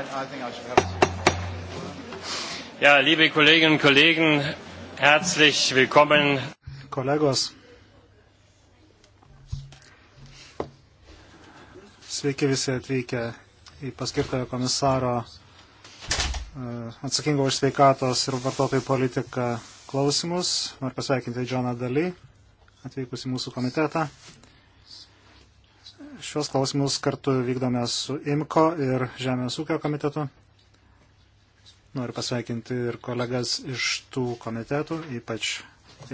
I, I think I should have Ja, liebe Kolleginnen und Kollegen, herzlich willkommen. Kolegos. Sveiki visi atvykę į paskirtojo komisaro e, atsakingo už sveikatos ir vartotojų politiką klausimus. Noriu pasveikinti Džoną Daly, atvykusi mūsų komitetą. Šios klausimus kartu vykdome su IMKO ir Žemės ūkio komitetu. Noriu pasveikinti ir kolegas iš tų komitetų, ypač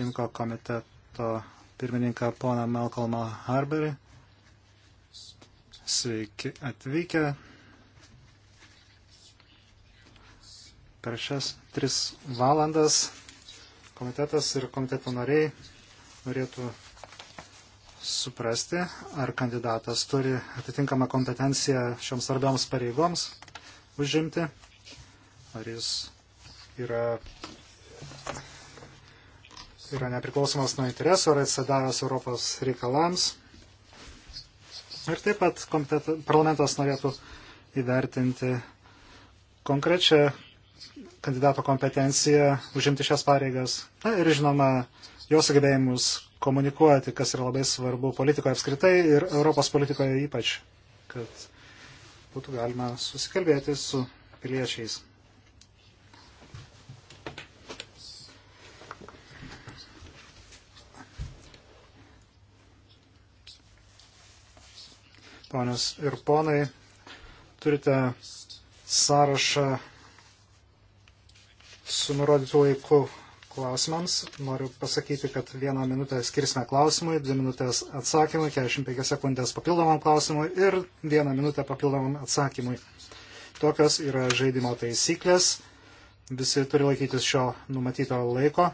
IMKO komiteto pirmininką poną Malcolmą Harberį. Sveiki atvykę. Per šias tris valandas komitetas ir komiteto nariai norėtų suprasti, ar kandidatas turi atitinkamą kompetenciją šioms svarbioms pareigoms užimti, ar jis yra, yra nepriklausomas nuo interesų, ar atsidavęs Europos reikalams. Ir taip pat parlamentas norėtų įvertinti konkrečią kandidato kompetenciją užimti šias pareigas. Na ir žinoma, jo sugebėjimus komunikuoti, kas yra labai svarbu politikoje apskritai ir Europos politikoje ypač, kad būtų galima susikalbėti su piliečiais. Ponios ir ponai, turite sąrašą su nurodytų laiku klausimams. Noriu pasakyti, kad vieną minutę skirsime klausimui, dvi minutės atsakymui, 45 sekundės papildomam klausimui ir vieną minutę papildomam atsakymui. Tokios yra žaidimo taisyklės. Visi turi laikytis šio numatyto laiko.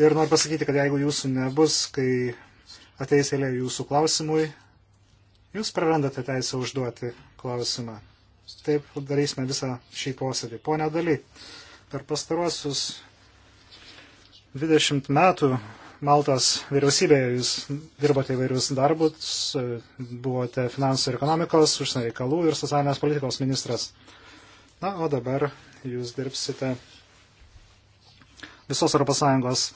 Ir noriu pasakyti, kad jeigu jūsų nebus, kai ateis eilė jūsų klausimui, jūs prarandate teisę užduoti klausimą. Taip darysime visą šį posėdį. Pone Daly, Per pastaruosius 20 metų Maltos vyriausybėje jūs dirbote įvairius darbus, buvote finansų ir ekonomikos, užsienio reikalų ir socialinės politikos ministras. Na, o dabar jūs dirbsite visos ES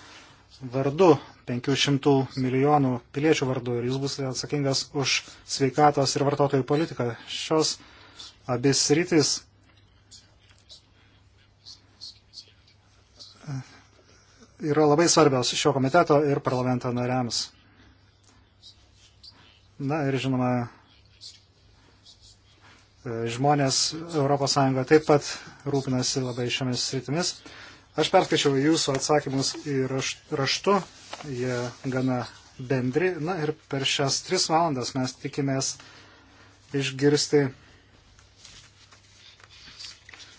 vardu, 500 milijonų piliečių vardu ir jūs būsite atsakingas už sveikatos ir vartotojų politiką. Šios abis rytis yra labai svarbios šio komiteto ir parlamento nariams. Na ir žinoma, e, žmonės ES taip pat rūpinasi labai šiomis sritimis. Aš perskaičiau jūsų atsakymus į raštu, jie gana bendri. Na ir per šias tris valandas mes tikimės išgirsti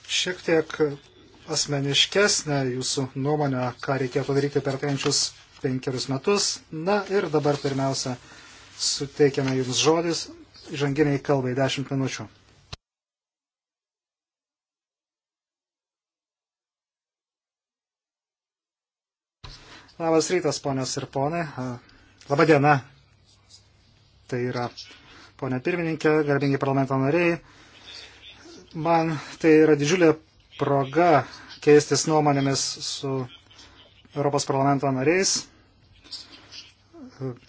šiek tiek asmeniškesnę jūsų nuomonę, ką reikėtų daryti per tenčius penkerius metus. Na ir dabar pirmiausia suteikiame jums žodis žanginiai kalbai 10 minučių. Labas rytas, ponios ir ponai. Labą dieną. Tai yra ponė pirmininkė, garbingi parlamento nariai. Man tai yra didžiulė proga keistis nuomonėmis su Europos parlamento nariais.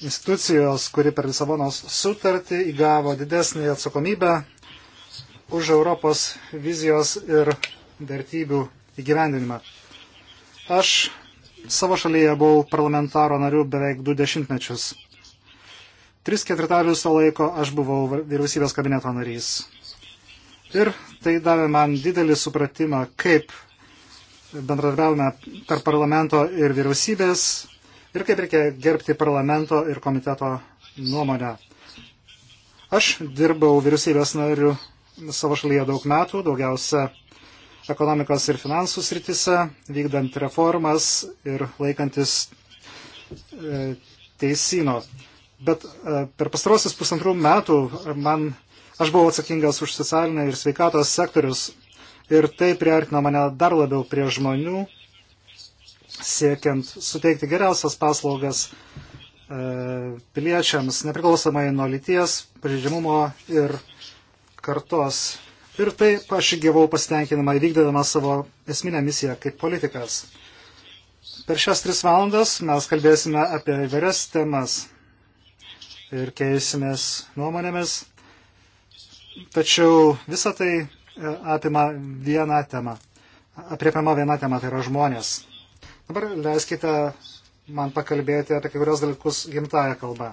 Institucijos, kuri per Lisabonos sutartį įgavo didesnį atsakomybę už Europos vizijos ir vertybių įgyvendinimą. Aš savo šalyje buvau parlamentaro nariu beveik du dešimtmečius. Tris ketvirtalius to laiko aš buvau vyriausybės kabineto narys. Ir tai davė man didelį supratimą, kaip bendradarbiavome tarp parlamento ir vyriausybės ir kaip reikia gerbti parlamento ir komiteto nuomonę. Aš dirbau vyriausybės nariu savo šalyje daug metų, daugiausia ekonomikos ir finansų sritise, vykdant reformas ir laikantis e, teisino. Bet e, per pastarosius pusantrų metų man Aš buvau atsakingas už socialinę ir sveikatos sektorius ir tai priartino mane dar labiau prie žmonių, siekiant suteikti geriausias paslaugas e, piliečiams, nepriklausomai nuo lyties, pažeidžiamumo ir kartos. Ir taip aš įgyvau pasitenkinimą įvykdydama savo esminę misiją kaip politikas. Per šias tris valandas mes kalbėsime apie įvairias temas ir keisimės nuomonėmis Tačiau visa tai e, apima vieną temą. Apriepiama viena tema, tai yra žmonės. Dabar leiskite man pakalbėti apie kai kurios dalykus gimtają kalbą.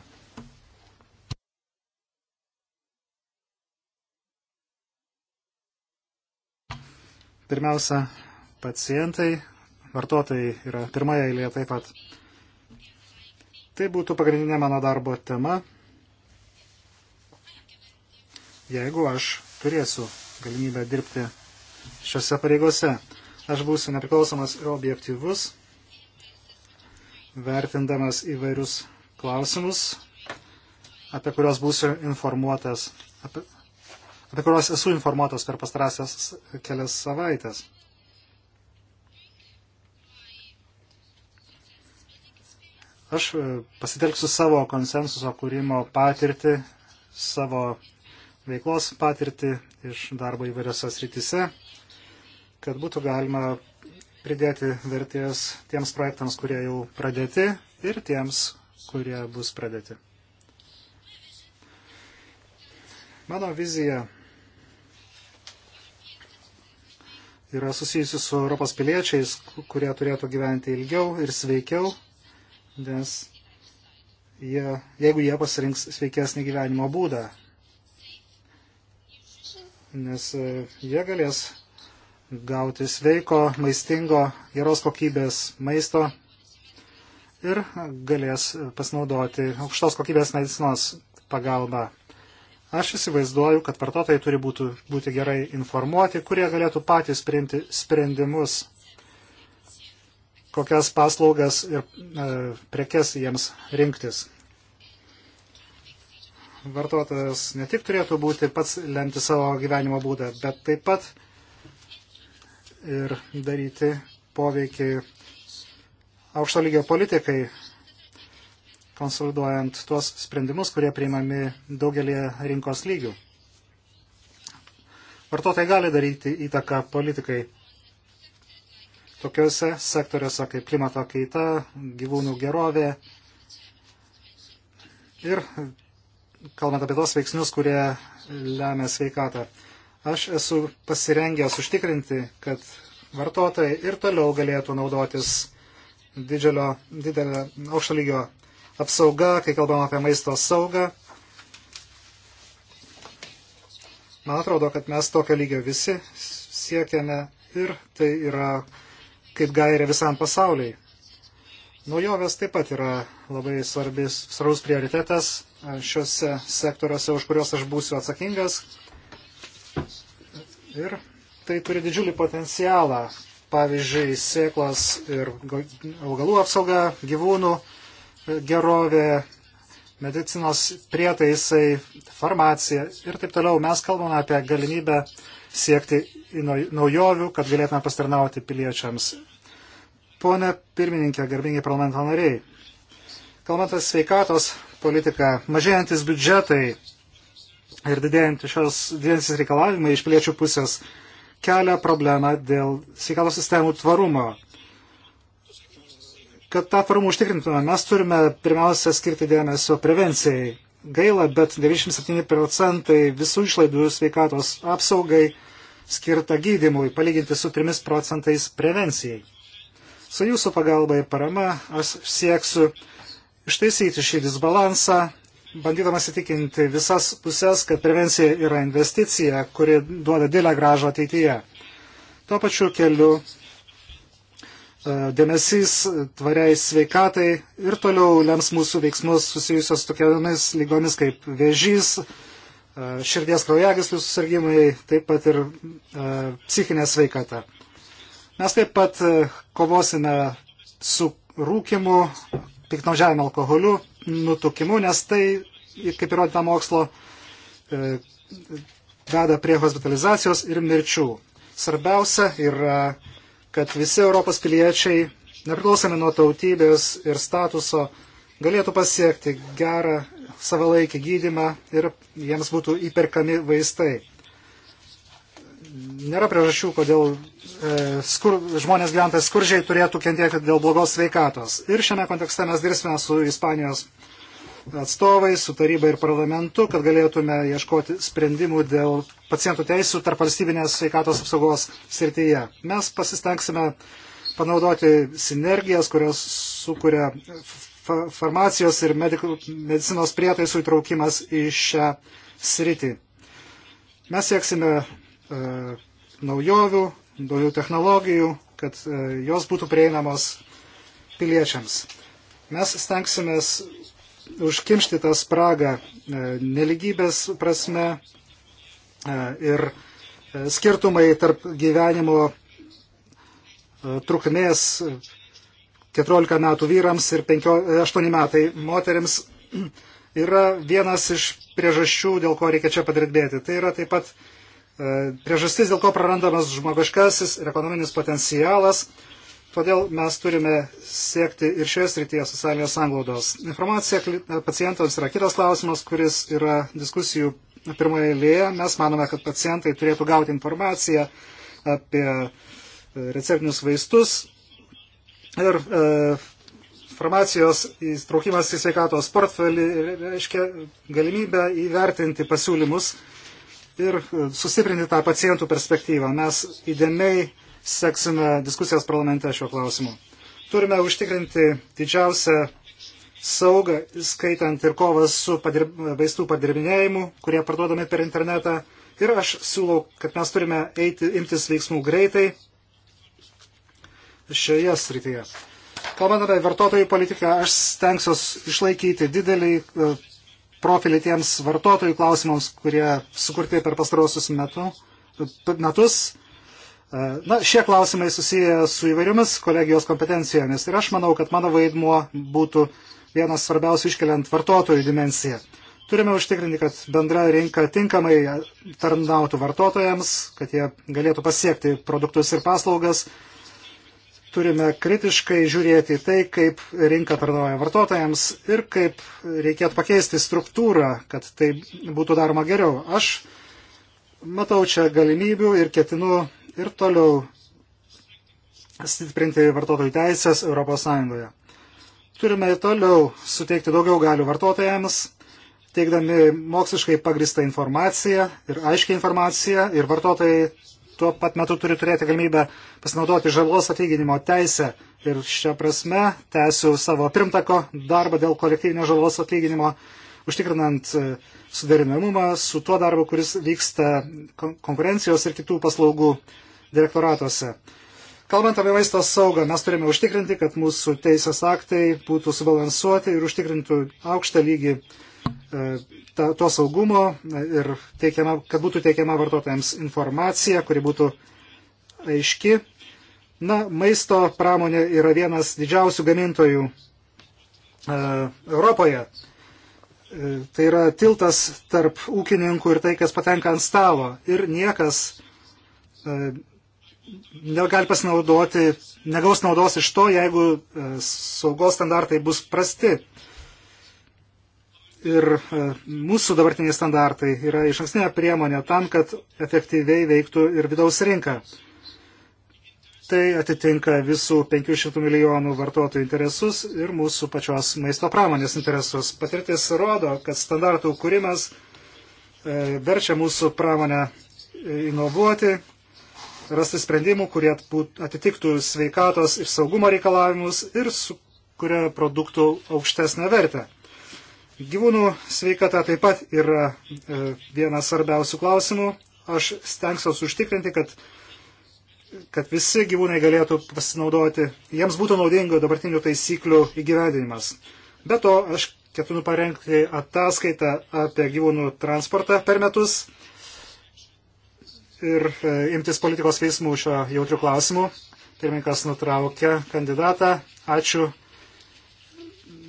Pirmiausia, pacientai, vartotojai yra pirmoje eilėje taip pat. Tai būtų pagrindinė mano darbo tema jeigu aš turėsiu galimybę dirbti šiuose pareigose. Aš būsiu nepriklausomas ir objektyvus, vertindamas įvairius klausimus, apie kuriuos būsiu informuotas, apie, apie kuriuos esu informuotas per pastarąsias kelias savaitės. Aš e, pasitelksiu savo konsensuso kūrimo patirtį, savo veiklos patirtį iš darbo įvairiose srityse, kad būtų galima pridėti vertės tiems projektams, kurie jau pradėti ir tiems, kurie bus pradėti. Mano vizija yra susijusi su Europos piliečiais, kurie turėtų gyventi ilgiau ir sveikiau, nes jie, jeigu jie pasirinks sveikesnį gyvenimo būdą, nes e, jie galės gauti sveiko, maistingo, geros kokybės maisto ir galės pasinaudoti aukštos kokybės medicinos pagalba. Aš įsivaizduoju, kad vartotojai turi būtų, būti gerai informuoti, kurie galėtų patys priimti sprendimus, kokias paslaugas ir e, prekes jiems rinktis vartotojas ne tik turėtų būti pats lemti savo gyvenimo būdą, bet taip pat ir daryti poveikį aukšto lygio politikai, konsoliduojant tuos sprendimus, kurie priimami daugelį rinkos lygių. Vartotojai gali daryti įtaką politikai tokiuose sektoriuose kaip klimato kaita, gyvūnų gerovė ir kalbant apie tos veiksnius, kurie lemia sveikatą. Aš esu pasirengęs užtikrinti, kad vartotojai ir toliau galėtų naudotis didelio, didelio aukšto lygio apsauga, kai kalbam apie maisto saugą. Man atrodo, kad mes tokio lygio visi siekiame ir tai yra kaip gairė visam pasauliai. Naujovės taip pat yra labai svarbis, svarbus prioritetas šiuose sektoriuose, už kuriuos aš būsiu atsakingas. Ir tai turi didžiulį potencialą. Pavyzdžiui, sėklas ir augalų apsauga, gyvūnų e, gerovė, medicinos prietaisai, farmacija ir taip toliau. Mes kalbame apie galimybę siekti naujovių, kad galėtume pastarnauti piliečiams. Pone pirmininkė, garbingi parlamento nariai, kalbant apie sveikatos politiką. Mažėjantis biudžetai ir didėjantis šios didėjantis reikalavimai iš piliečių pusės kelia problemą dėl sveikatos sistemų tvarumo. Kad tą tvarumą užtikrintume, mes turime pirmiausia skirti dėmesio prevencijai. Gaila, bet 97 procentai visų išlaidų sveikatos apsaugai skirta gydymui, palyginti su 3 procentais prevencijai. Su jūsų pagalba ir parama aš sieksiu ištaisyti šį disbalansą, bandydamas įtikinti visas pusės, kad prevencija yra investicija, kuri duoda didelę gražą ateityje. Tuo pačiu keliu e, dėmesys tvariai sveikatai ir toliau lems mūsų veiksmus susijusios tokiamis lygomis kaip vėžys, e, širdies kraujagyslių susirgymai, taip pat ir e, psichinė sveikata. Mes taip pat kovosime su rūkimu, piknaudžiavimą alkoholiu, nutukimu, nes tai, kaip įrodyta mokslo, e, veda prie hospitalizacijos ir mirčių. Svarbiausia yra, kad visi Europos piliečiai, nepriklausomi nuo tautybės ir statuso, galėtų pasiekti gerą savalaikį gydimą ir jiems būtų įperkami vaistai nėra priežasčių, kodėl e, skur, žmonės gyventas skurdžiai turėtų kentėti dėl blogos sveikatos. Ir šiame kontekste mes dirbsime su Ispanijos atstovais, su taryba ir parlamentu, kad galėtume ieškoti sprendimų dėl pacientų teisų tarp valstybinės sveikatos apsaugos srityje. Mes pasistengsime panaudoti sinergijas, kurios sukuria farmacijos ir medikų, medicinos prietaisų įtraukimas į šią sritį. Mes sieksime E, naujovių, daugiau technologijų, kad e, jos būtų prieinamos piliečiams. Mes stengsimės užkimšti tą spragą e, neligybės prasme ir skirtumai tarp gyvenimo trukmės 14 metų vyrams ir 5, 8 metai moteriams yra vienas iš priežasčių, dėl ko reikia čia padirbėti. Tai yra taip pat E, priežastis, dėl ko prarandamas žmogiškasis ir ekonominis potencialas. Todėl mes turime siekti ir šioje srityje socialinės anglaudos. Informacija e, pacientams yra kitas klausimas, kuris yra diskusijų pirmoje eilėje. Mes manome, kad pacientai turėtų gauti informaciją apie e, receptinius vaistus ir e, farmacijos įtraukimas į sveikatos portfelį reiškia galimybę įvertinti pasiūlymus ir sustiprinti tą pacientų perspektyvą. Mes įdėmiai seksime diskusijas parlamente šiuo klausimu. Turime užtikrinti didžiausią saugą, skaitant ir kovas su padirb... vaistų padirbinėjimu, kurie parduodami per internetą. Ir aš siūlau, kad mes turime eiti, imtis veiksmų greitai šioje srityje. Kalbant apie vartotojų politiką, aš stengsiuos išlaikyti didelį profilį tiems vartotojų klausimams, kurie sukurti per pastarosius metu, metus. E, na, šie klausimai susiję su įvairiomis kolegijos kompetencijomis ir aš manau, kad mano vaidmuo būtų vienas svarbiausių iškeliant vartotojų dimensiją. Turime užtikrinti, kad bendra rinka tinkamai tarnautų vartotojams, kad jie galėtų pasiekti produktus ir paslaugas, turime kritiškai žiūrėti tai, kaip rinka tarnauja vartotojams ir kaip reikėtų pakeisti struktūrą, kad tai būtų daroma geriau. Aš matau čia galimybių ir ketinu ir toliau stiprinti vartotojų teisės ES. Turime ir toliau suteikti daugiau galių vartotojams, teikdami moksliškai pagristą informaciją ir aiškiai informaciją ir vartotojai tuo pat metu turi turėti galimybę pasinaudoti žalos atlyginimo teisę. Ir šią prasme tęsiu savo pirmtako darbą dėl kolektyvinio žalos atlyginimo, užtikrinant e, suderinamumą su tuo darbu, kuris vyksta konkurencijos ir kitų paslaugų direktoratuose. Kalbant apie maisto saugą, mes turime užtikrinti, kad mūsų teisės aktai būtų subalansuoti ir užtikrintų aukštą lygį e, ta, to saugumo ir teikiama, kad būtų teikiama vartotojams informacija, kuri būtų aiški. Na, maisto pramonė yra vienas didžiausių gamintojų e, Europoje. E, tai yra tiltas tarp ūkininkų ir tai, kas patenka ant stalo. Ir niekas e, negali pasinaudoti, negaus naudos iš to, jeigu e, saugos standartai bus prasti. E, ir e, mūsų dabartiniai standartai yra iš ankstinė priemonė tam, kad efektyviai veiktų ir vidaus rinka. Tai atitinka visų 500 milijonų vartotojų interesus ir mūsų pačios maisto pramonės interesus. Patirtis rodo, kad standartų kūrimas e, verčia mūsų pramonę e, inovuoti, rasti sprendimų, kurie atitiktų sveikatos ir saugumo reikalavimus ir sukuria produktų aukštesnę vertę. Gyvūnų sveikata taip pat yra e, vienas svarbiausių klausimų. Aš stengsiuosi užtikrinti, kad, kad visi gyvūnai galėtų pasinaudoti, jiems būtų naudingo dabartinių taisyklių įgyvendinimas. Be to, aš ketinu parengti ataskaitą apie gyvūnų transportą per metus ir e, imtis politikos veiksmų šio jautrių klausimų. Pirmininkas nutraukė kandidatą. Ačiū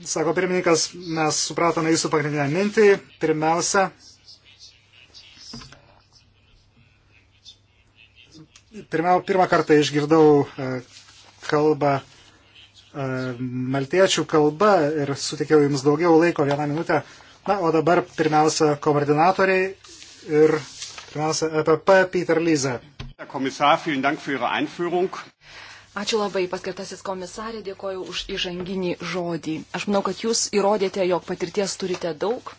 sako pirmininkas, mes supratome jūsų pagrindinę mintį. Pirmiausia, pirmia, pirmą kartą išgirdau e, kalbą e, maltiečių kalba ir sutikiau jums daugiau laiko vieną minutę. Na, o dabar pirmiausia koordinatoriai ir pirmiausia EPP Peter Lyze. Herr Kommissar, vielen Dank für Ihre Einführung. Ačiū labai, paskirtasis komisarė, dėkoju už įžanginį žodį. Aš manau, kad jūs įrodėte, jog patirties turite daug.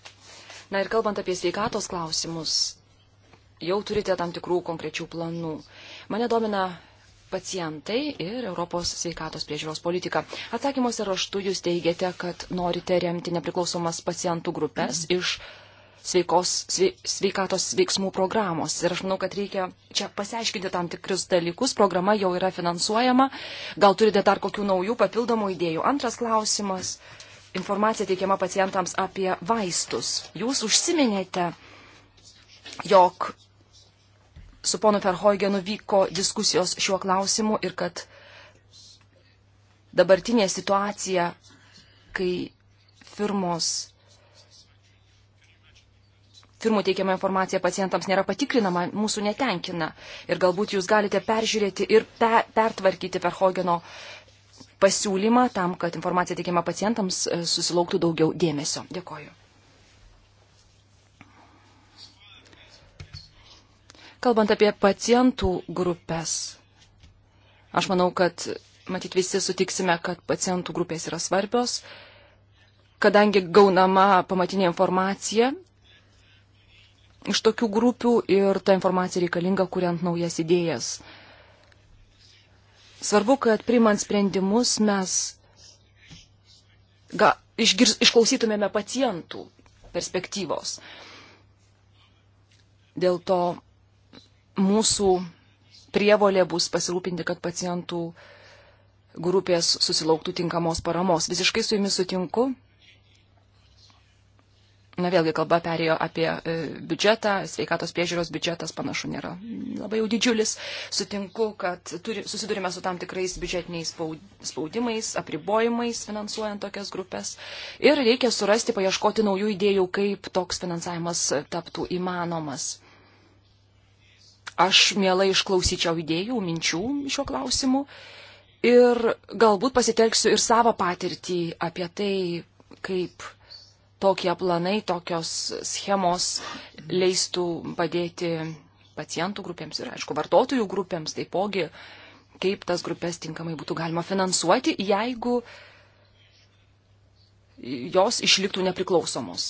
Na ir kalbant apie sveikatos klausimus, jau turite tam tikrų konkrečių planų. Mane domina pacientai ir Europos sveikatos priežiūros politika. Atsakymuose raštu jūs teigiate, kad norite remti nepriklausomas pacientų grupės iš. Mhm sveikos, sve, sveikatos veiksmų programos. Ir aš manau, kad reikia čia pasiaiškinti tam tikrus dalykus. Programa jau yra finansuojama. Gal turite dar kokių naujų papildomų idėjų? Antras klausimas. Informacija teikiama pacientams apie vaistus. Jūs užsiminėte, jog su ponu Ferhoigenu vyko diskusijos šiuo klausimu ir kad dabartinė situacija, kai firmos firmų teikiama informacija pacientams nėra patikrinama, mūsų netenkina. Ir galbūt jūs galite peržiūrėti ir pe, pertvarkyti Verhogeno pasiūlymą tam, kad informacija teikiama pacientams e, susilauktų daugiau dėmesio. Dėkoju. Kalbant apie pacientų grupės, aš manau, kad matyt visi sutiksime, kad pacientų grupės yra svarbios, kadangi gaunama pamatinė informacija iš tokių grupių ir ta informacija reikalinga, kuriant naujas idėjas. Svarbu, kad priimant sprendimus mes ga, išgirs, išklausytumėme pacientų perspektyvos. Dėl to mūsų prievolė bus pasirūpinti, kad pacientų grupės susilauktų tinkamos paramos. Visiškai su jumis sutinku. Na vėlgi kalba perėjo apie e, biudžetą, sveikatos priežiūros biudžetas panašu nėra labai jau didžiulis. Sutinku, kad turi, susidurime su tam tikrais biudžetiniais spaudimais, apribojimais finansuojant tokias grupės. Ir reikia surasti, paieškoti naujų idėjų, kaip toks finansavimas taptų įmanomas. Aš mielai išklausyčiau idėjų, minčių šiuo klausimu. Ir galbūt pasitelksiu ir savo patirtį apie tai, kaip tokie planai, tokios schemos leistų padėti pacientų grupėms ir, aišku, vartotojų grupėms, taipogi, kaip tas grupės tinkamai būtų galima finansuoti, jeigu jos išliktų nepriklausomos.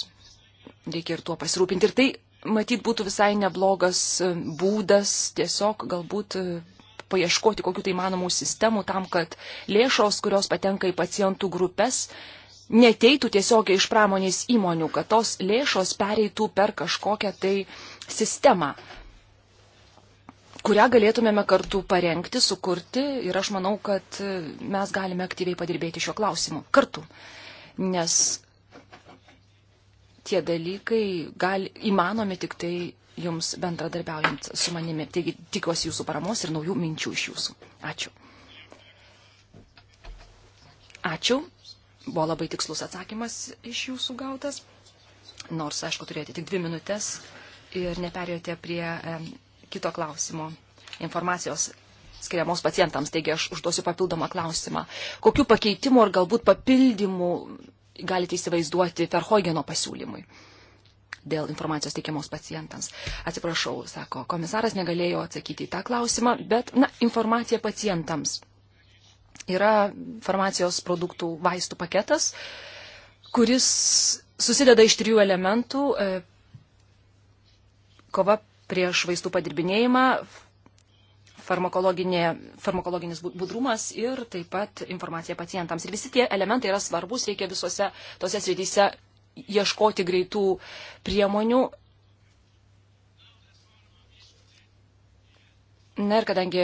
Reikia ir tuo pasirūpinti. Ir tai, matyt, būtų visai neblogas e, būdas tiesiog galbūt e, paieškoti kokiu tai manomų sistemų tam, kad lėšos, kurios patenka į pacientų grupės, neteitų tiesiogiai iš pramonės įmonių, kad tos lėšos pereitų per kažkokią tai sistemą, kurią galėtumėme kartu parengti, sukurti ir aš manau, kad e, mes galime aktyviai padirbėti šiuo klausimu kartu, nes tie dalykai gali, įmanomi tik tai jums bendradarbiaujant su manimi. Taigi tikiuosi jūsų paramos ir naujų minčių iš jūsų. Ačiū. Ačiū. Buvo labai tikslus atsakymas iš jūsų gautas, nors, aišku, turėjote tik dvi minutės ir neperėjote prie e, kito klausimo informacijos skiriamos pacientams. Taigi aš užduosiu papildomą klausimą. Kokiu pakeitimu ar galbūt papildymu galite įsivaizduoti Ferhogeno pasiūlymui dėl informacijos teikiamos pacientams? Atsiprašau, sako komisaras, negalėjo atsakyti į tą klausimą, bet, na, informacija pacientams yra farmacijos produktų vaistų paketas, kuris susideda iš trijų elementų e, - kova prieš vaistų padirbinėjimą, farmakologinis budrumas ir taip pat informacija pacientams. Ir visi tie elementai yra svarbus, reikia visose tose srityse ieškoti greitų priemonių Na ir kadangi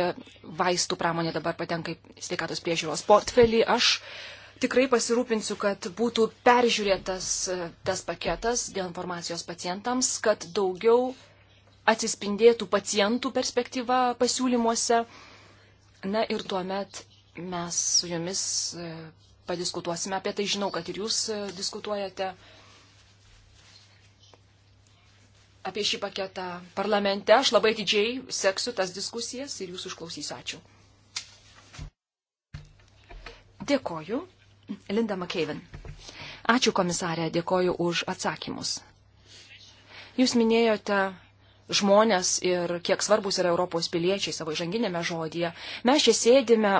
vaistų pramonė dabar patenka į sveikatos priežiūros portfelį, aš tikrai pasirūpinsiu, kad būtų peržiūrėtas e, tas paketas dėl informacijos pacientams, kad daugiau atsispindėtų pacientų perspektyva pasiūlymuose. Na ir tuomet mes su jumis e, padiskutuosime apie tai. Žinau, kad ir jūs e, diskutuojate apie šį paketą parlamente. Aš labai didžiai seksiu tas diskusijas ir jūs užklausysiu. Ačiū. Dėkoju. Linda McKeven. Ačiū komisarė, dėkoju už atsakymus. Jūs minėjote žmonės ir kiek svarbus yra Europos piliečiai savo žanginėme žodėje. Mes čia sėdime,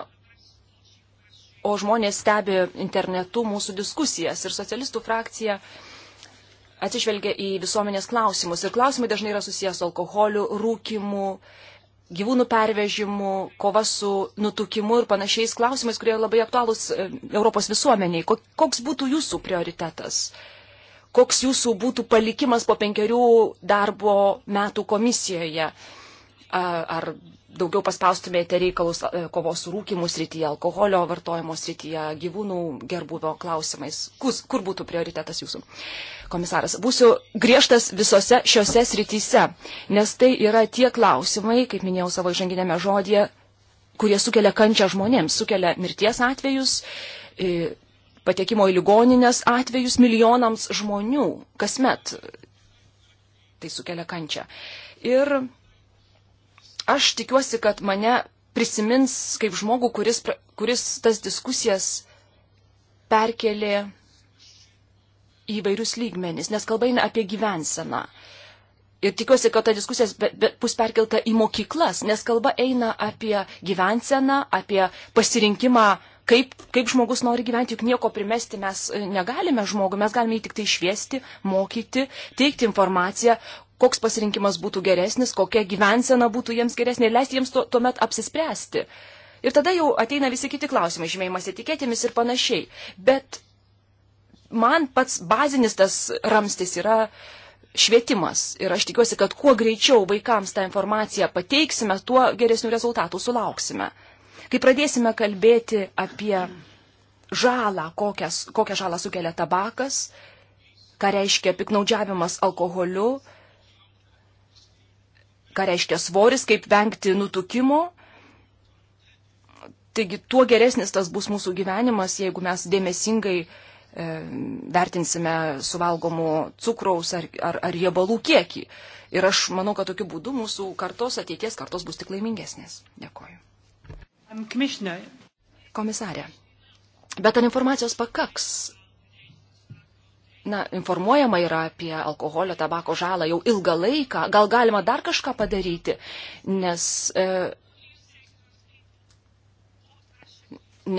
o žmonės stebi internetu mūsų diskusijas ir socialistų frakcija uh, atsižvelgia į visuomenės klausimus. Ir klausimai dažnai yra susijęs su alkoholiu, rūkimu, gyvūnų pervežimu, kova su nutukimu ir panašiais klausimais, kurie labai aktualūs e, Europos visuomeniai. Koks būtų jūsų prioritetas? Koks jūsų būtų palikimas po penkerių darbo metų komisijoje? ar daugiau paspaustumėte reikalus kovos rūkimų srityje, alkoholio vartojimo srityje, gyvūnų gerbuvio klausimais? Kus, kur būtų prioritetas jūsų, komisaras? Būsiu griežtas visose šiose srityse, nes tai yra tie klausimai, kaip minėjau savo išanginėme žodėje, kurie sukelia kančią žmonėms, sukelia mirties atvejus, patekimo į ligoninės atvejus milijonams žmonių kasmet. Tai sukelia kančią. Ir aš tikiuosi, kad mane prisimins kaip žmogų, kuris, kuris tas diskusijas perkelė į vairius lygmenis, nes kalba eina apie gyvenseną. Ir tikiuosi, kad ta diskusija bus perkelta į mokyklas, nes kalba eina apie gyvenseną, apie pasirinkimą, kaip, kaip žmogus nori gyventi, juk nieko primesti mes negalime žmogui, mes galime jį tik tai šviesti, mokyti, teikti informaciją, koks pasirinkimas būtų geresnis, kokia gyvensena būtų jiems geresnė ir leisti jiems to, tuomet apsispręsti. Ir tada jau ateina visi kiti klausimai, žymėjimas etiketėmis ir panašiai. Bet man pats bazinis tas ramstis yra švietimas. Ir aš tikiuosi, kad kuo greičiau vaikams tą informaciją pateiksime, tuo geresnių rezultatų sulauksime. Kai pradėsime kalbėti apie žalą, kokias, kokią žalą sukelia tabakas, ką reiškia piknaudžiavimas alkoholiu, ką reiškia svoris, kaip vengti nutukimo. Taigi tuo geresnis tas bus mūsų gyvenimas, jeigu mes dėmesingai e, vertinsime suvalgomų cukraus ar, ar, ar riebalų kiekį. Ir aš manau, kad tokiu būdu mūsų kartos, ateities kartos bus tik laimingesnės. Dėkoju. Komisarė. Bet ar informacijos pakaks na, informuojama yra apie alkoholio, tabako žalą jau ilgą laiką, gal galima dar kažką padaryti, nes, e,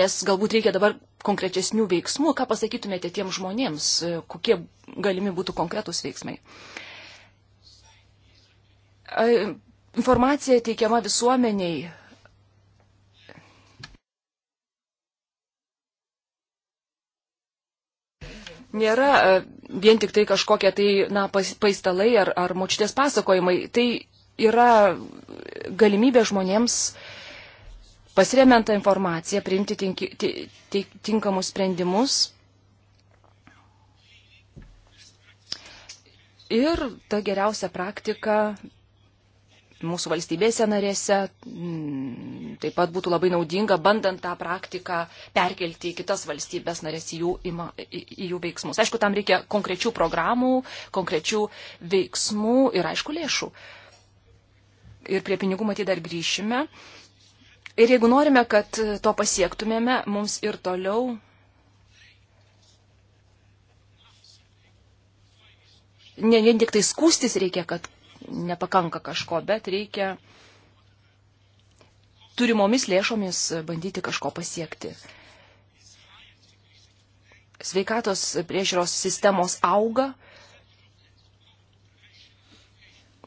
nes galbūt reikia dabar konkrečesnių veiksmų, ką pasakytumėte tiem žmonėms, e, kokie galimi būtų konkretūs veiksmai. E, informacija teikiama visuomeniai nėra e, vien tik tai kažkokie tai, na, paistalai ar, ar močiutės pasakojimai. Tai yra galimybė žmonėms pasiremiant tą informaciją, priimti tinki, t, t, tinkamus sprendimus. Ir ta geriausia praktika mūsų valstybėse narėse. Taip pat būtų labai naudinga, bandant tą praktiką perkelti į kitas valstybės narės, į jų, ima, į, į jų veiksmus. Aišku, tam reikia konkrečių programų, konkrečių veiksmų ir, aišku, lėšų. Ir prie pinigų matyti dar grįšime. Ir jeigu norime, kad to pasiektumėme, mums ir toliau ne vien tik tai skūstis reikia, kad nepakanka kažko, bet reikia turimomis lėšomis bandyti kažko pasiekti. Sveikatos priežiūros sistemos auga.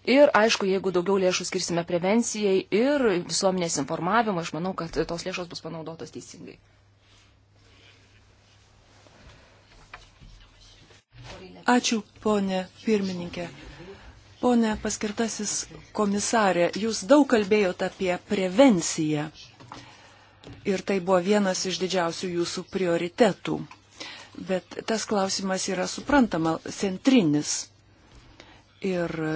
Ir aišku, jeigu daugiau lėšų skirsime prevencijai ir visuomenės informavimui, aš manau, kad tos lėšos bus panaudotos teisingai. Ačiū, ponė pirmininkė. Pone paskirtasis komisarė, jūs daug kalbėjote apie prevenciją ir tai buvo vienas iš didžiausių jūsų prioritetų. Bet tas klausimas yra suprantama, centrinis. Ir e,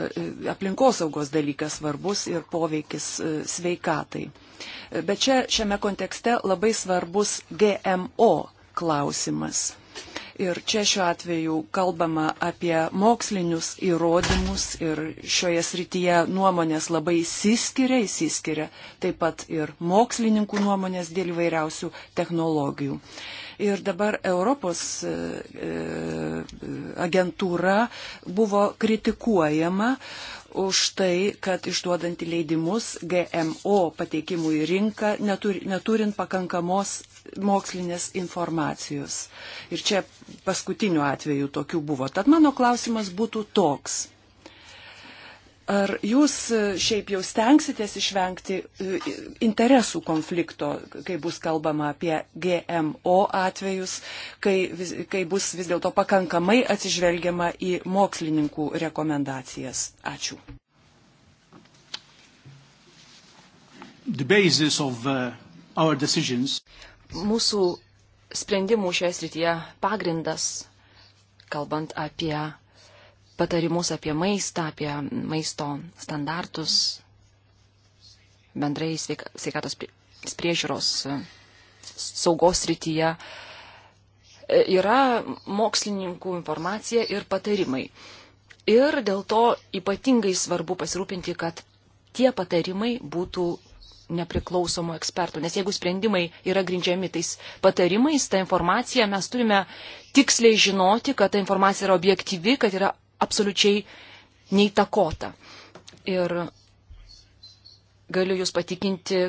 aplinkosaugos dalykas svarbus ir poveikis e, sveikatai. E, bet čia šiame kontekste labai svarbus GMO klausimas Ir čia šiuo atveju kalbama apie mokslinius įrodymus ir šioje srityje nuomonės labai įsiskiria, įsiskiria taip pat ir mokslininkų nuomonės dėl įvairiausių technologijų. Ir dabar Europos e, e, agentūra buvo kritikuojama už tai, kad išduodant leidimus GMO pateikimų į rinką neturi, neturint pakankamos mokslinės informacijos. Ir čia paskutiniu atveju tokių buvo. Tad mano klausimas būtų toks. Ar jūs e, šiaip jau stengsitės išvengti e, interesų konflikto, kai bus kalbama apie GMO atvejus, kai, vis, kai bus vis dėlto pakankamai atsižvelgiama į mokslininkų rekomendacijas? Ačiū. Of, uh, mūsų sprendimų šioje srityje pagrindas, kalbant apie patarimus apie maistą, apie maisto standartus, bendrai sveikatos priežiūros saugos srityje, e, yra mokslininkų informacija ir patarimai. Ir dėl to ypatingai svarbu pasirūpinti, kad tie patarimai būtų nepriklausomų ekspertų. Nes jeigu sprendimai yra grindžiami tais patarimais, tą informaciją mes turime tiksliai žinoti, kad ta informacija yra objektyvi, kad yra absoliučiai neįtakota. Ir galiu Jūs patikinti,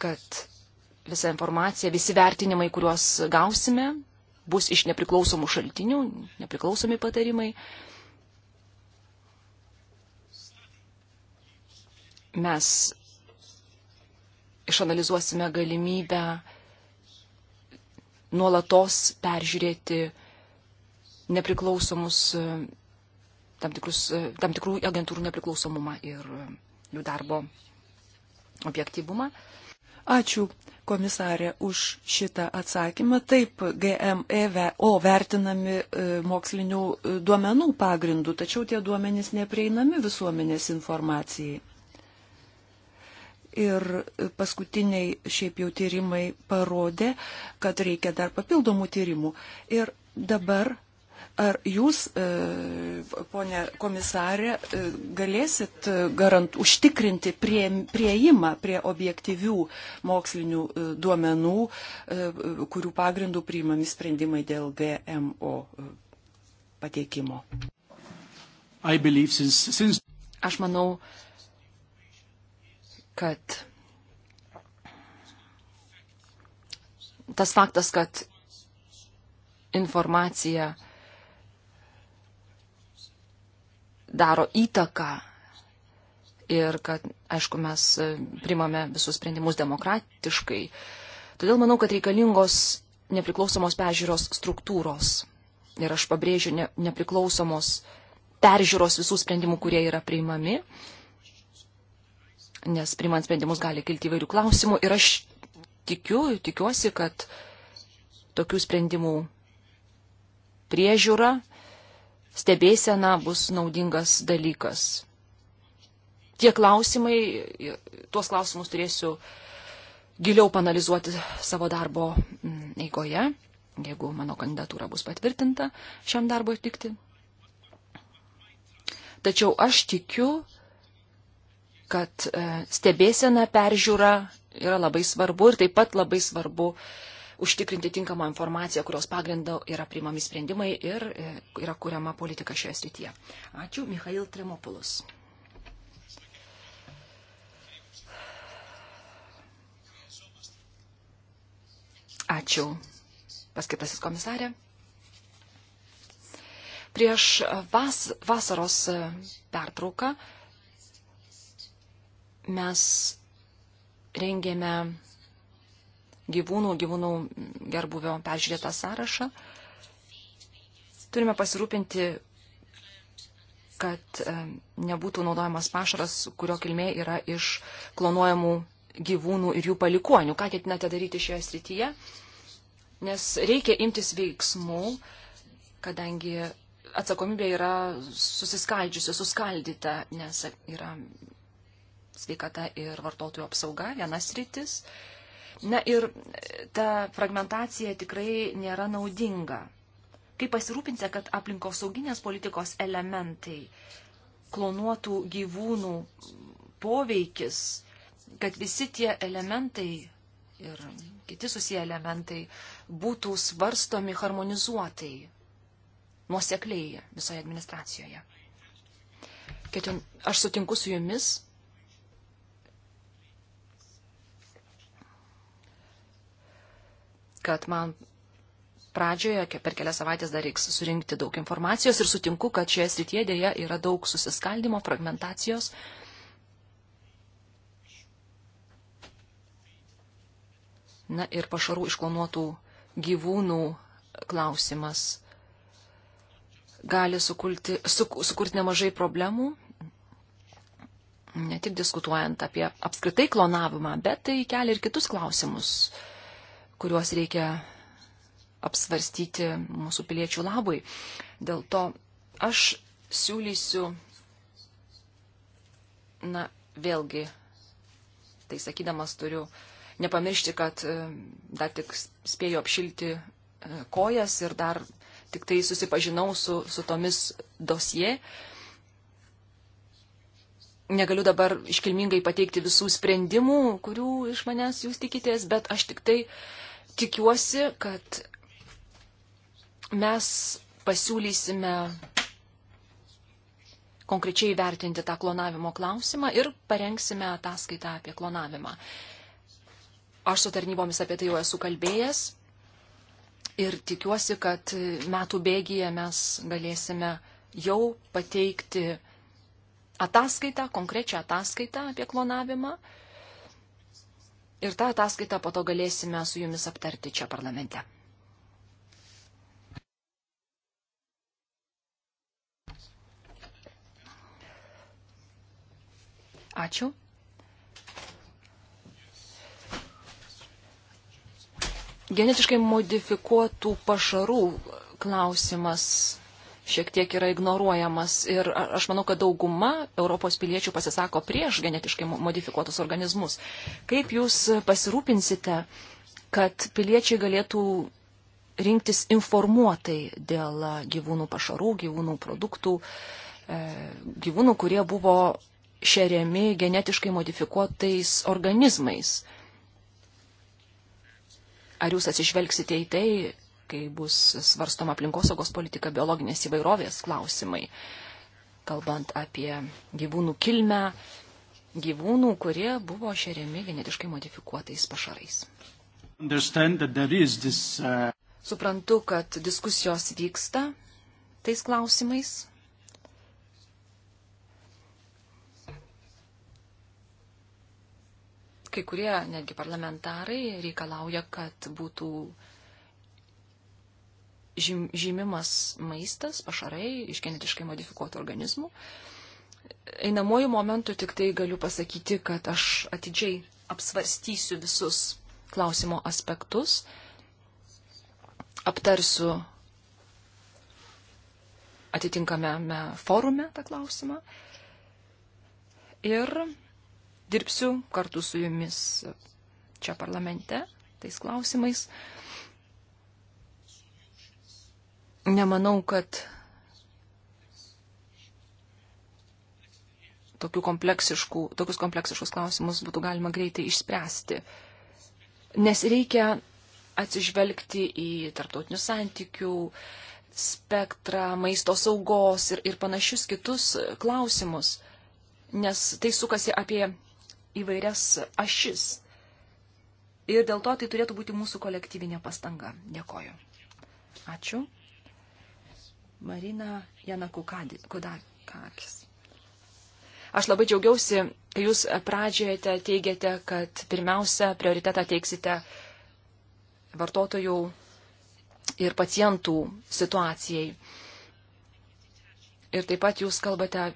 kad visa informacija, visi vertinimai, kuriuos gausime, bus iš nepriklausomų šaltinių, nepriklausomi patarimai. Mes išanalizuosime galimybę nuolatos peržiūrėti nepriklausomus e, tam, tikrus, e, tam tikrų agentūrų nepriklausomumą ir jų darbo objektyvumą. Ačiū komisarė už šitą atsakymą. Taip, GMEVO vertinami e, mokslinių duomenų pagrindų, tačiau tie duomenys neprieinami visuomenės informacijai. Ir paskutiniai šiaip jau tyrimai parodė, kad reikia dar papildomų tyrimų. Ir dabar, ar jūs, e, ponė komisarė, e, galėsit e, garant, užtikrinti prie, prieimą prie objektyvių mokslinių duomenų, kurių pagrindų priimami sprendimai dėl GMO pateikimo? Since, since... Aš manau, kad tas faktas, kad informacija daro įtaką ir kad, aišku, mes primame visus sprendimus demokratiškai. Todėl manau, kad reikalingos nepriklausomos pežiūros struktūros. Ir aš pabrėžiu ne, nepriklausomos peržiūros visų sprendimų, kurie yra priimami. Uh, nes primant sprendimus gali kilti įvairių klausimų ir aš tikiu, tikiuosi, kad tokių sprendimų priežiūra, stebėsena bus naudingas dalykas. Tie klausimai, tuos klausimus turėsiu giliau panalizuoti savo darbo mm, eigoje, jeigu mano kandidatūra bus patvirtinta šiam darbui atlikti. Tačiau aš tikiu, kad e, stebėsena peržiūra yra labai svarbu ir taip pat labai svarbu užtikrinti tinkamą informaciją, kurios pagrindo yra priimami sprendimai ir e, yra kuriama politika šioje srityje. Ačiū, Mikhail Tremopulus. Ačiū, paskirtasis komisarė. Prieš vas, vasaros e, pertrauką mes rengėme gyvūnų, gyvūnų gerbuvio peržiūrėtą sąrašą. Turime pasirūpinti, kad e, nebūtų naudojamas pašaras, kurio kilmė yra iš klonuojamų gyvūnų ir jų palikonių. Ką ketinate daryti šioje srityje? Nes reikia imtis veiksmų, kadangi atsakomybė yra susiskaldžiusi, suskaldyta, nes yra sveikata ir vartotojų apsauga, vienas rytis. Na ir ta fragmentacija tikrai nėra naudinga. Kaip pasirūpinsite, kad aplinkosauginės politikos elementai, klonuotų gyvūnų poveikis, kad visi tie elementai ir kiti susiję elementai būtų svarstomi harmonizuotai, nuosekliai visoje administracijoje. Ketin, aš sutinku su jumis, kad man pradžioje, per kelias savaitės dar reiks surinkti daug informacijos ir sutinku, kad šioje srityje dėja yra daug susiskaldimo, fragmentacijos. Na ir pašarų išklonuotų gyvūnų klausimas gali sukulti, su, sukurti nemažai problemų, ne tik diskutuojant apie apskritai klonavimą, bet tai kelia ir kitus klausimus kuriuos reikia apsvarstyti mūsų piliečių labui. Dėl to aš siūlysiu, na, vėlgi, tai sakydamas turiu nepamiršti, kad e, dar tik spėjau apšilti e, kojas ir dar tik tai susipažinau su, su tomis dosie. Negaliu dabar iškilmingai pateikti visų sprendimų, kurių iš manęs jūs tikitės, bet aš tik tai uh, tikiuosi, kad mes pasiūlysime konkrečiai vertinti tą klonavimo klausimą ir parengsime ataskaitą apie klonavimą. Aš su tarnybomis apie tai jau esu kalbėjęs ir tikiuosi, kad metų bėgyje mes galėsime jau pateikti ataskaitą, konkrečią ataskaitą apie klonavimą ir tą ataskaitą po to galėsime su jumis aptarti čia parlamente. Ačiū. Genetiškai modifikuotų pašarų klausimas šiek tiek yra ignoruojamas. Ir aš manau, kad dauguma Europos piliečių pasisako prieš genetiškai modifikuotus organizmus. Kaip jūs pasirūpinsite, kad piliečiai galėtų rinktis informuotai dėl gyvūnų pašarų, gyvūnų produktų, e, gyvūnų, kurie buvo šeriami genetiškai modifikuotais organizmais. Ar jūs atsižvelgsite į tai, kai bus svarstoma aplinkosaugos politika, biologinės įvairovės klausimai, kalbant apie gyvūnų kilmę, gyvūnų, kurie buvo šeriami genetiškai modifikuotais pašarais. This, uh... Suprantu, kad diskusijos vyksta tais klausimais. Kai kurie netgi parlamentarai reikalauja, kad būtų uh, žymimas maistas, pašarai iš genetiškai modifikuotų organizmų. Einamojų momentų tik tai galiu pasakyti, kad aš atidžiai apsvarstysiu visus klausimo aspektus, aptarsiu atitinkamame forume tą klausimą ir dirbsiu kartu su jumis čia parlamente tais klausimais. Nemanau, kad kompleksiškų, tokius kompleksiškus klausimus būtų galima greitai išspręsti. Nes reikia atsižvelgti į tarptautinių santykių spektrą, maisto saugos ir, ir panašius kitus klausimus, nes tai sukasi apie įvairias ašis. Ir dėl to tai turėtų būti mūsų kolektyvinė pastanga. Dėkoju. Ačiū. Marina Janakudakis. Aš labai džiaugiausi, kai jūs pradžioje teigiate, kad pirmiausia prioritetą teiksite vartotojų ir pacientų situacijai. Ir taip pat jūs kalbate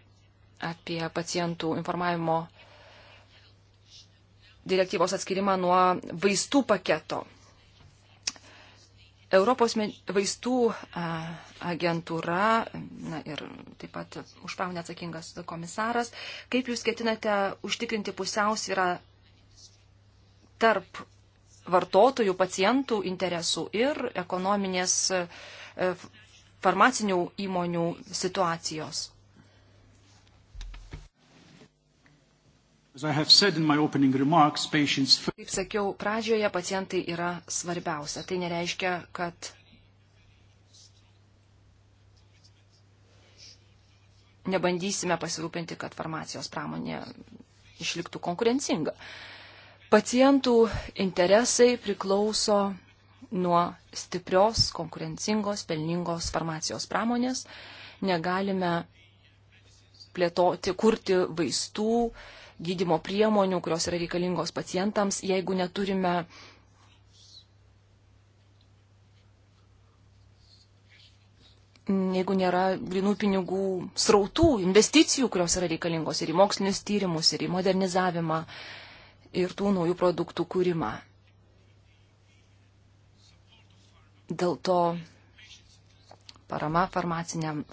apie pacientų informavimo direktyvos atskirimą nuo vaistų paketo. Europos vaistų agentūra na, ir taip pat už paunę atsakingas komisaras, kaip jūs ketinate užtikrinti pusiausvyrą tarp vartotojų, pacientų interesų ir ekonominės e, farmacinių įmonių situacijos? Remarks, patients... Kaip sakiau, pradžioje pacientai yra svarbiausia. Tai nereiškia, kad nebandysime pasirūpinti, kad farmacijos pramonė išliktų konkurencinga. Pacientų interesai priklauso nuo stiprios, konkurencingos, pelningos farmacijos pramonės. Negalime plėtoti, kurti vaistų, uh, gydimo priemonių, kurios yra reikalingos pacientams, jeigu neturime jeigu nėra grinų pinigų srautų, investicijų, kurios yra reikalingos ir į mokslinius tyrimus, ir į modernizavimą, ir tų naujų produktų kūrimą. Dėl to parama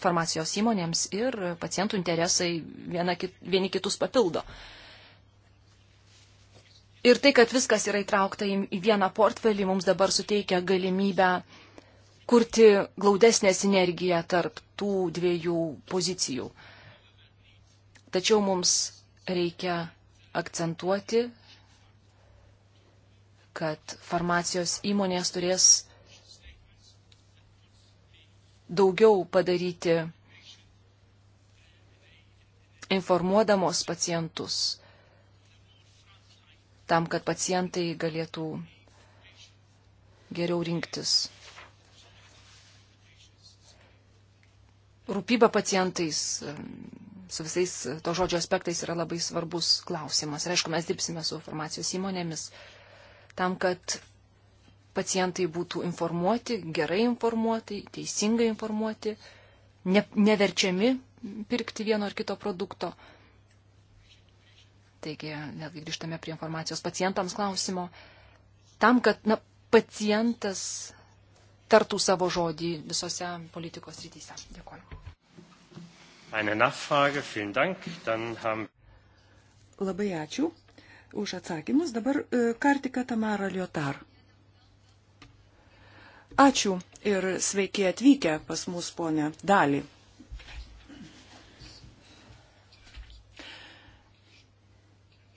farmacijos įmonėms ir pacientų interesai viena, kit, vieni kitus papildo. Ir tai, kad viskas yra įtraukta į vieną portfelį, mums dabar suteikia galimybę kurti glaudesnę sinergiją tarp tų dviejų pozicijų. Tačiau mums reikia akcentuoti, kad farmacijos įmonės turės daugiau padaryti informuodamos pacientus, tam, kad pacientai galėtų geriau rinktis. Rūpyba pacientais um, su visais to žodžio aspektais yra labai svarbus klausimas. Ir aišku, mes dirbsime su farmacijos įmonėmis tam, kad pacientai būtų informuoti, gerai informuoti, teisingai informuoti, ne, neverčiami pirkti vieno ar kito produkto. Taigi, vėlgi grįžtame prie informacijos pacientams klausimo. Tam, kad na, pacientas tartų savo žodį visose politikos rytise. Dėkuoju. Eine Nachfrage, vielen Dank. Dann haben... Labai ačiū už atsakymus. Dabar e, Kartika Tamara Liotar. Ačiū ir sveiki atvykę pas mus, ponė Dali.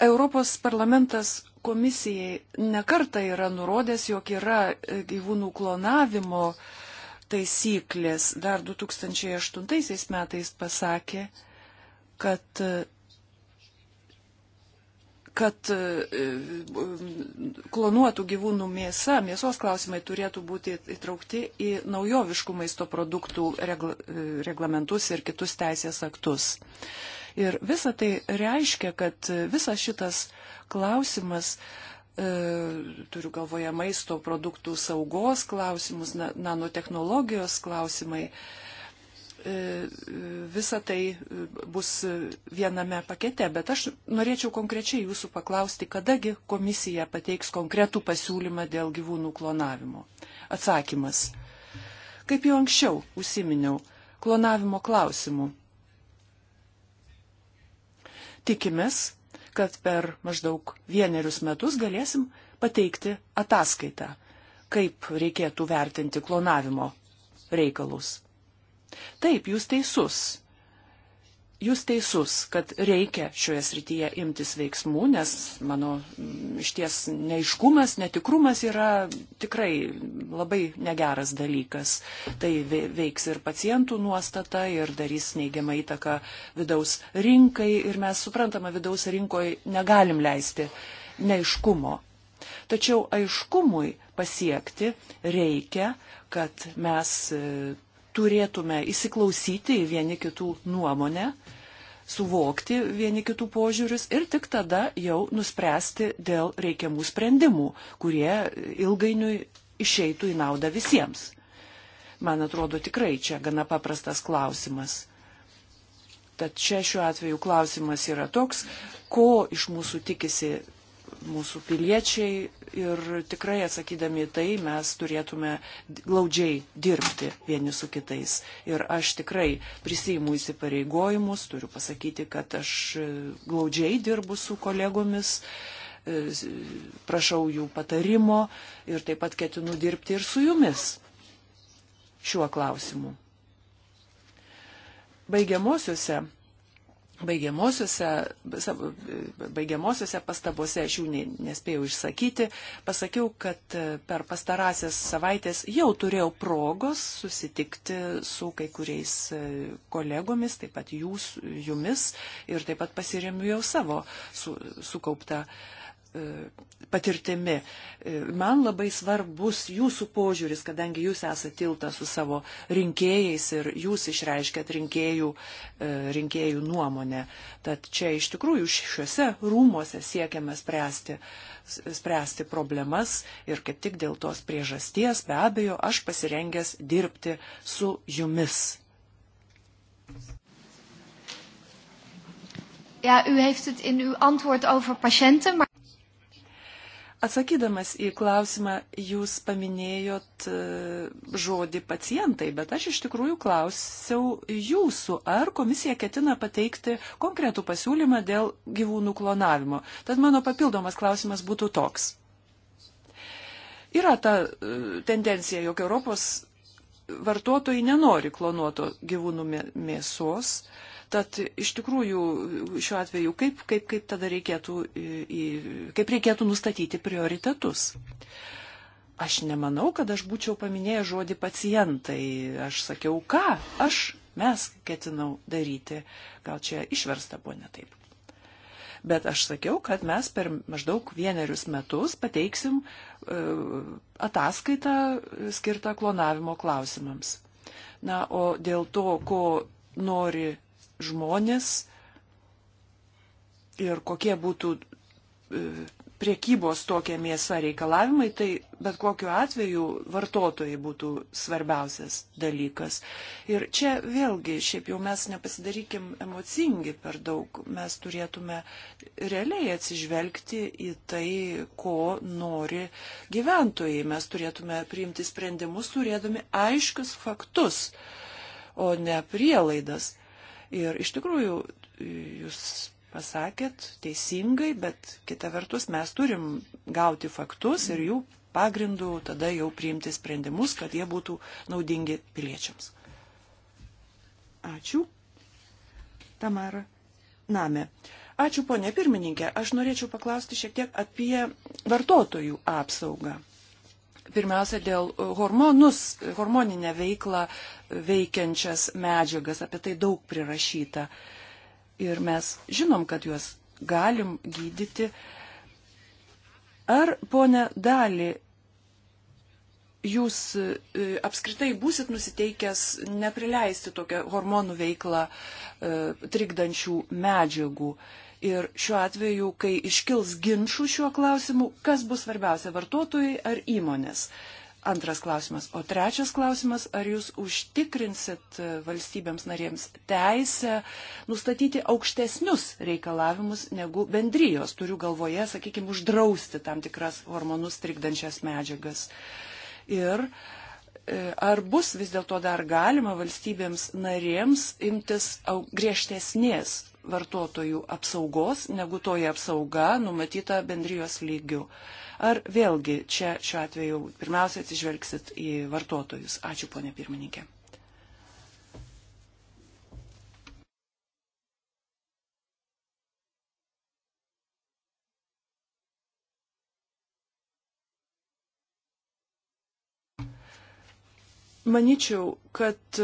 Europos parlamentas komisijai nekarta yra nurodęs, jog yra e, gyvūnų klonavimo taisyklės. Dar 2008 metais pasakė, kad e, kad e, e, klonuotų gyvūnų mėsa, mėsos klausimai turėtų būti įtraukti į naujoviškų maisto produktų regla, e, reglamentus ir kitus teisės aktus. Ir visa tai reiškia, kad visas šitas klausimas, e, turiu galvoje maisto produktų saugos klausimus, na, nanotehnologijos klausimai, e, E, visa tai e, bus viename pakete, bet aš norėčiau konkrečiai jūsų paklausti, kadagi komisija pateiks konkretų pasiūlymą dėl gyvūnų klonavimo. Atsakymas. Kaip jau anksčiau užsiminiau, klonavimo klausimų. Tikimės, kad per maždaug vienerius metus galėsim pateikti ataskaitą, kaip reikėtų vertinti klonavimo reikalus. Taip, jūs teisus. Jūs teisus, kad reikia šioje srityje imtis veiksmų, nes mano mm, išties neiškumas, netikrumas yra tikrai labai negeras dalykas. Tai veiks ir pacientų nuostata ir darys neigiamą įtaką vidaus rinkai ir mes suprantama, vidaus rinkoje negalim leisti neiškumo. Tačiau aiškumui pasiekti reikia, kad mes e, turėtume įsiklausyti į vieni kitų nuomonę, suvokti vieni kitų požiūrius ir tik tada jau nuspręsti dėl reikiamų sprendimų, kurie ilgainiui išeitų į naudą visiems. Man atrodo, tikrai čia gana paprastas klausimas. Tad čia šiuo atveju klausimas yra toks, ko iš mūsų tikisi mūsų piliečiai ir tikrai atsakydami tai mes turėtume glaudžiai dirbti vieni su kitais. Ir aš tikrai prisijimu įsipareigojimus, turiu pasakyti, kad aš glaudžiai dirbu su kolegomis, e, prašau jų patarimo ir taip pat ketinu dirbti ir su jumis šiuo klausimu. Baigiamosiuose baigiamosiose, baigiamosiose pastabose, aš jų nespėjau išsakyti, pasakiau, kad e, per pastarąsias savaitės jau turėjau progos susitikti su kai kuriais e, kolegomis, taip pat jūs, jumis ir taip pat pasiremiu jau savo su, sukauptą uh, E, patirtimi. E, man labai svarbus jūsų požiūris, kadangi jūs esate tiltas su savo rinkėjais ir jūs išreiškėt rinkėjų, e, rinkėjų nuomonę. Tad čia iš tikrųjų šiuose rūmuose siekiame spręsti, spręsti problemas ir kaip tik dėl tos priežasties be abejo aš pasirengęs dirbti su jumis. Ja, u heeft het in uw antwoord over patiënten, maar. Atsakydamas į klausimą, jūs paminėjot e, žodį pacientai, bet aš iš tikrųjų klausiau jūsų, ar komisija ketina pateikti konkretų pasiūlymą dėl gyvūnų klonavimo. Tad mano papildomas klausimas būtų toks. Yra ta e, tendencija, jog Europos vartotojai nenori klonuoto gyvūnų mėsos. Tad iš tikrųjų šiuo atveju kaip, kaip, kaip tada reikėtų, kaip reikėtų nustatyti prioritetus. Aš nemanau, kad aš būčiau paminėjęs žodį pacientai. Aš sakiau, ką aš, mes ketinau daryti. Gal čia išversta buvo ne taip bet aš sakiau, kad mes per maždaug vienerius metus pateiksim e, ataskaitą skirtą klonavimo klausimams. Na, o dėl to, ko nori žmonės ir kokie būtų e, priekybos tokia mėsa reikalavimai, tai bet kokiu atveju vartotojai būtų svarbiausias dalykas. Ir čia vėlgi, šiaip jau mes nepasidarykim emocingi per daug, mes turėtume realiai atsižvelgti į tai, ko nori gyventojai. Mes turėtume priimti sprendimus turėdami aiškius faktus, o ne prielaidas. Ir iš tikrųjų, jūs pasakėt teisingai, bet kita vertus mes turim gauti faktus ir jų pagrindų tada jau priimti sprendimus, kad jie būtų naudingi piliečiams. Ačiū. Tamara Name. Ačiū, ponė pirmininkė. Aš norėčiau paklausti šiek tiek apie vartotojų apsaugą. Pirmiausia, dėl hormonus, hormoninę veiklą veikiančias medžiagas, apie tai daug prirašyta. Uh, ir mes žinom, kad juos galim gydyti. Ar, ponė Dali, jūs e, apskritai būsit nusiteikęs neprileisti tokią hormonų veiklą e, trikdančių medžiagų? Ir šiuo atveju, kai iškils ginčių šiuo klausimu, kas bus svarbiausia - vartotojai ar įmonės? Antras klausimas. O trečias klausimas, ar jūs užtikrinsit e, valstybėms narėms teisę nustatyti aukštesnius reikalavimus negu bendrijos? Turiu galvoje, sakykime, uždrausti tam tikras hormonus trikdančias medžiagas. Ir e, ar bus vis dėlto dar galima valstybėms narėms imtis griežtesnės vartotojų apsaugos, negu toji apsauga numatyta bendrijos lygių. Ar vėlgi čia šiuo atveju pirmiausia atsižvelgsit į vartotojus? Ačiū, ponė pirmininkė. Maničiau, kad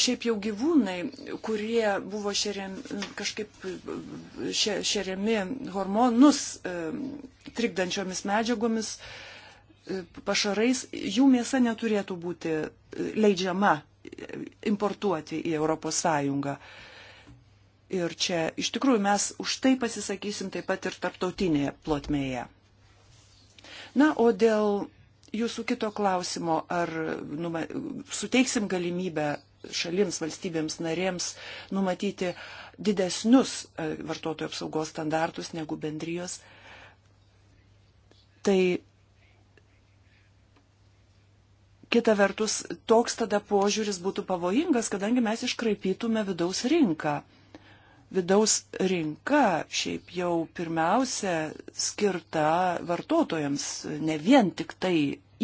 šiaip jau gyvūnai, kurie buvo šeriam, kažkaip šeriami hormonus e, trikdančiomis medžiagomis, e, pašarais, jų mėsa neturėtų būti e, leidžiama importuoti į ES. Ir čia iš tikrųjų mes už tai pasisakysim taip pat ir tarptautinėje plotmėje. Na, o dėl jūsų kito klausimo, ar nu, suteiksim galimybę šalims, valstybėms narėms numatyti didesnius e, vartotojų apsaugos standartus negu bendrijos, tai kita vertus toks tada požiūris būtų pavojingas, kadangi mes iškraipytume vidaus rinką vidaus rinka šiaip jau pirmiausia skirta vartotojams, ne vien tik tai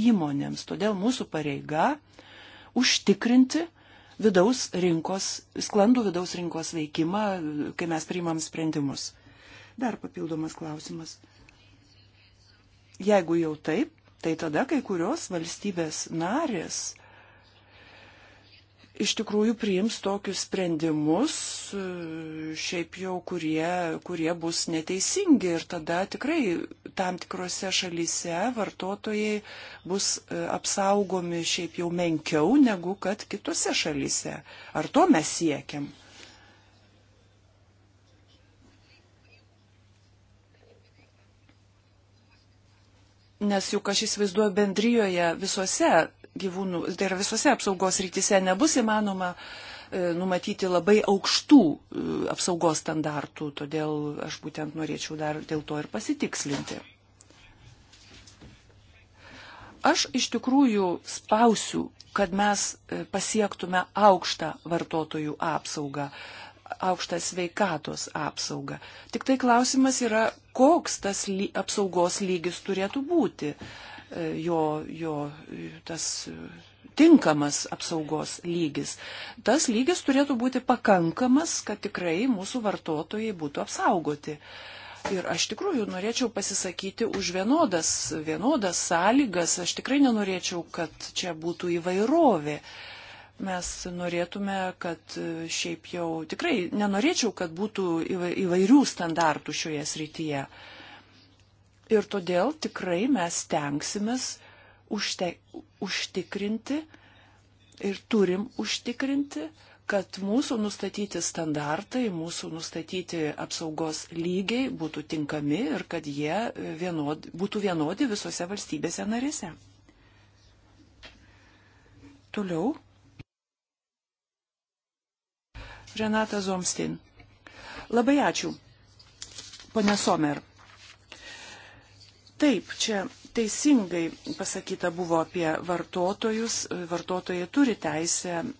įmonėms. Todėl mūsų pareiga užtikrinti, vidaus rinkos, sklandų vidaus rinkos veikimą, kai mes priimam sprendimus. Dar papildomas klausimas. Jeigu jau taip, tai tada kai kurios valstybės narės iš tikrųjų priims tokius sprendimus, e, šiaip jau, kurie, kurie bus neteisingi ir tada tikrai tam tikrose šalyse vartotojai bus e, apsaugomi šiaip jau menkiau negu kad kitose šalyse. Ar to mes siekiam? Nes juk aš įsivaizduoju bendryjoje visose gyvūnų, tai yra visose apsaugos rytise, nebus įmanoma e, numatyti labai aukštų e, apsaugos standartų, todėl aš būtent norėčiau dar dėl to ir pasitikslinti. Aš iš tikrųjų spausiu, kad mes e, pasiektume aukštą vartotojų apsaugą, aukštą sveikatos apsaugą. Tik tai klausimas yra, koks tas apsaugos lygis turėtų būti. Uh, jo, jo tas tinkamas apsaugos lygis. Tas lygis turėtų būti pakankamas, kad tikrai mūsų vartotojai būtų apsaugoti. Ir aš tikrųjų norėčiau pasisakyti už vienodas, vienodas sąlygas. Aš tikrai nenorėčiau, kad čia būtų įvairovė. Mes norėtume, kad šiaip jau tikrai nenorėčiau, kad būtų įvairių standartų šioje srityje. Uh, Ir todėl tikrai mes tenksimės užte, užtikrinti ir turim užtikrinti, kad mūsų nustatyti standartai, mūsų nustatyti apsaugos lygiai būtų tinkami ir kad jie vienod, būtų vienodi visose valstybėse narėse. Toliau. Renata Zomstin. Labai ačiū. Pone Somer. Taip, čia teisingai pasakyta buvo apie vartotojus. Vartotojai turi teisę e,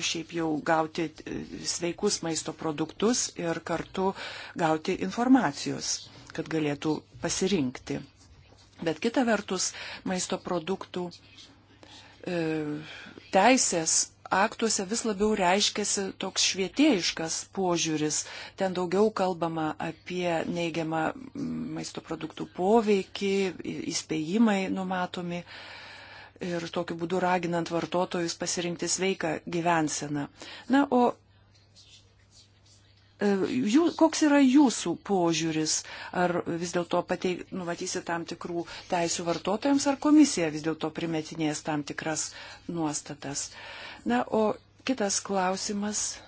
šiaip jau gauti e, sveikus maisto produktus ir kartu gauti informacijos, kad galėtų pasirinkti. Bet kita vertus, maisto produktų e, teisės aktuose vis labiau reiškiasi toks švietėjiškas požiūris. Ten daugiau kalbama apie neigiamą maisto produktų poveikį, įspėjimai numatomi ir tokiu būdu raginant vartotojus pasirinkti sveiką gyvenseną. Na, o e, Jų, koks yra jūsų požiūris? Ar vis dėlto numatysi tam tikrų teisų vartotojams, ar komisija vis dėlto primetinės tam tikras nuostatas? Na, o kitas klausimas.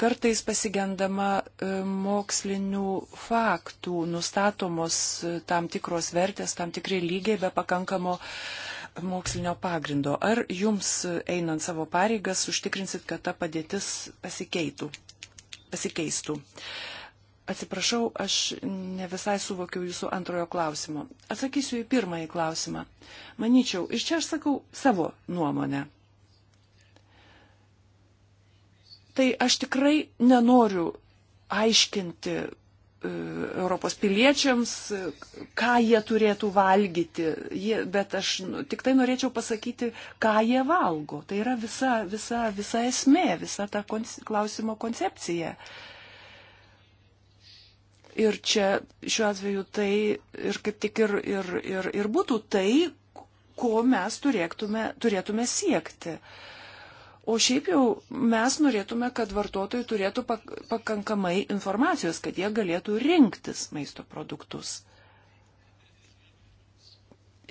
Kartais pasigendama e, mokslinių faktų, nustatomos e, tam tikros vertės, tam tikri lygiai be pakankamo mokslinio pagrindo. Ar jums, e, einant savo pareigas, užtikrinsit, kad ta padėtis pasikeitų, pasikeistų? Atsiprašau, aš ne visai suvokiau jūsų antrojo klausimo. Atsakysiu į pirmąjį klausimą. Manyčiau, iš čia aš sakau savo nuomonę. tai aš tikrai nenoriu aiškinti e, Europos piliečiams, ką jie turėtų valgyti, jie, bet aš nu, tik tai norėčiau pasakyti, ką jie valgo. Tai yra visa, visa, visa esmė, visa ta kon, klausimo koncepcija. Ir čia šiuo atveju tai ir kaip tik ir, ir, ir, ir būtų tai, ko mes turėtume, turėtume siekti. Uh, O šiaip jau mes norėtume, kad vartotojai turėtų pakankamai informacijos, kad jie galėtų rinktis maisto produktus.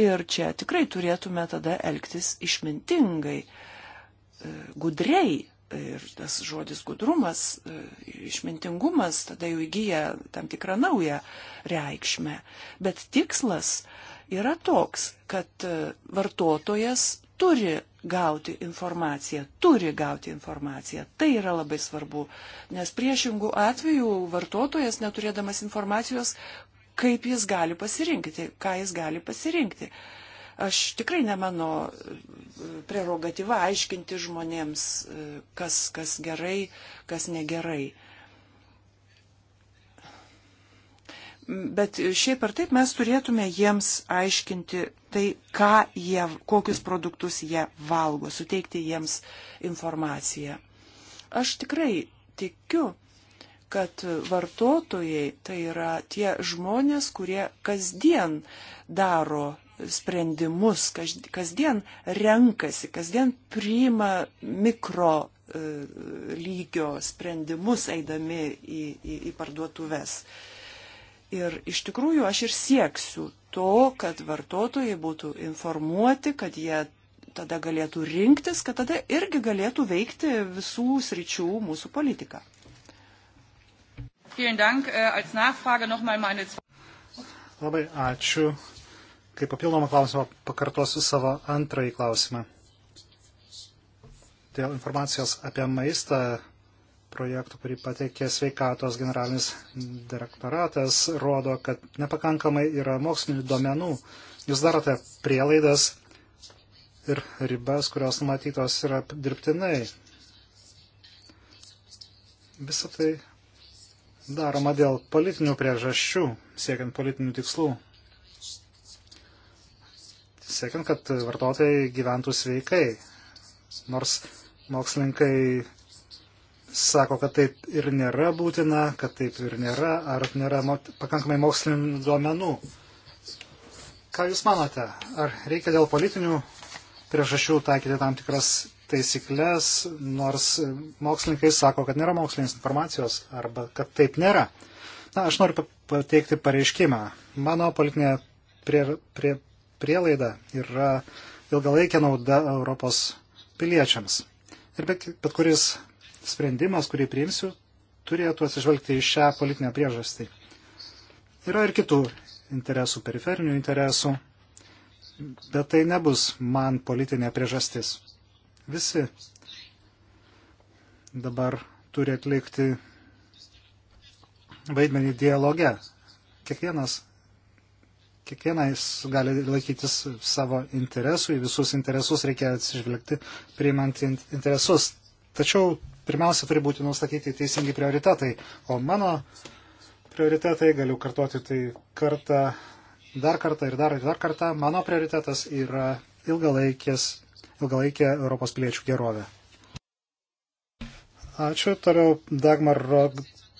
Ir čia tikrai turėtume tada elgtis išmintingai, e, gudriai. Ir tas žodis gudrumas, e, išmintingumas tada jau įgyja tam tikrą naują reikšmę. Bet tikslas yra toks, kad e, vartotojas turi gauti informaciją, turi gauti informaciją. Tai yra labai svarbu, nes priešingų atvejų vartotojas, neturėdamas informacijos, kaip jis gali pasirinkti, ką jis gali pasirinkti. Aš tikrai ne mano e, prerogatyva aiškinti žmonėms, e, kas, kas gerai, kas negerai. Bet šiaip ar taip mes turėtume jiems aiškinti tai, ką jie, kokius produktus jie valgo, suteikti jiems informaciją. Aš tikrai tikiu, kad vartotojai tai yra tie žmonės, kurie kasdien daro sprendimus, kasdien renkasi, kasdien priima mikro e, lygio sprendimus eidami į, į, į parduotuves. Uh, Ir iš tikrųjų aš ir sieksiu to, kad vartotojai būtų informuoti, kad jie tada galėtų rinktis, kad tada irgi galėtų veikti visų sričių mūsų politiką. Äh, Labai ačiū. Kaip papildomą klausimą pakartosiu savo antrąjį klausimą. Dėl informacijos apie maistą projektų, kurį pateikė sveikatos generalinis direktoratas, rodo, kad nepakankamai yra mokslinių duomenų. Jūs darote prielaidas ir ribas, kurios numatytos yra dirbtinai. Visą tai daroma dėl politinių priežasčių, siekiant politinių tikslų. Siekiant, kad vartotojai gyventų sveikai. Nors mokslininkai sako, kad taip ir nėra būtina, kad taip ir nėra, ar nėra pakankamai mokslinių duomenų. Ką Jūs manote, ar reikia dėl politinių priežasčių taikyti tam tikras taisyklės, nors mokslininkai sako, kad nėra mokslinės informacijos arba kad taip nėra? Na, aš noriu pateikti pareiškimą. Mano politinė prie, prie, prielaida yra ilgalaikė nauda Europos piliečiams. Ir bet, bet kuris sprendimas, kurį priimsiu, turėtų atsižvelgti į šią politinę priežastį. Yra ir kitų interesų, periferinių interesų, bet tai nebus man politinė priežastis. Visi dabar turi atlikti vaidmenį dialoge. Kiekvienas, kiekvienais gali laikytis savo interesų, į visus interesus reikia atsižvelgti priimant interesus. Tačiau pirmiausia turi būti nustatyti teisingi prioritetai, o mano prioritetai, galiu kartoti tai kartą, dar kartą ir dar ir dar kartą, mano prioritetas yra ilgalaikės, ilgalaikė Europos piliečių gerovė. Ačiū, toliau Dagmar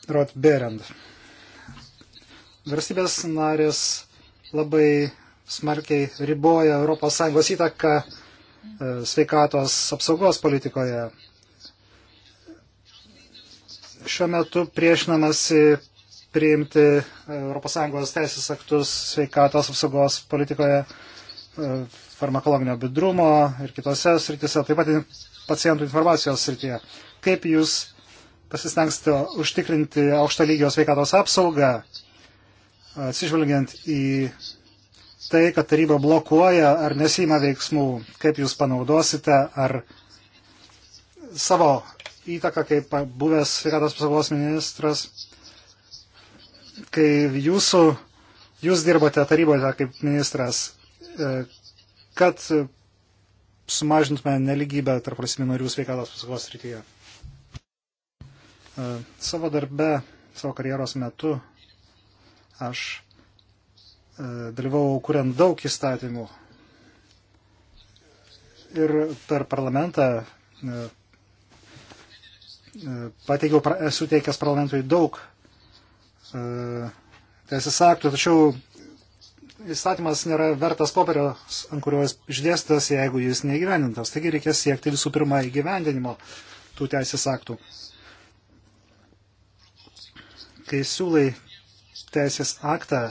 Rotberend. Varsybės narės labai smarkiai riboja ES įtaką e, sveikatos apsaugos politikoje šiuo metu priešinamasi priimti e, ES teisės aktus sveikatos apsaugos politikoje, e, farmakologinio bidrumo ir kitose srityse, taip pat pacientų informacijos srityje. Kaip jūs pasistengsite užtikrinti aukšto lygio sveikatos apsaugą, atsižvelgiant į tai, kad taryba blokuoja ar nesima veiksmų, kaip jūs panaudosite ar savo įtaką kaip buvęs sveikatos apsaugos ministras, kai jūsų, jūs dirbote taryboje kaip ministras, e, kad sumažintume neligybę tarp valstybių narių sveikatos apsaugos srityje. E, savo darbe, savo karjeros metu aš e, dalyvau kuriant daug įstatymų ir per parlamentą E, pateikiau, esu teikęs parlamentui daug e, teisės aktų, tačiau įstatymas nėra vertas popierio, ant kurio jis išdėstas, jeigu jis neįgyvendintas. Taigi reikės siekti visų pirma įgyvendinimo tų teisės aktų. Kai siūlai teisės aktą,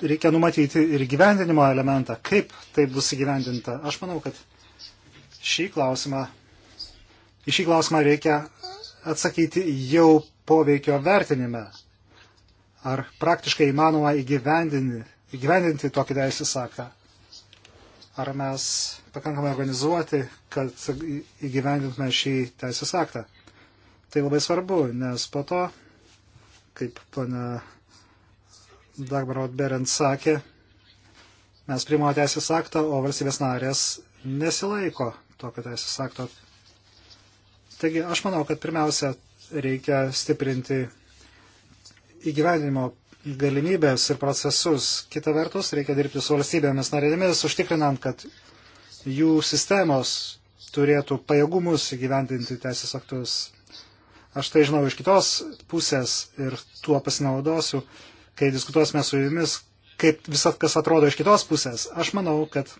reikia numatyti ir įgyvendinimo elementą, kaip tai bus įgyvendinta. Aš manau, kad šį klausimą Į šį klausimą reikia atsakyti jau poveikio vertinime. Ar praktiškai įmanoma įgyvendinti, įgyvendinti tokį teisės aktą? Ar mes pakankamai organizuoti, kad įgyvendintume šį teisės aktą? Tai labai svarbu, nes po to, kaip pana Dagmarot Berend sakė, mes priimame teisės aktą, o valstybės narės nesilaiko tokio teisės akto Taigi aš manau, kad pirmiausia reikia stiprinti įgyvendinimo galimybės ir procesus. Kita vertus, reikia dirbti su valstybėmis narėmis, užtikrinant, kad jų sistemos turėtų pajėgumus įgyvendinti teisės aktus. Aš tai žinau iš kitos pusės ir tuo pasinaudosiu, kai diskutuosime su jumis, kaip visat kas atrodo iš kitos pusės. Aš manau, kad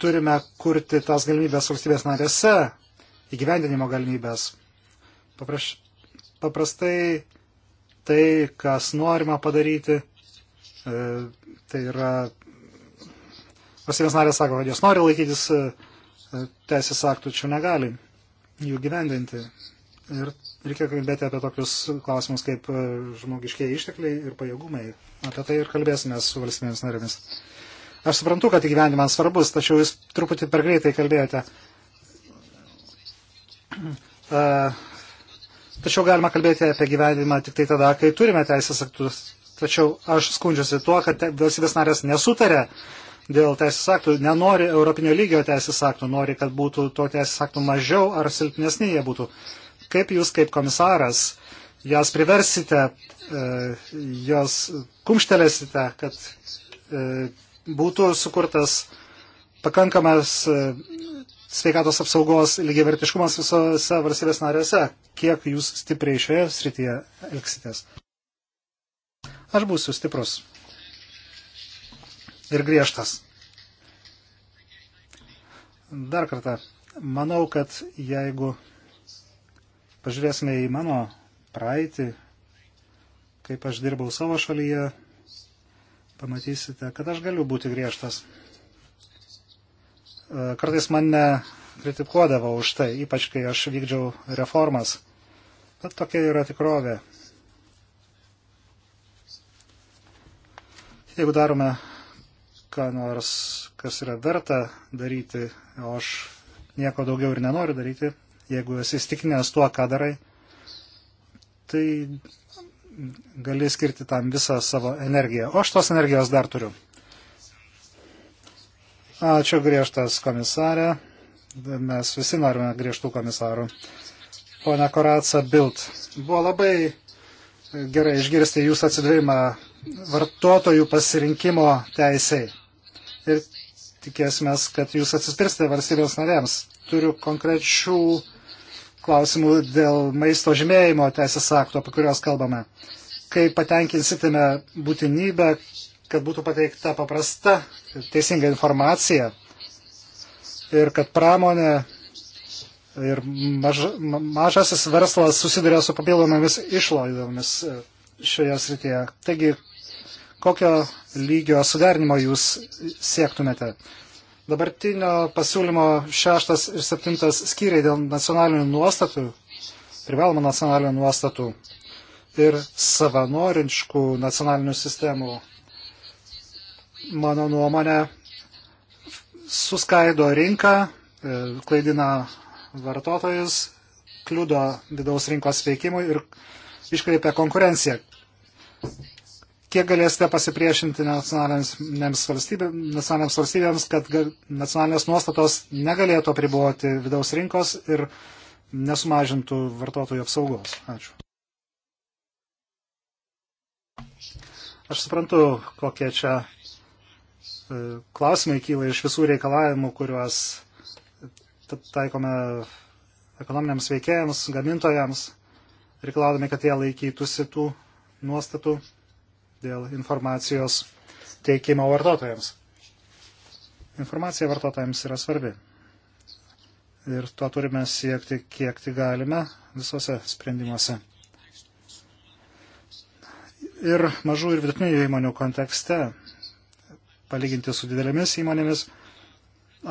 turime kurti tas galimybės valstybės narėse, įgyvendinimo galimybės. Papraš, paprastai tai, kas norima padaryti, e, tai yra valstybės narės sako, kad jos nori laikytis e, e, teisės aktų, čia negali jų gyvendinti. Ir reikia kalbėti apie tokius klausimus kaip žmogiškiai ištekliai ir pajėgumai. Apie tai ir kalbėsime su valstybėmis narėmis. Aš suprantu, kad įgyvendimas svarbus, tačiau jūs truputį per greitai kalbėjote. Tačiau galima kalbėti apie gyvenimą tik tai tada, kai turime teisės aktus. Tačiau aš skundžiuosi tuo, kad valstybės narės nesutarė dėl teisės aktų, nenori Europinio lygio teisės aktų, nori, kad būtų to teisės aktų mažiau ar silpnesni jie būtų. Kaip jūs kaip komisaras jas priversite, e, jos kumštelėsite, kad e, būtų sukurtas pakankamas e, sveikatos apsaugos lygiavertiškumas visose valstybės narėse. Kiek jūs stipriai šioje srityje elgsitės? Aš būsiu stiprus ir griežtas. Dar kartą, manau, kad jeigu pažiūrėsime į mano praeitį, kaip aš dirbau savo šalyje, pamatysite, kad aš galiu būti griežtas. E, kartais mane kritikuodavo už tai, ypač kai aš vykdžiau reformas. Bet tokia yra tikrovė. Jeigu darome ką nors, kas yra verta daryti, o aš nieko daugiau ir nenoriu daryti, jeigu esi įstikinęs tuo, ką darai, tai gali skirti tam visą savo energiją. O aš tos energijos dar turiu. Ačiū griežtas komisarė. Mes visi norime griežtų komisarų. Pone Koratsa Bild, buvo labai gerai išgirsti jūsų atsidavimą vartotojų pasirinkimo teisiai. Ir tikėsime, kad jūs atsispirsite valstybės narėms. Turiu konkrečių uh, klausimų dėl maisto žymėjimo teisės akto, apie kurios kalbame. Kai patenkinsitime būtinybę, kad būtų pateikta paprasta, teisinga informacija ir kad pramonė ir maž, mažasis verslas susiduria su papildomomis išlaidomis e, šioje srityje. Taigi, kokio lygio suderinimo jūs siektumėte? Dabartinio pasiūlymo šeštas ir septintas skyriai dėl nacionalinių nuostatų, privalomų nacionalinių nuostatų ir savanoriškų nacionalinių sistemų, mano nuomonė, suskaido rinką, e, klaidina vartotojus, kliudo vidaus rinkos veikimui ir iškreipia konkurenciją kiek galėsite pasipriešinti nacionalinėms valstybėms, valstybėms kad nacionalinės nuostatos negalėtų apriboti vidaus rinkos ir nesumažintų vartotojų apsaugos. Ačiū. Aš suprantu, kokie čia e, klausimai kyla iš visų reikalavimų, kuriuos taikome ekonominiams veikėjams, gamintojams, reikalaudami, kad jie laikytųsi tų nuostatų dėl informacijos teikimo vartotojams. Informacija vartotojams yra svarbi. Ir to turime siekti, kiek tik galime visose sprendimuose. Ir mažų ir vidutinių įmonių kontekste, palyginti su didelėmis įmonėmis,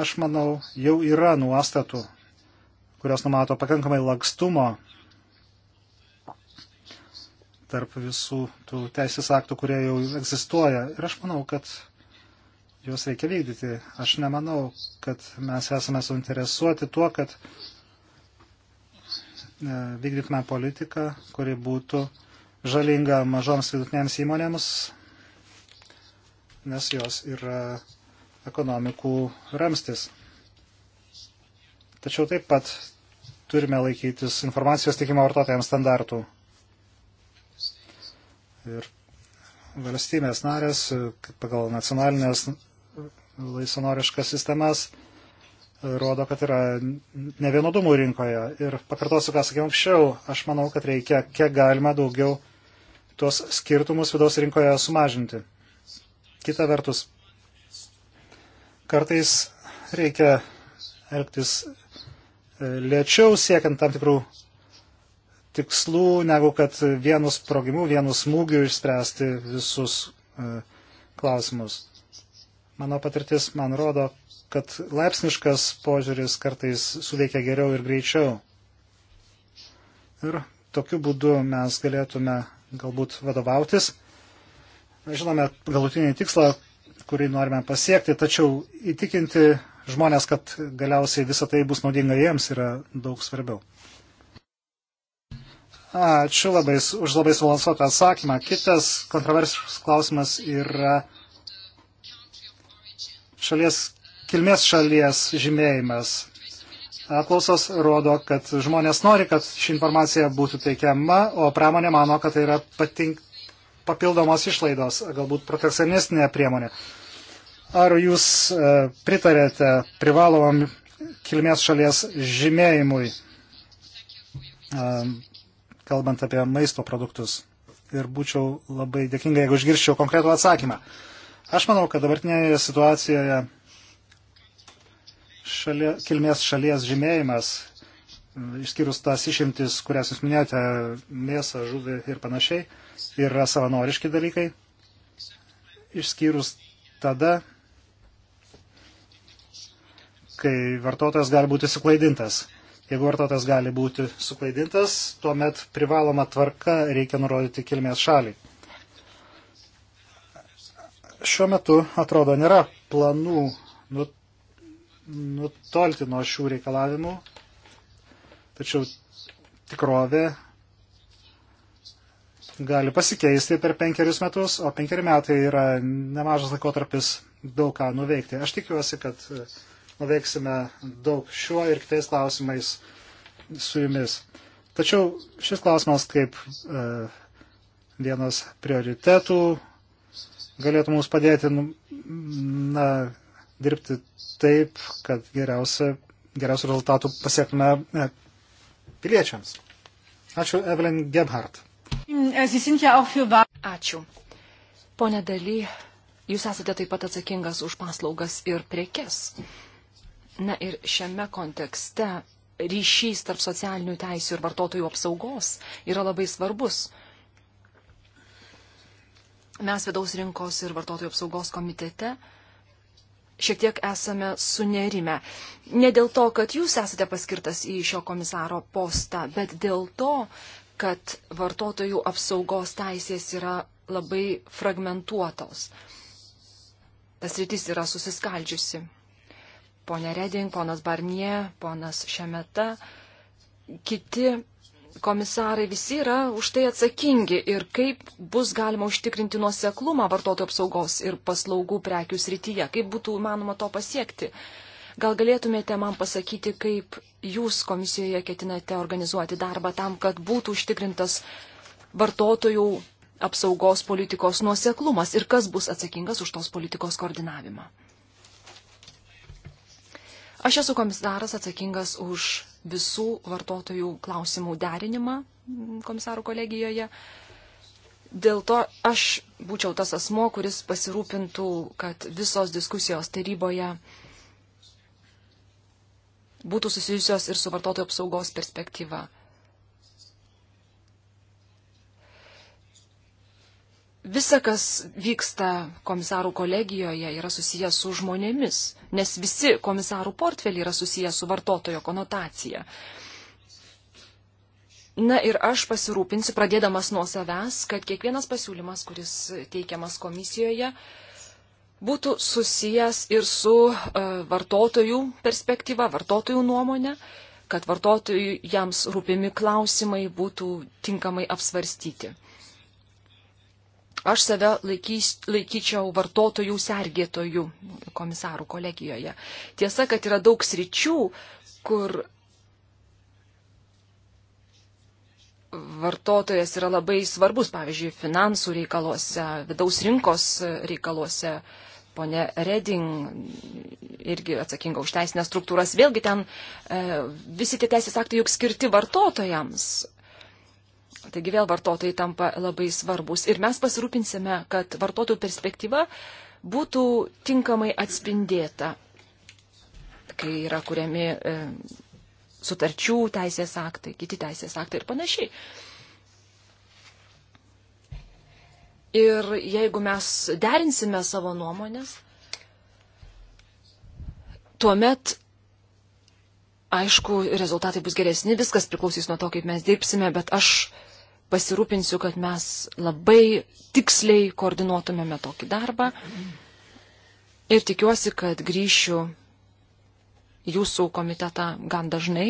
aš manau, jau yra nuostatų, kurios numato pakankamai lakstumo tarp visų tų teisės aktų, kurie jau egzistuoja. Ir aš manau, kad juos reikia vykdyti. Aš nemanau, kad mes esame suinteresuoti tuo, kad e, vykdytume politiką, kuri būtų žalinga mažoms vidutinėms įmonėms, nes jos yra ekonomikų ramstis. Tačiau taip pat turime laikytis informacijos tikimo vartotojams standartų. Ir valstybės narės pagal nacionalinės laisvanoriškas sistemas rodo, kad yra nevienodumų rinkoje. Ir pakartosiu, ką sakiau anksčiau, aš manau, kad reikia kiek galima daugiau tuos skirtumus vidaus rinkoje sumažinti. Kita vertus, kartais reikia elgtis e, lėčiau siekiant tam tikrų tikslų, negu kad vienu sprogimu, vienu smūgiu išspręsti visus e, klausimus. Mano patirtis man rodo, kad laipsniškas požiūris kartais suveikia geriau ir greičiau. Ir tokiu būdu mes galėtume galbūt vadovautis. Žinome galutinį tikslą, kurį norime pasiekti, tačiau įtikinti žmonės, kad galiausiai visa tai bus naudinga jiems, yra daug svarbiau. Ačiū labai, už labai subalansuotą atsakymą. Kitas kontroversiškas klausimas yra šalies, kilmės šalies žymėjimas. Apklausos rodo, kad žmonės nori, kad ši informacija būtų teikiama, o pramonė mano, kad tai yra patink, papildomos išlaidos, galbūt protekcionistinė priemonė. Ar jūs e, pritarėte privalomam kilmės šalies žymėjimui? E, kalbant apie maisto produktus. Ir būčiau labai dėkinga, jeigu išgirščiau konkretų atsakymą. Aš manau, kad dabartinėje situacijoje šalia, kilmės šalies žymėjimas, išskyrus tas išimtis, kurias jūs minėjote, mėsą, žuvį ir panašiai, yra savanoriški dalykai. Išskyrus tada, kai vartotojas gali būti suklaidintas. Jeigu vartotojas gali būti suklaidintas, tuomet privaloma tvarka reikia nurodyti kilmės šalį. Šiuo metu, atrodo, nėra planų nu, nutolti nuo šių reikalavimų, tačiau tikrovė gali pasikeisti per penkerius metus, o penkeri metai yra nemažas laikotarpis daug ką nuveikti. Aš tikiuosi, kad nuveiksime daug šiuo ir kitais klausimais su jumis. Tačiau šis klausimas kaip e, vienas prioritetų galėtų mums padėti nu, na, dirbti taip, kad geriausia, geriausių rezultatų pasiektume e, piliečiams. Ačiū, Evelyn Gebhardt. Ačiū. Pone Daly, jūs esate taip pat atsakingas už paslaugas ir prekes. Na ir šiame kontekste ryšys tarp socialinių teisių ir vartotojų apsaugos yra labai svarbus. Mes vidaus rinkos ir vartotojų apsaugos komitete šiek tiek esame sunerime. Ne dėl to, kad jūs esate paskirtas į šio komisaro postą, bet dėl to, kad vartotojų apsaugos teisės yra labai fragmentuotos. Tas rytis yra susiskaldžiusi ponė Reding, ponas Barnie, ponas Šemeta, kiti komisarai visi yra už tai atsakingi ir kaip bus galima užtikrinti nuoseklumą vartotojų apsaugos ir paslaugų prekių srityje, kaip būtų įmanoma to pasiekti. Gal galėtumėte man pasakyti, kaip jūs komisijoje ketinate organizuoti darbą tam, kad būtų užtikrintas vartotojų apsaugos politikos nuoseklumas ir kas bus atsakingas už tos politikos koordinavimą. Aš esu komisaras atsakingas už visų vartotojų klausimų derinimą komisarų kolegijoje. Dėl to aš būčiau tas asmo, kuris pasirūpintų, kad visos diskusijos taryboje būtų susijusios ir su vartotojų apsaugos perspektyva. Visa, kas vyksta komisarų kolegijoje, yra susijęs su žmonėmis nes visi komisarų portfeliai yra susijęs su vartotojo konotacija. Na ir aš pasirūpinsiu, pradėdamas nuo savęs, kad kiekvienas pasiūlymas, kuris teikiamas komisijoje, būtų susijęs ir su e, vartotojų perspektyva, vartotojų nuomonė, kad vartotojų jiems rūpimi klausimai būtų tinkamai apsvarstyti. Aš save laikys, laikyčiau vartotojų sergėtojų komisarų kolegijoje. Tiesa, kad yra daug sričių, kur vartotojas yra labai svarbus, pavyzdžiui, finansų reikaluose, vidaus rinkos reikaluose. Pone Reding irgi atsakinga už teisinės struktūras. Vėlgi ten e, visi tie teisės aktai juk skirti vartotojams, Taigi vėl vartotojai tampa labai svarbus. Ir mes pasirūpinsime, kad vartotojų perspektyva būtų tinkamai atspindėta, kai yra kuriami e, sutarčių teisės aktai, kiti teisės aktai ir panašiai. Ir jeigu mes derinsime savo nuomonės, tuomet aišku, rezultatai bus geresni, viskas priklausys nuo to, kaip mes dirbsime, bet aš pasirūpinsiu, kad mes labai tiksliai koordinuotumėme tokį darbą. Ir tikiuosi, kad grįšiu jūsų komitetą gan dažnai.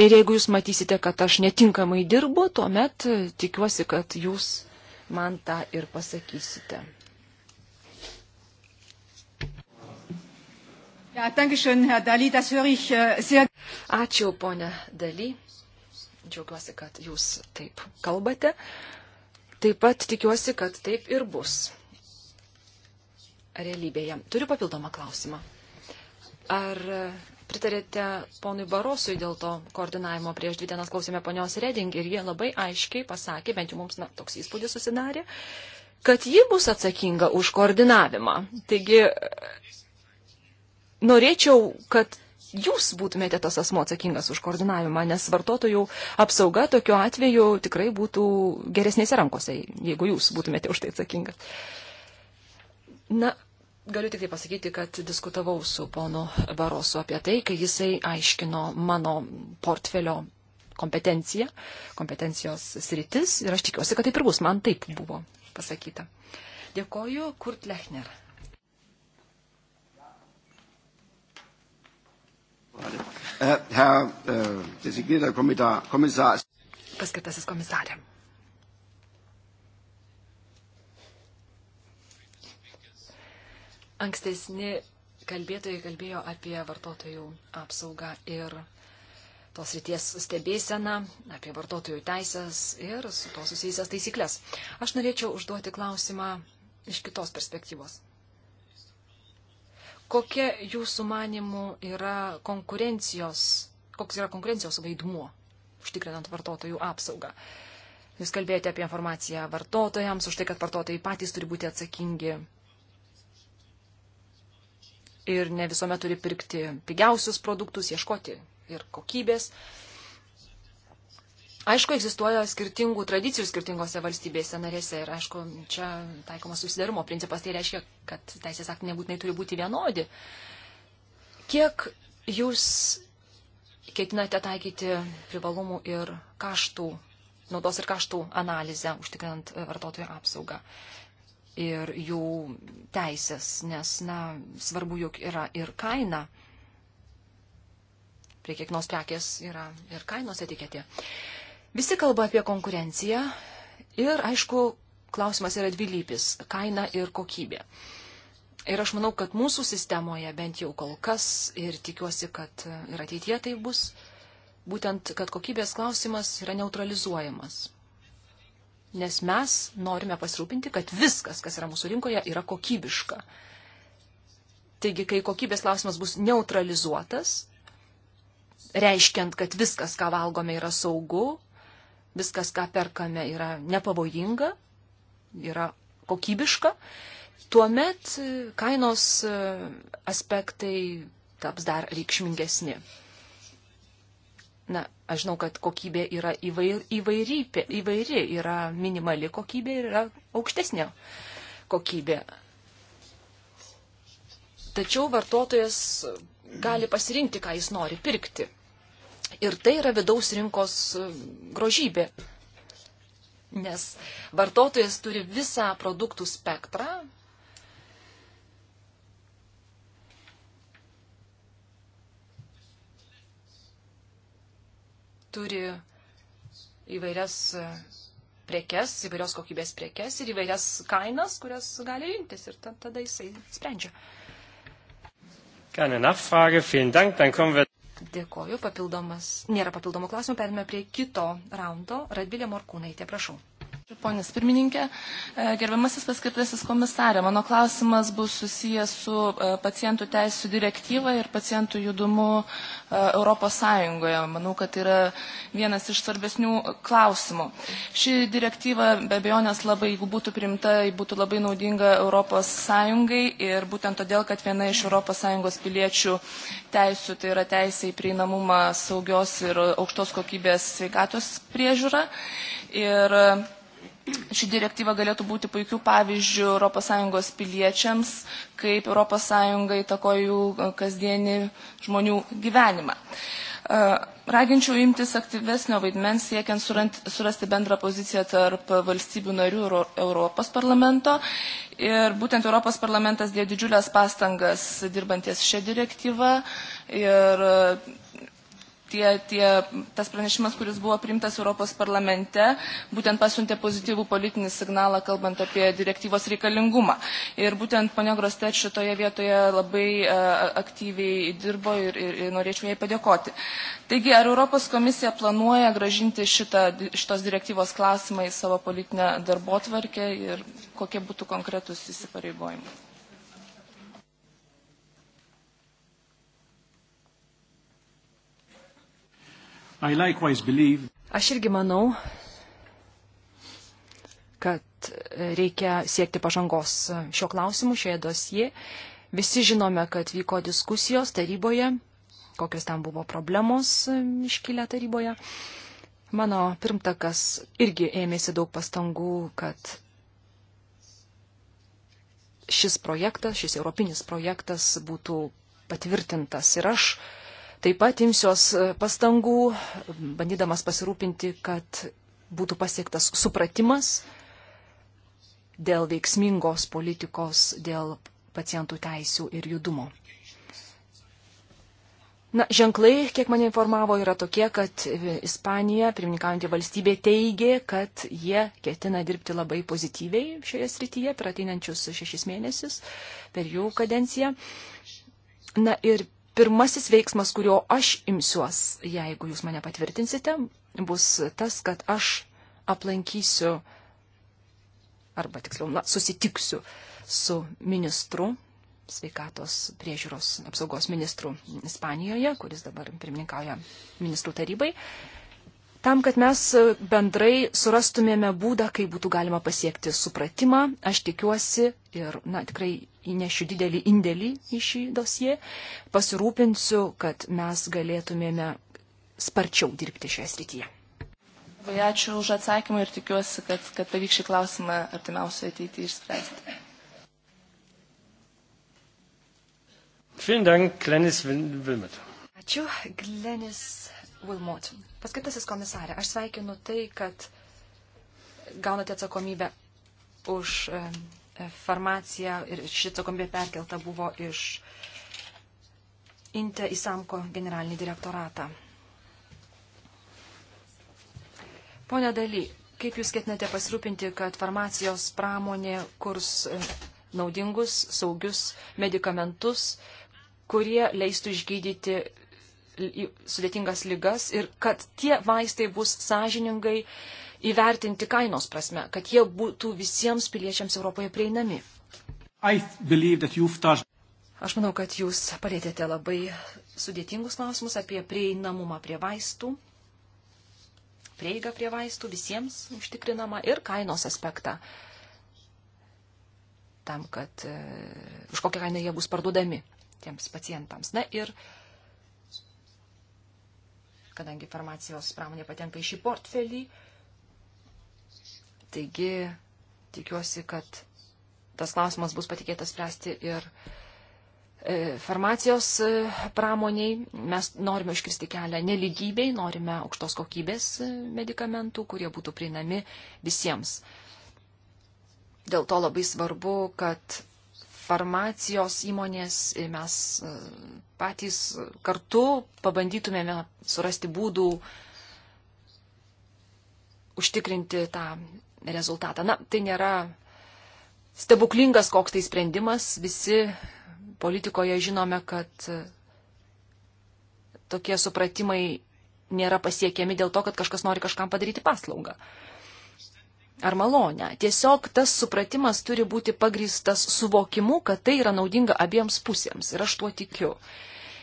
Ir jeigu jūs matysite, kad aš netinkamai dirbu, tuomet tikiuosi, kad jūs man tą ir pasakysite. Ja, dankeschön, Herr Dali, das höre ich äh, sehr. Ačiū, ponia Dali. Džiaugiuosi, kad jūs taip kalbate. Taip pat tikiuosi, kad taip ir bus realybėje. Turiu papildomą klausimą. Ar pritarėte ponui Barosui dėl to koordinavimo. Prieš dvi dienas klausėme ponios Reding ir jie labai aiškiai pasakė, bent jau mums na, toks įspūdis susidarė, kad ji bus atsakinga už koordinavimą. Taigi norėčiau, kad jūs būtumėte tas asmo atsakingas už koordinavimą, nes vartotojų apsauga tokiu atveju tikrai būtų geresnėse rankose, jeigu jūs būtumėte už tai atsakingas. Na, galiu tik tai pasakyti, kad diskutavau su ponu Barosu apie tai, kai jisai aiškino mano portfelio kompetenciją, kompetencijos sritis ir aš tikiuosi, kad taip ir bus. Man taip buvo pasakyta. Dėkoju, Kurt Lechner. Frage. Äh, Herr äh, designierter Kommissar, Kommissar. Paskirtasis komisarė. Ankstesni kalbėtojai kalbėjo apie vartotojų apsaugą ir tos ryties stebėseną, apie vartotojų teisės ir su to susijusias taisyklės. Aš norėčiau užduoti klausimą iš kitos perspektyvos. Kokia jūsų manimų yra konkurencijos, koks yra konkurencijos vaidmuo, užtikrinant vartotojų apsaugą? Jūs kalbėjote apie informaciją vartotojams, už tai, kad vartotojai patys turi būti atsakingi ir ne visuomet turi pirkti pigiausius produktus, ieškoti ir kokybės. Uh, Aišku, egzistuoja skirtingų tradicijų skirtingose valstybėse narėse ir, aišku, čia taikomas susidarumo principas, tai reiškia, kad teisės aktai nebūtinai turi būti vienodi. Kiek jūs ketinate taikyti privalumų ir kaštų, naudos ir kaštų analizę, užtikrinant e, vartotojų apsaugą ir jų teisės, nes, na, svarbu juk yra ir kaina prie kiekvienos prekės yra ir kainos etiketė. Visi kalba apie konkurenciją ir, aišku, klausimas yra dvilypis - kaina ir kokybė. Ir aš manau, kad mūsų sistemoje bent jau kol kas ir tikiuosi, kad ir ateitie tai bus, būtent, kad kokybės klausimas yra neutralizuojamas. Nes mes norime pasirūpinti, kad viskas, kas yra mūsų rinkoje, yra kokybiška. Taigi, kai kokybės klausimas bus neutralizuotas, reiškiant, kad viskas, ką valgome, yra saugu, viskas, ką perkame, yra nepavojinga, yra kokybiška, tuomet e, kainos e, aspektai taps dar reikšmingesni. Na, aš žinau, kad kokybė yra įvair, įvairi, įvairi, yra minimali kokybė ir yra aukštesnė kokybė. Tačiau vartotojas gali pasirinkti, ką jis nori pirkti. Ir tai yra vidaus rinkos e, grožybė. Nes vartotojas turi visą produktų spektrą. Turi įvairias e, prekes, įvairios kokybės prekes ir įvairias kainas, kurias gali rinktis ir tada jisai sprendžia. Keine Nachfrage, vielen Dank, dann kommen wir. Dėkoju, papildomas, nėra papildomų klausimų, perėmė prie kito raundo. Radvilė Morkūnaitė, prašau. Ponis pirmininkė, e, gerbiamasis paskirtasis komisarė, mano klausimas bus susijęs su e, pacientų teisų direktyva ir pacientų judumu e, Europos Sąjungoje. Manau, kad tai yra vienas iš svarbesnių klausimų. Ši direktyva be abejonės labai, jeigu būtų primta, būtų labai naudinga Europos Sąjungai ir būtent todėl, kad viena iš Europos Sąjungos piliečių teisų tai yra teisė į prieinamumą saugios ir aukštos kokybės sveikatos priežiūrą. Ir ši direktyva galėtų būti puikių pavyzdžių ES piliečiams, kaip ES įtakoja jų e, kasdienį žmonių gyvenimą. E, raginčiau imtis aktyvesnio vaidmens siekiant surasti bendrą poziciją tarp valstybių narių ir Europos parlamento. Ir būtent Europos parlamentas dėjo didžiulės pastangas dirbanties šią direktyvą ir tie, tie, tas pranešimas, kuris buvo priimtas Europos parlamente, būtent pasiuntė pozityvų politinį signalą, kalbant apie direktyvos reikalingumą. Ir būtent ponia Grostet šitoje vietoje labai uh, aktyviai dirbo ir, ir, ir norėčiau jai padėkoti. Taigi, ar Europos komisija planuoja gražinti šitą, šitos direktyvos klausimą į savo politinę darbo tvarkę ir kokie būtų konkretus įsipareigojimai? Believe... Aš irgi manau, kad reikia siekti pažangos šio klausimu, šioje dosie. Visi žinome, kad vyko diskusijos taryboje, kokios ten buvo problemos iškilę taryboje. Mano pirmtakas irgi ėmėsi daug pastangų, kad šis projektas, šis europinis projektas būtų patvirtintas. Ir aš Taip pat imsiuos e, pastangų, bandydamas pasirūpinti, kad būtų pasiektas supratimas dėl veiksmingos politikos, dėl pacientų teisių ir judumo. Na, ženklai, kiek mane informavo, yra tokie, kad Ispanija, pirmininkaujantį valstybė, teigė, kad jie ketina dirbti labai pozityviai šioje srityje per ateinančius šešis mėnesius, per jų kadenciją. Na ir pirmasis veiksmas, kurio aš imsiuos, jeigu jūs mane patvirtinsite, bus tas, kad aš aplankysiu arba tiksliau, na, susitiksiu su ministru, sveikatos priežiūros apsaugos ministru Ispanijoje, kuris dabar pirmininkauja ministrų tarybai, tam, kad mes bendrai surastumėme būdą, kaip būtų galima pasiekti supratimą. Aš tikiuosi ir, na, tikrai įnešiu didelį indėlį į šį dosiją, pasirūpinsiu, kad mes galėtumėme sparčiau dirbti šioje srityje. Labai ačiū už atsakymą ir tikiuosi, kad, kad pavyks šį klausimą artimiausioje ateityje išspręsti. Ačiū, Glenis Wilmot. Paskirtasis komisarė, aš sveikinu tai, kad gaunate atsakomybę už farmacija ir šitą kombė perkelta buvo iš Inte į Samko generalinį direktoratą. Pone Daly, kaip Jūs ketinate pasirūpinti, kad farmacijos pramonė kurs e, naudingus, saugius medikamentus, kurie leistų išgydyti sudėtingas lygas ir kad tie vaistai bus sąžiningai uh, įvertinti kainos prasme, kad jie būtų visiems piliečiams Europoje prieinami. Aš manau, kad jūs palėtėte labai sudėtingus klausimus apie prieinamumą prie vaistų, prieigą prie vaistų visiems užtikrinama ir kainos aspektą tam, kad e, už kokią kainą jie bus parduodami tiems pacientams. Na ir kadangi farmacijos pramonė patenka į šį portfelį, Taigi, tikiuosi, kad tas klausimas bus patikėtas spręsti ir e, farmacijos e, pramoniai. Mes norime užkirsti kelią neligybei, norime aukštos kokybės e, medikamentų, kurie būtų prieinami visiems. Dėl to labai svarbu, kad farmacijos įmonės ir mes patys kartu pabandytumėme surasti būdų užtikrinti tą rezultatą. Na, tai nėra stebuklingas koks tai sprendimas. Visi politikoje žinome, kad tokie supratimai nėra pasiekiami dėl to, kad kažkas nori kažkam padaryti paslaugą ar malonę. Tiesiog tas supratimas turi būti pagristas suvokimu, kad tai yra naudinga abiems pusėms ir aš tuo tikiu.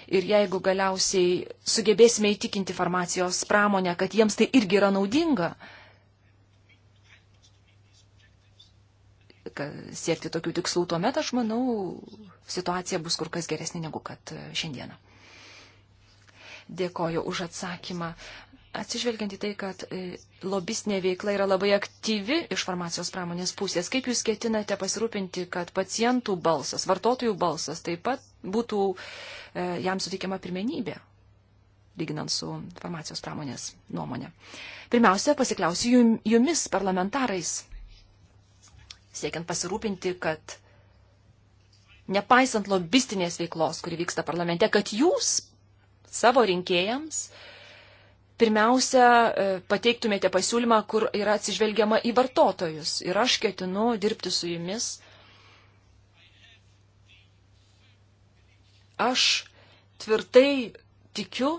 Ir jeigu galiausiai sugebėsime įtikinti farmacijos pramonę, kad jiems tai irgi yra naudinga, siekti tokių tikslų, tuomet aš manau, situacija bus kur kas geresnė negu kad e, šiandieną. Dėkoju už atsakymą. Atsižvelgiant į tai, kad e, lobistinė veikla yra labai aktyvi iš farmacijos pramonės pusės, kaip jūs ketinate pasirūpinti, kad pacientų balsas, vartotojų balsas taip pat būtų e, jam suteikiama pirmenybė, lyginant su farmacijos pramonės nuomonė. Pirmiausia, pasikliausiu jumis, parlamentarais siekiant pasirūpinti, kad nepaisant lobistinės veiklos, kuri vyksta parlamente, kad jūs savo rinkėjams pirmiausia e, pateiktumėte pasiūlymą, kur yra atsižvelgiama į vartotojus. Ir aš ketinu dirbti su jumis. Aš tvirtai tikiu,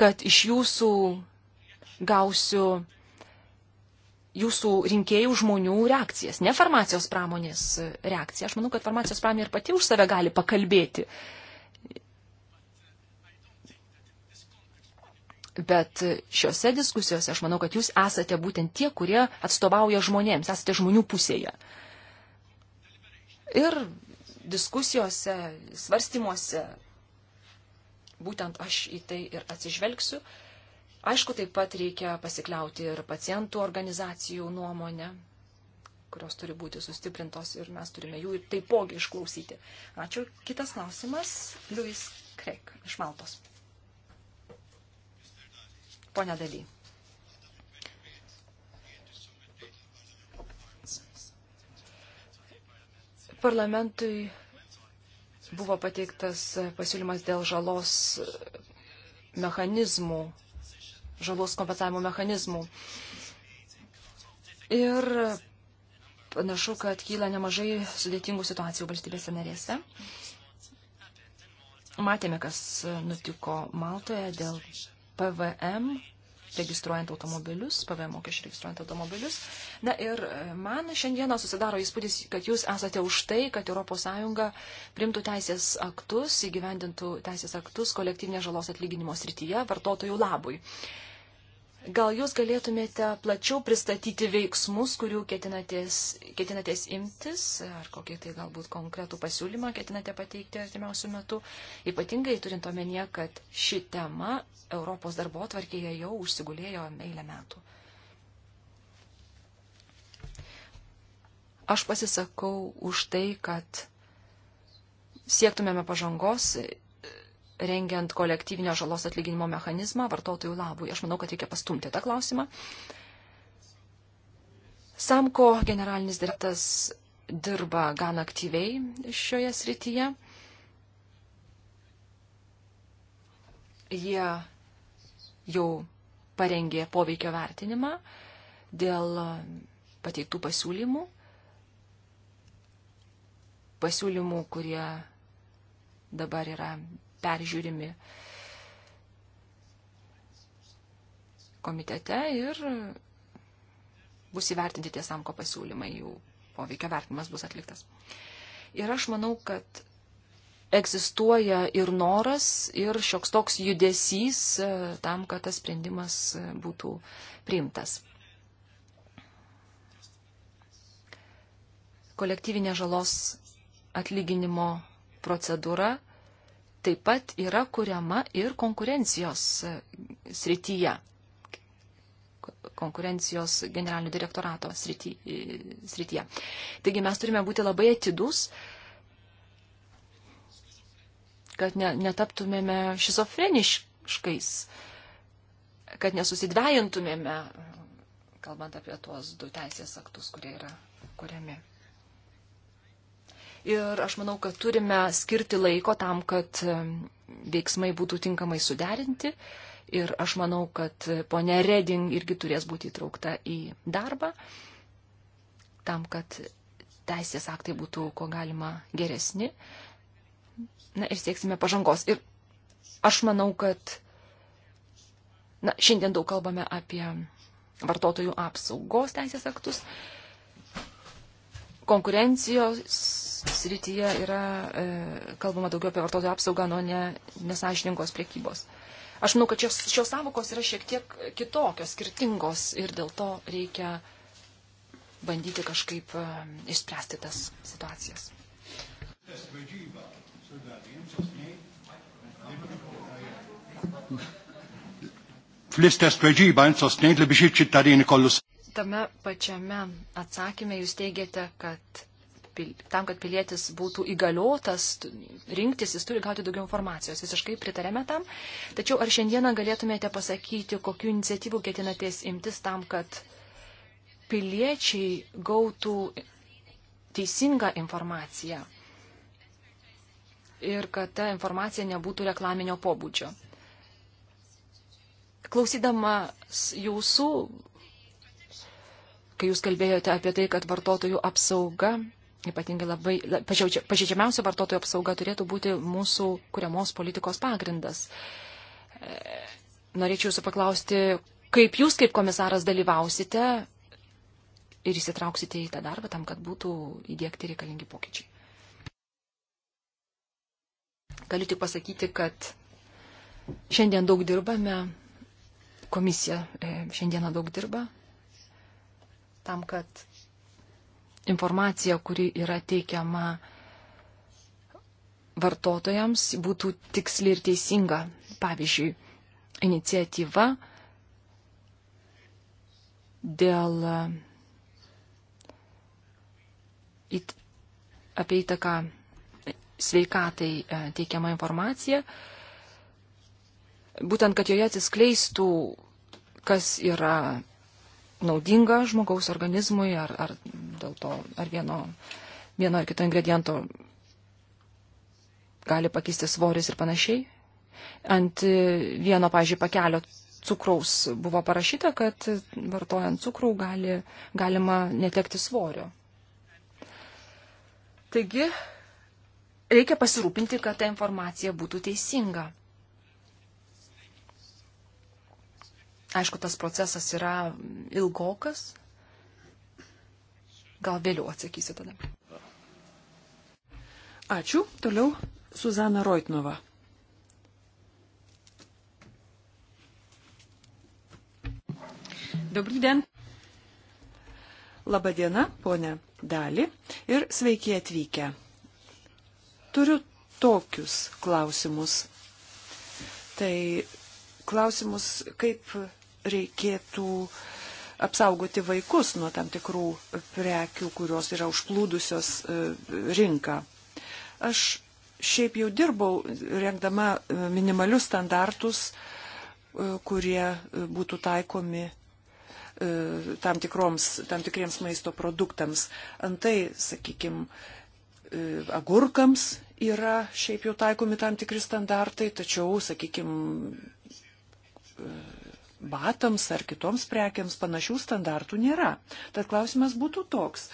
kad iš jūsų gausiu jūsų rinkėjų žmonių reakcijas, ne farmacijos pramonės reakciją. Aš manau, kad farmacijos pramonė ir pati už save gali pakalbėti. Bet šiuose diskusijose aš manau, kad jūs esate būtent tie, kurie atstovauja žmonėms, esate žmonių pusėje. Ir diskusijose, svarstymuose, būtent aš į tai ir atsižvelgsiu. Uh, Aišku, taip pat reikia pasikliauti ir pacientų organizacijų nuomonę, kurios turi būti sustiprintos ir mes turime jų taipogi išklausyti. Ačiū. Kitas klausimas. Liuis Krek iš Maltos. Pone Daly. Parlamentui buvo pateiktas pasiūlymas dėl žalos mechanizmų žalos kompensavimo mechanizmų. Ir panašu, kad kyla nemažai sudėtingų situacijų valstybėse narėse. Matėme, kas nutiko Maltoje dėl PVM, registruojant automobilius, PVM mokesčių registruojant automobilius. Na ir man šiandieną susidaro įspūdis, kad jūs esate už tai, kad ES primtų teisės aktus, įgyvendintų teisės aktus kolektyvinės žalos atlyginimo srityje vartotojų labui. Gal jūs galėtumėte plačiau pristatyti veiksmus, kurių ketinatės, ketinatės imtis, ar kokį tai galbūt konkretų pasiūlymą ketinate pateikti artimiausių metų, ypatingai turint omenyje, kad ši tema Europos darbo tvarkėje jau užsigulėjo eilę metų. Aš pasisakau už tai, kad siektumėme pažangos rengiant kolektyvinio žalos atlyginimo mechanizmą vartotojų labui. Aš manau, kad reikia pastumti tą klausimą. Samko generalinis direktas dirba gan aktyviai šioje srityje. Jie jau parengė poveikio vertinimą dėl pateiktų pasiūlymų, pasiūlymų, kurie dabar yra peržiūrimi komitete ir bus įvertinti tie samko pasiūlymai, jų poveikio vertinimas bus atliktas. Ir aš manau, kad egzistuoja ir noras, ir šioks toks judesys e, tam, kad tas sprendimas e, būtų priimtas. Kolektyvinė žalos atlyginimo procedūra taip pat yra kuriama ir konkurencijos e, srityje, konkurencijos generalinio direktorato e, srityje. Taigi mes turime būti labai atidus, kad ne, netaptumėme šizofreniškais, kad nesusidvejintumėme, kalbant apie tuos du teisės aktus, kurie yra kuriami. Ir aš manau, kad turime skirti laiko tam, kad veiksmai būtų tinkamai suderinti. Ir aš manau, kad ponė Reding irgi turės būti įtraukta į darbą, tam, kad teisės aktai būtų ko galima geresni. Na ir sieksime pažangos. Ir aš manau, kad na, šiandien daug kalbame apie vartotojų apsaugos teisės aktus, konkurencijos srityje yra e, kalbama daugiau apie vartotojų apsaugą, nuo ne, nesažiningos priekybos. Aš manau, kad šios, šios savokos yra šiek tiek kitokios, skirtingos ir dėl to reikia bandyti kažkaip e, išspręsti tas situacijas. Tame pačiame atsakyme jūs teigiate, kad tam, kad pilietis būtų įgaliotas rinktis, jis turi gauti daugiau informacijos. Visiškai pritarėme tam. Tačiau ar šiandieną galėtumėte pasakyti, kokiu iniciatyvu ketinatės imtis tam, kad piliečiai gautų teisingą informaciją ir kad ta informacija nebūtų reklaminio pobūdžio. Klausydamas jūsų, kai jūs kalbėjote apie tai, kad vartotojų apsauga ypatingai labai pažeidžiamiausio vartotojų apsauga turėtų būti mūsų kuriamos politikos pagrindas. E, norėčiau jūsų paklausti, kaip jūs kaip komisaras dalyvausite ir įsitrauksite į tą darbą tam, kad būtų įdėkti reikalingi pokyčiai. Galiu tik pasakyti, kad šiandien daug dirbame, komisija e, šiandieną daug dirba tam, kad informacija, kuri yra teikiama vartotojams, būtų tiksli ir teisinga. Pavyzdžiui, iniciatyva dėl e, it, apie įtaką sveikatai e, teikiama informacija, būtent, kad joje atsiskleistų, kas yra naudinga žmogaus organizmui, ar, ar dėl to, ar vieno, vieno ar kito ingrediento gali pakeisti svoris ir panašiai. Ant vieno, pažiūrėjau, pakelio cukraus buvo parašyta, kad vartojant cukrų gali, galima netekti svorio. Taigi, reikia pasirūpinti, kad ta informacija būtų teisinga. Aišku, tas procesas yra ilgokas. Gal vėliau atsakysiu tada. Ačiū. Toliau Suzana Roitnova. Dobrý den. Labadiena, ponė Dali, ir sveiki atvykę. Turiu tokius klausimus. Tai klausimus, kaip reikėtų apsaugoti vaikus nuo tam tikrų prekių, kurios yra užplūdusios e, rinką. Aš šiaip jau dirbau rengdama e, minimalius standartus, e, kurie būtų taikomi tam, tikroms, tam tikriems maisto produktams. Antai, sakykime, agurkams yra šiaip jau taikomi tam tikri standartai, tačiau, sakykime, batams ar kitoms prekiams panašių standartų nėra. Tad klausimas būtų toks.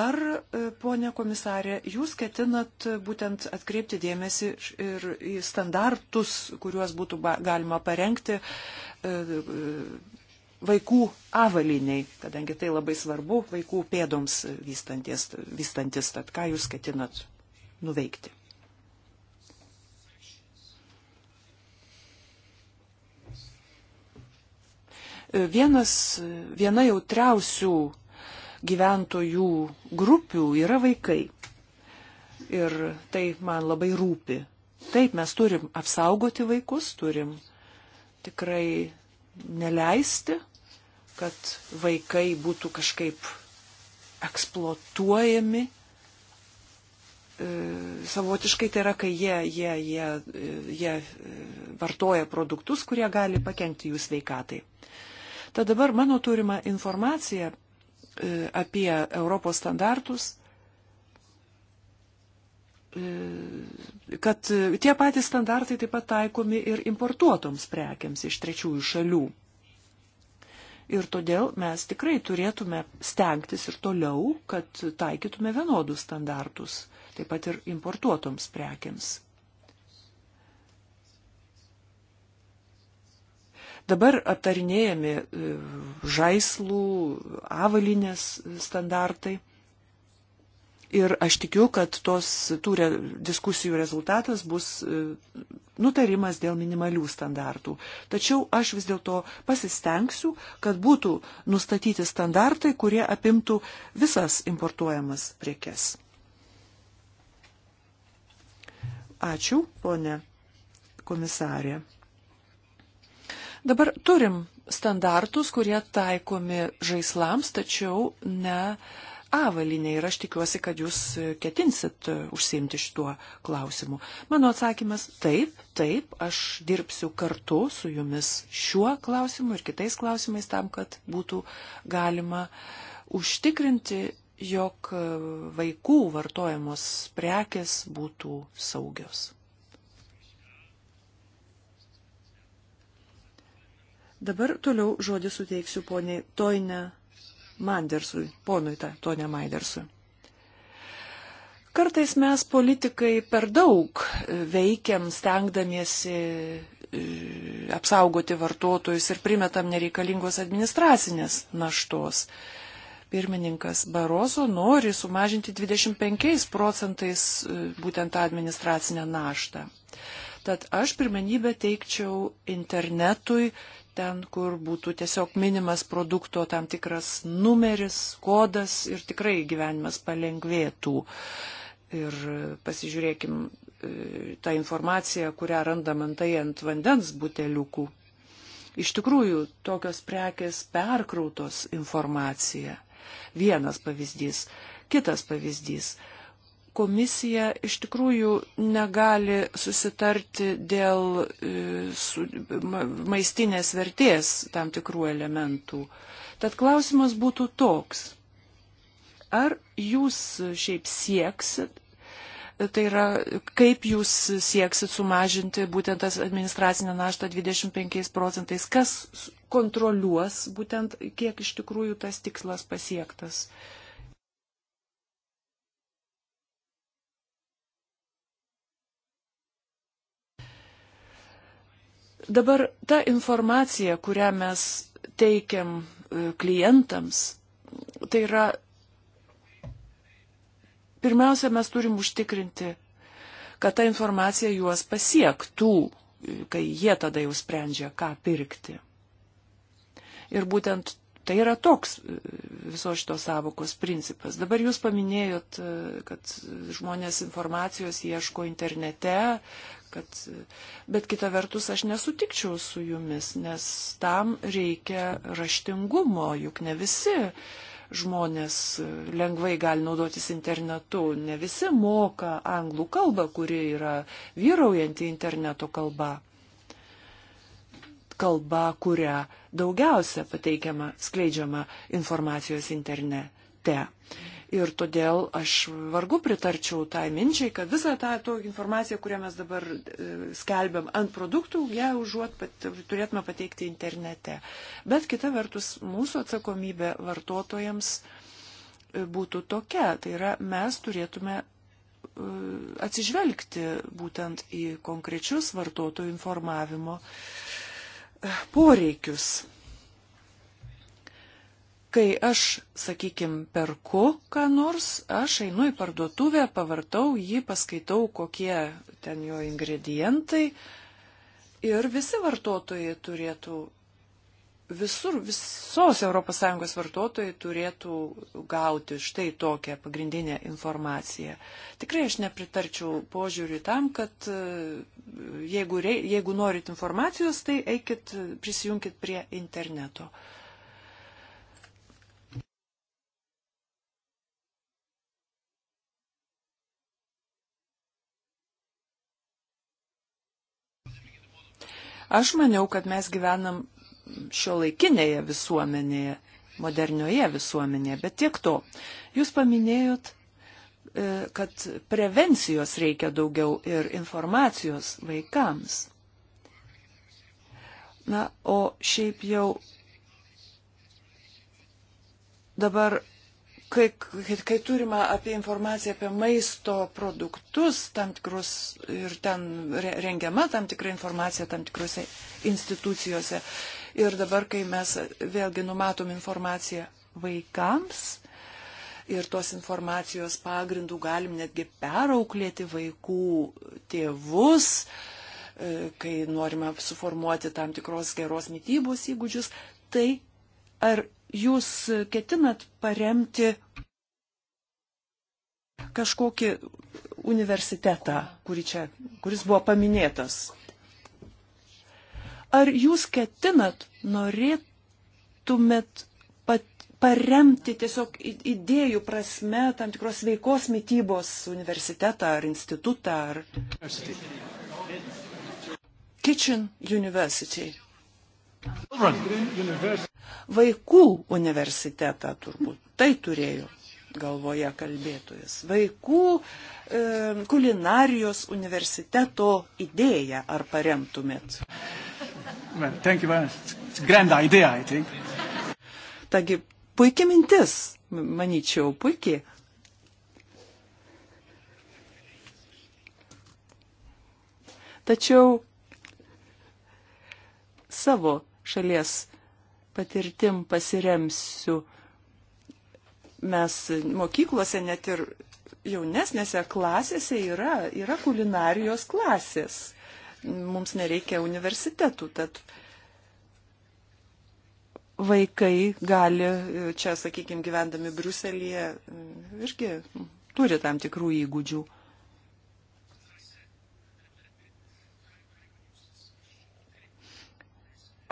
Ar, e, ponė komisarė, jūs ketinat e, būtent atkreipti dėmesį ir į standartus, kuriuos būtų galima parengti e, vaikų avaliniai, kadangi tai labai svarbu vaikų pėdoms vystantis, vystantis tad ką jūs ketinat nuveikti? vienas, viena jautriausių gyventojų grupių yra vaikai. Ir tai man labai rūpi. Taip, mes turim apsaugoti vaikus, turim tikrai neleisti, kad vaikai būtų kažkaip eksploatuojami. E, savotiškai tai yra, kai jie, jie, jie, jie e, vartoja produktus, kurie gali pakengti jų sveikatai. E, Tad dabar mano turima informacija e, apie Europos standartus, e, kad tie patys standartai taip pat taikomi ir importuotoms prekiams iš trečiųjų šalių. Ir todėl mes tikrai turėtume stengtis ir toliau, kad taikytume vienodus standartus, taip pat ir importuotoms prekiams. Dabar aptarinėjami e, žaislų, avalinės standartai. Ir aš tikiu, kad tos tų re, diskusijų rezultatas bus e, nutarimas dėl minimalių standartų. Tačiau aš vis dėlto pasistengsiu, kad būtų nustatyti standartai, kurie apimtų visas importuojamas prekes. Ačiū, ponė komisarė. Dabar turim standartus, kurie taikomi žaislams, tačiau ne avalynė ir aš tikiuosi, kad jūs ketinsit užsiimti šituo klausimu. Mano atsakymas - taip, taip, aš dirbsiu kartu su jumis šiuo klausimu ir kitais klausimais tam, kad būtų galima užtikrinti, jog vaikų vartojamos prekes būtų saugios. Dabar toliau žodį suteiksiu poniai Toine Mandersui, ponui tą Toine Mandersui. Kartais mes politikai per daug e, veikiam, stengdamiesi e, apsaugoti vartotojus ir primetam nereikalingos administracinės naštos. Pirmininkas Barozo nori sumažinti 25 procentais e, būtent tą administracinę naštą. Tad aš pirmenybę teikčiau internetui, ten, kur būtų tiesiog minimas produkto tam tikras numeris, kodas ir tikrai gyvenimas palengvėtų. Ir pasižiūrėkim e, tą informaciją, kurią randam antai ant vandens buteliukų. Iš tikrųjų, tokios prekės perkrautos informacija. Vienas pavyzdys. Kitas pavyzdys komisija iš tikrųjų negali susitarti dėl e, maistinės vertės tam tikrų elementų. Tad klausimas būtų toks. Ar jūs šiaip sieksit, tai yra kaip jūs sieksit sumažinti būtent tas administracinę naštą 25 procentais, kas kontroliuos būtent kiek iš tikrųjų tas tikslas pasiektas? Uh, Dabar ta informacija, kurią mes teikiam e, klientams, tai yra pirmiausia, mes turim užtikrinti, kad ta informacija juos pasiektų, e, kai jie tada jau sprendžia, ką pirkti. Ir būtent tai yra toks e, viso šito savokos principas. Dabar jūs paminėjot, kad žmonės informacijos ieško internete, kad, bet kita vertus aš nesutikčiau su jumis, nes tam reikia raštingumo, juk ne visi žmonės lengvai gali naudotis internetu, ne visi moka anglų kalbą, kuri yra vyraujanti interneto kalba. Kalba, kurią daugiausia pateikiama, skleidžiama informacijos internete. Ir todėl aš vargu pritarčiau tai minčiai, kad visą tą informaciją, kurią mes dabar e, skelbiam ant produktų, ją užuot pat, turėtume pateikti internete. Bet kita vertus, mūsų atsakomybė vartotojams e, būtų tokia. Tai yra, mes turėtume e, atsižvelgti būtent į konkrečius vartotojų informavimo poreikius kai aš, sakykime, perku ką nors, aš einu į parduotuvę, pavartau jį, paskaitau, kokie ten jo ingredientai. Ir visi vartotojai turėtų, visur, visos ES vartotojai turėtų gauti štai tokią pagrindinę informaciją. Tikrai aš nepritarčiau požiūriui tam, kad e, jeigu, jeigu norit informacijos, tai eikit, prisijunkit prie interneto. Uh, Aš maniau, kad mes gyvenam šio laikinėje visuomenėje, modernioje visuomenėje, bet tiek to. Jūs paminėjot, e, kad prevencijos reikia daugiau ir informacijos vaikams. Na, o šiaip jau dabar kai, kai turima apie informaciją apie maisto produktus tam tikrus ir ten rengiama tam tikra informacija tam tikrose institucijose. Ir dabar, kai mes vėlgi numatom informaciją vaikams ir tos informacijos pagrindų galim netgi perauklėti vaikų tėvus, e, kai norime suformuoti tam tikros geros mytybos įgūdžius, tai ar jūs ketinat paremti kažkokį universitetą, kuri čia, kuris buvo paminėtas. Ar jūs ketinat, norėtumėt pat, paremti tiesiog idėjų prasme tam tikros veikos mytybos universitetą ar institutą? Ar... Kitchen University. Vaikų universitetą turbūt. Tai turėjau galvoje kalbėtojas. Vaikų e, kulinarijos universiteto idėją ar paremtumėt? Well, thank you very much. It's a grand idea, I think. Tagi, puikia mintis, manyčiau, puikiai. Tačiau savo šalies patirtim pasiremsiu. Mes mokyklose net ir jaunesnėse klasėse yra, yra kulinarijos klasės. Mums nereikia universitetų, tad vaikai gali čia, sakykime, gyvendami Bruselėje, irgi turi tam tikrų įgūdžių.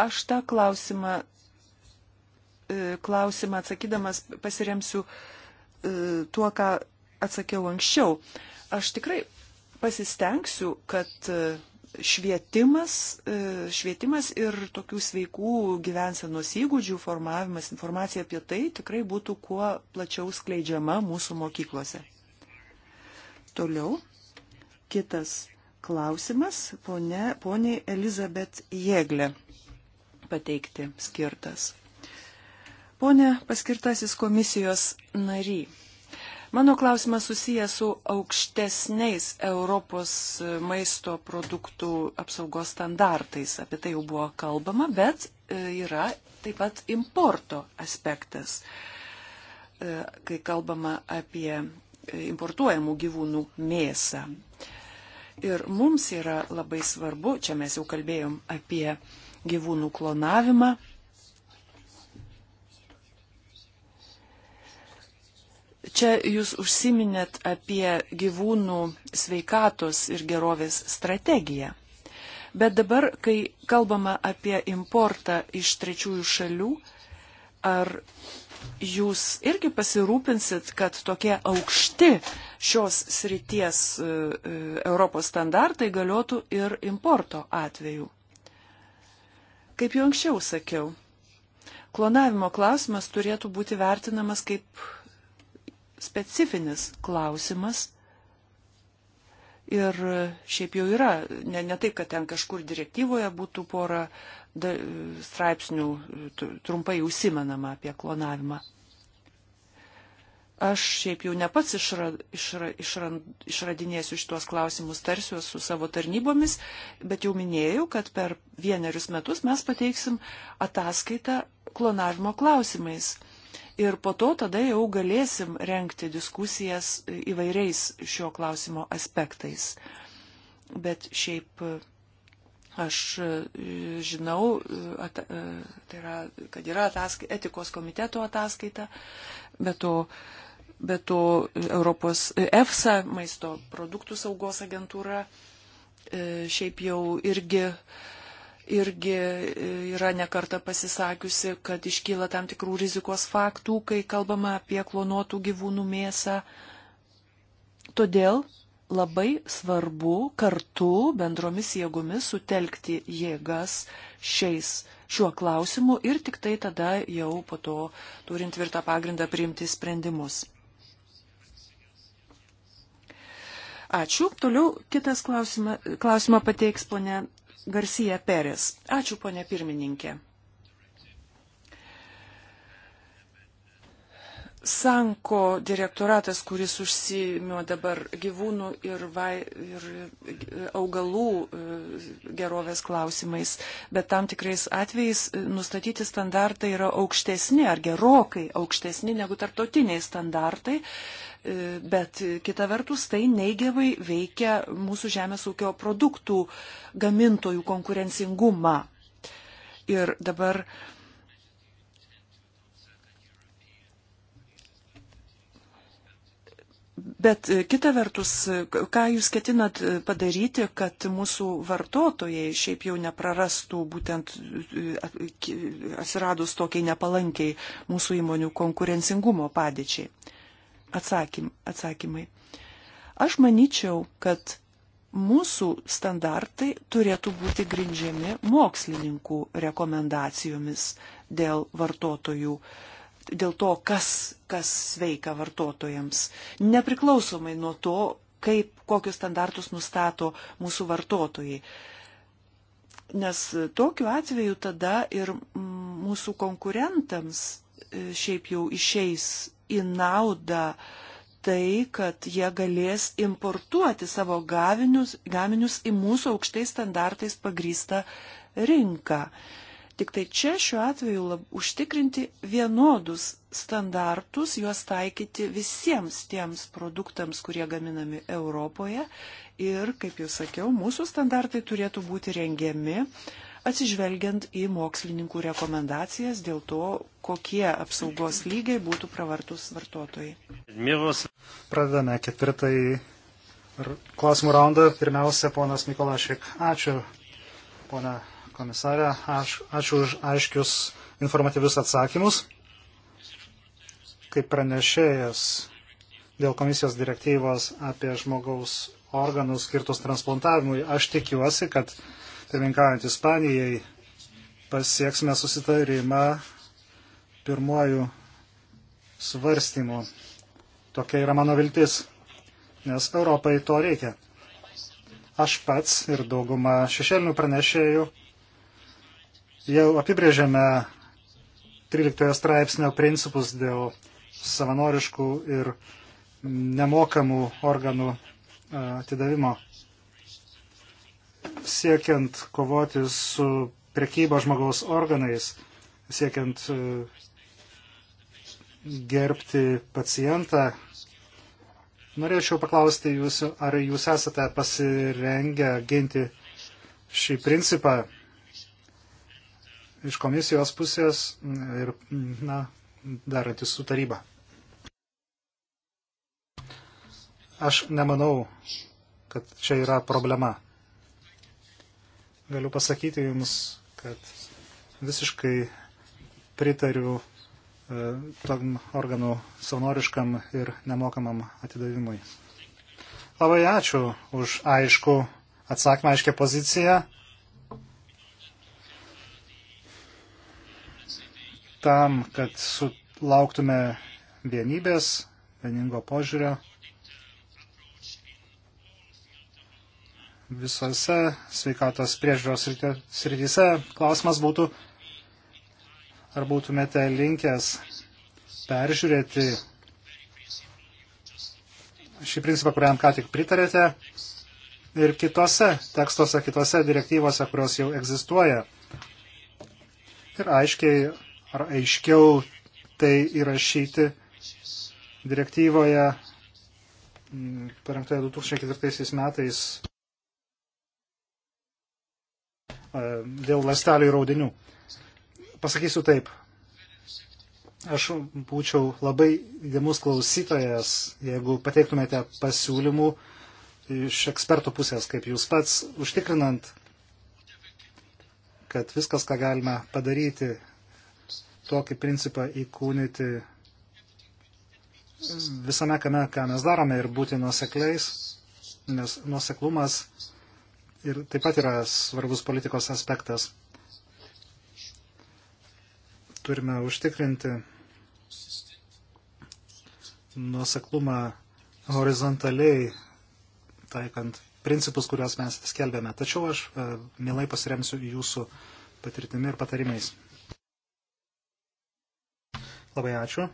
Aš tą klausimą, e, klausimą atsakydamas pasiremsiu e, tuo, ką atsakiau anksčiau. Aš tikrai pasistengsiu, kad e, švietimas, švietimas ir tokių sveikų gyvensenos įgūdžių formavimas, informacija apie tai tikrai būtų kuo plačiau skleidžiama mūsų mokyklose. Toliau kitas klausimas ponė, poniai Elizabet Jėglė pateikti skirtas. Pone paskirtasis komisijos nary, mano klausimas susijęs su aukštesniais Europos maisto produktų apsaugos standartais. Apie tai jau buvo kalbama, bet e, yra taip pat importo aspektas, e, kai kalbama apie e, importuojamų gyvūnų mėsą. Ir mums yra labai svarbu, čia mes jau kalbėjom apie gyvūnų klonavimą. Čia jūs užsiminėt apie gyvūnų sveikatos ir gerovės strategiją. Bet dabar, kai kalbama apie importą iš trečiųjų šalių, ar jūs irgi pasirūpinsit, kad tokie aukšti šios srities e, e, Europos standartai galiotų ir importo atveju? Kaip jau anksčiau sakiau, klonavimo klausimas turėtų būti vertinamas kaip specifinis klausimas. Ir šiaip jau yra, ne, ne taip, kad ten kažkur direktyvoje būtų pora da, straipsnių trumpai užsimenama apie klonavimą. Aš šiaip jau ne pats išra, išra, išrand, išradinėsiu šitos klausimus, tarsiuos su savo tarnybomis, bet jau minėjau, kad per vienerius metus mes pateiksim ataskaitą klonavimo klausimais. Ir po to tada jau galėsim renkti diskusijas įvairiais šio klausimo aspektais. Bet šiaip e, Aš e, žinau, e, at, tai yra, kad yra ataska, etikos komiteto ataskaita, bet to be to Europos e, EFSA, maisto produktų saugos agentūra, e, šiaip jau irgi, irgi e, yra nekarta pasisakiusi, kad iškyla tam tikrų rizikos faktų, kai kalbama apie klonuotų gyvūnų mėsą. Todėl labai svarbu kartu bendromis jėgomis sutelkti jėgas šiais šiuo klausimu ir tik tai tada jau po to turint tvirtą pagrindą priimti sprendimus. Ačiū. Toliau kitas klausimą, klausimą pateiks ponė Garcija Peres. Ačiū, ponė pirmininkė. Sanko direktoratas, kuris užsimio dabar gyvūnų ir, vai, ir e, augalų e, gerovės klausimais, bet tam tikrais atvejais e, nustatyti standartai yra aukštesni ar gerokai aukštesni negu tarptautiniai standartai, bet kita vertus tai neigiamai veikia mūsų žemės ūkio produktų gamintojų konkurencingumą. Ir dabar uh, Bet e, kita vertus, ką jūs ketinat e, padaryti, kad mūsų vartotojai šiaip jau neprarastų būtent e, atsiradus tokiai nepalankiai mūsų įmonių konkurencingumo padėčiai? Atsakym, atsakymai. Aš manyčiau, kad mūsų standartai turėtų būti grindžiami mokslininkų rekomendacijomis dėl vartotojų uh, dėl to, kas, kas sveika vartotojams, nepriklausomai nuo to, kaip, kokius standartus nustato mūsų vartotojai. Nes tokiu atveju tada ir mūsų konkurentams e, šiaip jau išeis į naudą tai, kad jie galės importuoti savo gaminius, gaminius į mūsų aukštais standartais pagrįstą rinką. Uh, Tik tai čia šiuo atveju lab, užtikrinti vienodus standartus, juos taikyti visiems tiems produktams, kurie gaminami Europoje. Ir, kaip jau sakiau, mūsų standartai turėtų būti rengiami atsižvelgiant į mokslininkų rekomendacijas dėl to, kokie apsaugos lygiai būtų pravartus vartotojai. Pradedame ketvirtąjį klausimų raundą. Pirmiausia, ponas Mikolašik. Ačiū, pona komisarė. Aš, ačiū už aiškius informatyvius atsakymus. Kaip pranešėjas dėl komisijos direktyvos apie žmogaus organus skirtus transplantavimui, aš tikiuosi, kad pirminkaujant Ispanijai pasieksime susitarimą pirmojų svarstymų. Tokia yra mano viltis, nes Europai to reikia. Aš pats ir dauguma šešėlinių pranešėjų jau apibrėžėme 13 straipsnio principus dėl savanoriškų ir nemokamų organų e, atidavimo siekiant kovoti su prekyba žmogaus organais, siekiant e, gerbti pacientą. Norėčiau paklausti jūsų, ar jūs esate pasirengę ginti šį principą iš komisijos pusės ir, na, darantis su taryba. Aš nemanau, kad čia yra problema. Galiu pasakyti Jums, kad visiškai pritariu e, tam organų savanoriškam ir nemokamam atidavimui. Labai ačiū už aišku atsakymą, aiškę poziciją. tam, kad sulauktume vienybės, vieningo požiūrio visose sveikatos priežiūros srityse. Klausimas būtų, ar būtumėte linkęs peržiūrėti šį principą, kuriam ką tik pritarėte, ir kitose tekstuose, kitose direktyvose, kurios jau egzistuoja. Ir aiškiai ar aiškiau tai įrašyti direktyvoje mm, parengtoje 2004 metais e, dėl lastelių ir audinių. Pasakysiu taip. Aš būčiau labai įdėmus klausytojas, jeigu pateiktumėte pasiūlymų iš ekspertų pusės, kaip jūs pats, užtikrinant, kad viskas, ką galime padaryti tokį principą įkūnyti visame kame, ką mes darome ir būti nuosekliais, nes nuoseklumas ir taip pat yra svarbus politikos aspektas. Turime užtikrinti nuoseklumą horizontaliai taikant principus, kuriuos mes skelbėme. Tačiau aš e, mielai pasiremsiu jūsų patirtimi ir patarimais. Labai ačiū.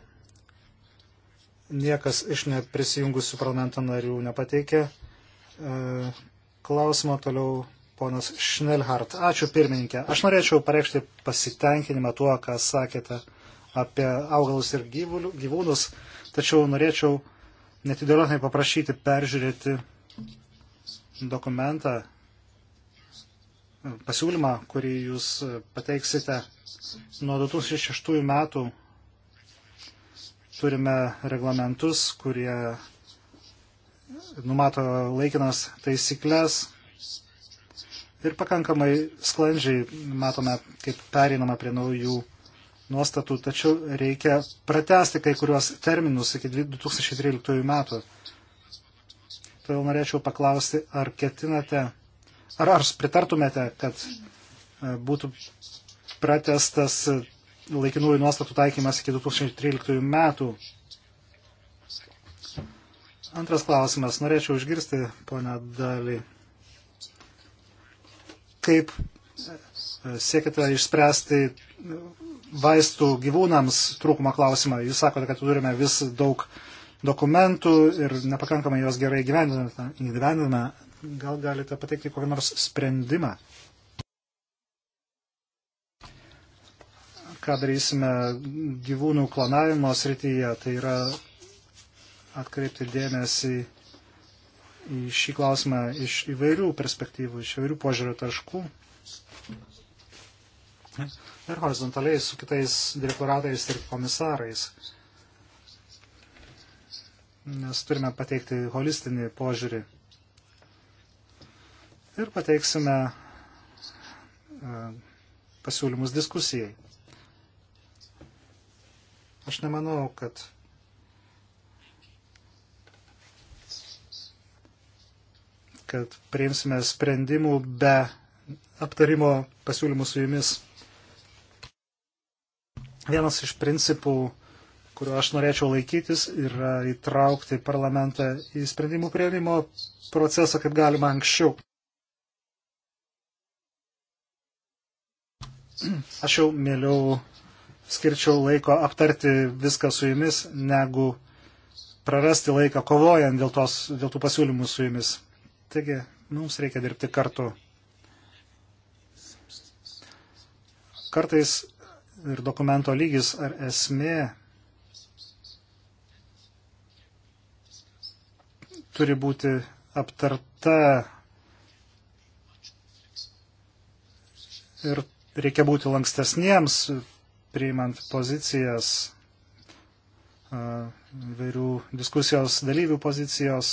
Niekas iš net prisijungusių parlamento narių nepateikė. E, Klausimą toliau ponas Šnelhart. Ačiū pirmininkė. Aš norėčiau pareikšti pasitenkinimą tuo, ką sakėte apie augalus ir gyvūnus, tačiau norėčiau netidėliotinai paprašyti peržiūrėti dokumentą, pasiūlymą, kurį jūs pateiksite nuo 2006 metų turime reglamentus, kurie numato laikinas taisyklės ir pakankamai sklandžiai matome, kaip pereinama prie naujų nuostatų, tačiau reikia pratesti kai kuriuos terminus iki 2013 metų. Todėl norėčiau paklausti, ar ketinate, ar, ar pritartumėte, kad e, būtų pratestas laikinųjų nuostatų taikymas iki 2013 metų. Antras klausimas. Norėčiau išgirsti, ponia Dali, kaip e, siekite išspręsti vaistų gyvūnams trūkumo klausimą. Jūs sakote, kad turime vis daug dokumentų ir nepakankamai jos gerai gyvendiname. Gal galite pateikti kokį nors sprendimą? ką darysime gyvūnų klonavimo srityje, tai yra atkreipti dėmesį į šį klausimą iš įvairių perspektyvų, iš įvairių požiūrio taškų. Ir horizontaliai su kitais direktoratais ir komisarais. Nes turime pateikti holistinį požiūrį. Ir pateiksime e, pasiūlymus diskusijai. Aš nemanau, kad kad priimsime sprendimų be aptarimo pasiūlymų su jumis. Vienas iš principų, kurio aš norėčiau laikytis, yra įtraukti parlamentą į sprendimų prieimimo procesą kaip galima anksčiau. Aš jau mėliau skirčiau laiko aptarti viską su jumis, negu prarasti laiką kovojant dėl, tos, dėl tų pasiūlymų su jumis. Taigi, mums reikia dirbti kartu. Kartais ir dokumento lygis ar esmė turi būti aptarta ir reikia būti lankstesniems, priimant pozicijas, vairių diskusijos dalyvių pozicijos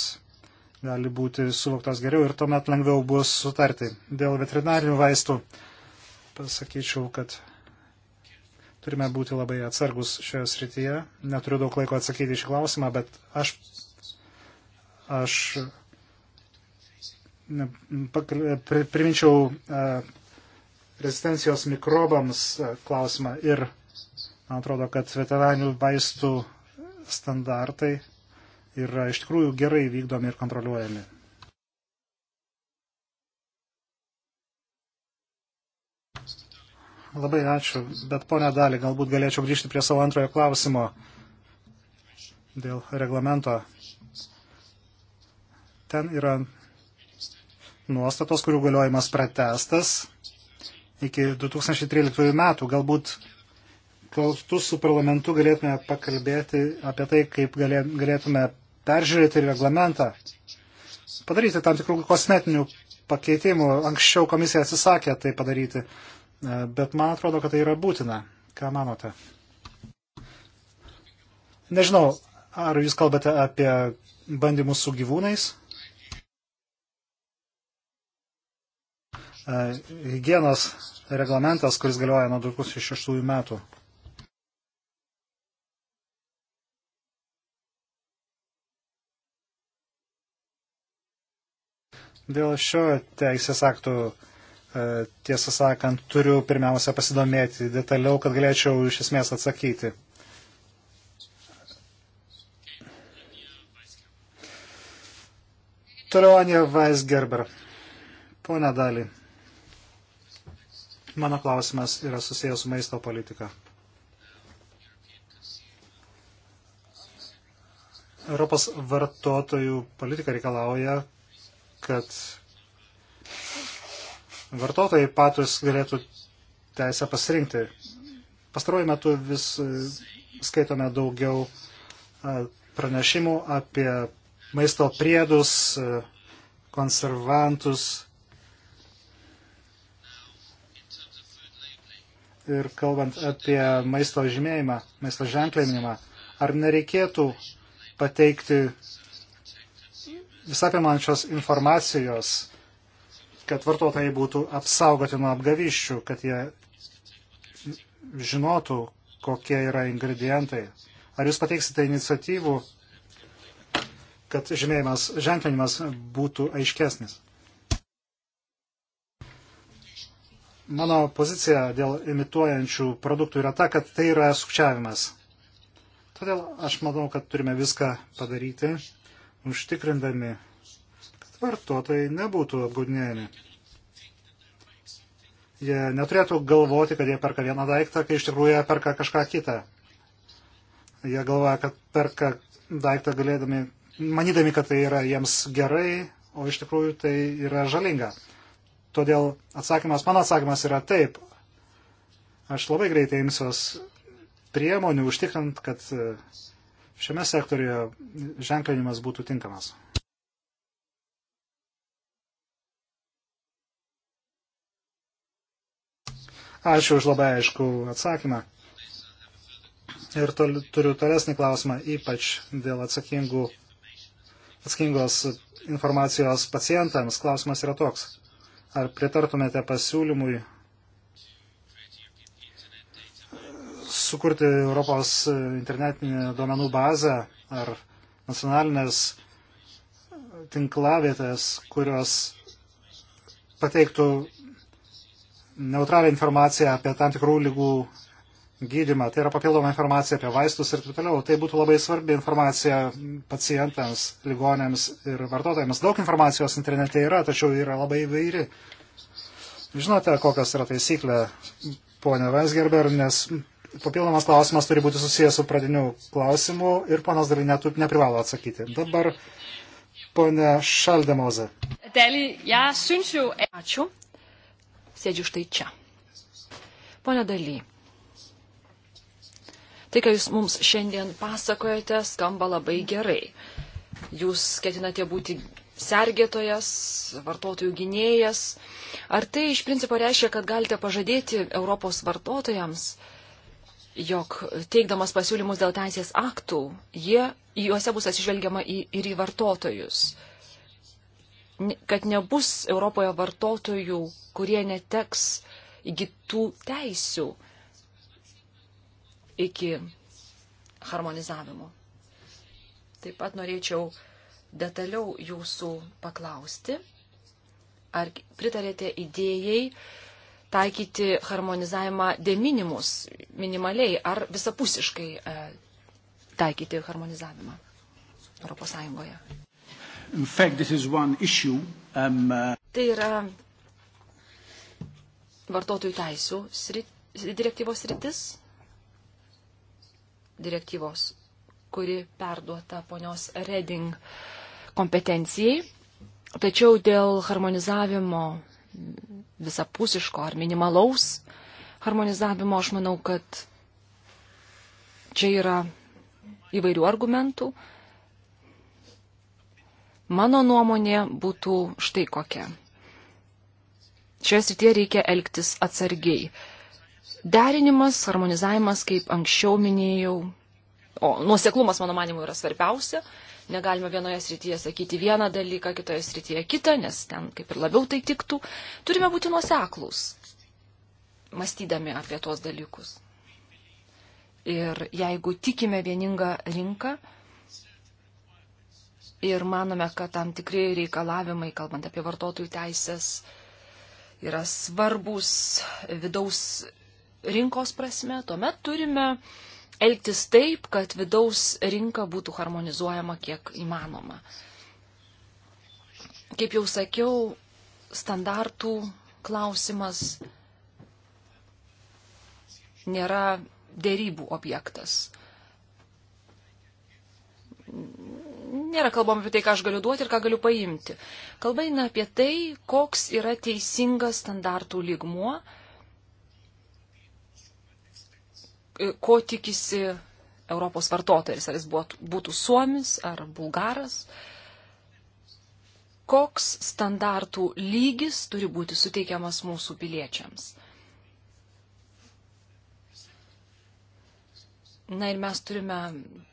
gali būti suvoktos geriau ir tuomet lengviau bus sutarti. Dėl veterinarinių vaistų pasakyčiau, kad turime būti labai atsargus šioje srityje. Neturiu daug laiko atsakyti iš klausimą, bet aš, aš ne, priminčiau rezistencijos mikrobams e, klausimą ir man atrodo, kad veteranių vaistų standartai yra iš tikrųjų gerai vykdomi ir kontroliuojami. Labai ačiū, bet ponia Dali, galbūt galėčiau grįžti prie savo antrojo klausimo dėl reglamento. Ten yra nuostatos, kurių galiojimas pratestas iki 2013 metų. Galbūt kartu su parlamentu galėtume pakalbėti apie tai, kaip galėtume peržiūrėti reglamentą, padaryti tam tikrų kosmetinių pakeitimų. Anksčiau komisija atsisakė tai padaryti, bet man atrodo, kad tai yra būtina. Ką manote? Nežinau, ar jūs kalbate apie bandymus su gyvūnais? E, hygienos reglamentas, kuris galioja nuo 2006 metų. Dėl šio teisės aktų, e, tiesą sakant, turiu pirmiausia pasidomėti detaliau, kad galėčiau iš esmės atsakyti. Toliau Anija Weisgerber. Pone Dali. Mano klausimas yra susijęs su maisto politika. Europos vartotojų politika reikalauja, kad vartotojai patys galėtų teisę pasirinkti. Pastaruoju metu vis e, skaitome daugiau e, pranešimų apie maisto priedus, e, konservantus ir kalbant apie maisto žymėjimą, maisto ženklinimą, ar nereikėtų pateikti visapimančios informacijos, kad vartotojai būtų apsaugoti nuo apgavyščių, kad jie žinotų, kokie yra ingredientai. Ar jūs pateiksite iniciatyvų, kad žymėjimas, ženklinimas būtų aiškesnis? Mano pozicija dėl imituojančių produktų yra ta, kad tai yra sukčiavimas. Todėl aš manau, kad turime viską padaryti, užtikrindami, kad vartotojai nebūtų apgaudinėjami. Jie neturėtų galvoti, kad jie perka vieną daiktą, kai iš tikrųjų jie perka kažką kitą. Jie galvoja, kad perka daiktą galėdami, manydami, kad tai yra jiems gerai, o iš tikrųjų tai yra žalinga. Todėl atsakymas, mano atsakymas yra taip. Aš labai greitai imsiuos priemonių užtikrint, kad e, šiame sektorijoje ženklinimas būtų tinkamas. Ačiū už labai aišku atsakymą. Ir tol, turiu tolesnį klausimą, ypač dėl atsakingų, atsakingos informacijos pacientams. Klausimas yra toks. Ar pritartumėte pasiūlymui sukurti Europos internetinę duomenų bazę ar nacionalinės tinklavietės, kurios pateiktų neutralią informaciją apie tam tikrų lygų gydimą. Tai yra papildoma informacija apie vaistus ir taip toliau. Tai būtų labai svarbi informacija pacientams, ligonėms ir vartotojams. Daug informacijos internete yra, tačiau yra labai įvairi. Žinote, kokios yra taisyklė, ponė Weisgerber, nes papildomas klausimas turi būti susijęs su pradiniu klausimu ir ponas dar neprivalo atsakyti. Dabar ponė Šaldemoze. Ačiū. Sėdžiu štai čia. Pone Daly, Tai, ką jūs mums šiandien pasakojate, skamba labai gerai. Jūs ketinate būti sergėtojas, vartotojų gynėjas. Ar tai iš principo reiškia, kad galite pažadėti Europos vartotojams, jog teikdamas pasiūlymus dėl teisės aktų, jie, juose bus atsižvelgiama į, ir į vartotojus? Kad nebus Europoje vartotojų, kurie neteks įgytų teisių iki harmonizavimo. Taip pat norėčiau detaliau jūsų paklausti, ar pritarėte idėjai taikyti harmonizavimą deminimus minimaliai ar visapusiškai e, taikyti harmonizavimą Europos Sąjungoje. Fact, issue, um, uh... Tai yra vartotojų teisų srit, direktyvos sritis, direktyvos, kuri perduota ponios Reding kompetencijai. Tačiau dėl harmonizavimo visapusiško ar minimalaus harmonizavimo aš manau, kad čia yra įvairių argumentų. Mano nuomonė būtų štai kokia. Šioje srityje reikia elgtis atsargiai. Derinimas, harmonizavimas, kaip anksčiau minėjau, o nuoseklumas, mano manimu, yra svarbiausia. Negalima vienoje srityje sakyti vieną dalyką, kitoje srityje kitą, nes ten kaip ir labiau tai tiktų. Turime būti nuoseklus, mąstydami apie tuos dalykus. Ir jeigu tikime vieningą rinką ir manome, kad tam tikri reikalavimai, kalbant apie vartotojų teisės, yra svarbus vidaus rinkos prasme, tuomet turime elgtis taip, kad vidaus rinka būtų harmonizuojama kiek įmanoma. Kaip jau sakiau, standartų klausimas nėra dėrybų objektas. Nėra kalbama apie tai, ką aš galiu duoti ir ką galiu paimti. Kalba eina apie tai, koks yra teisingas standartų lygmuo E, ko tikisi Europos vartotojas, ar jis būtų suomis ar bulgaras, koks standartų lygis turi būti suteikiamas mūsų piliečiams. Na ir mes turime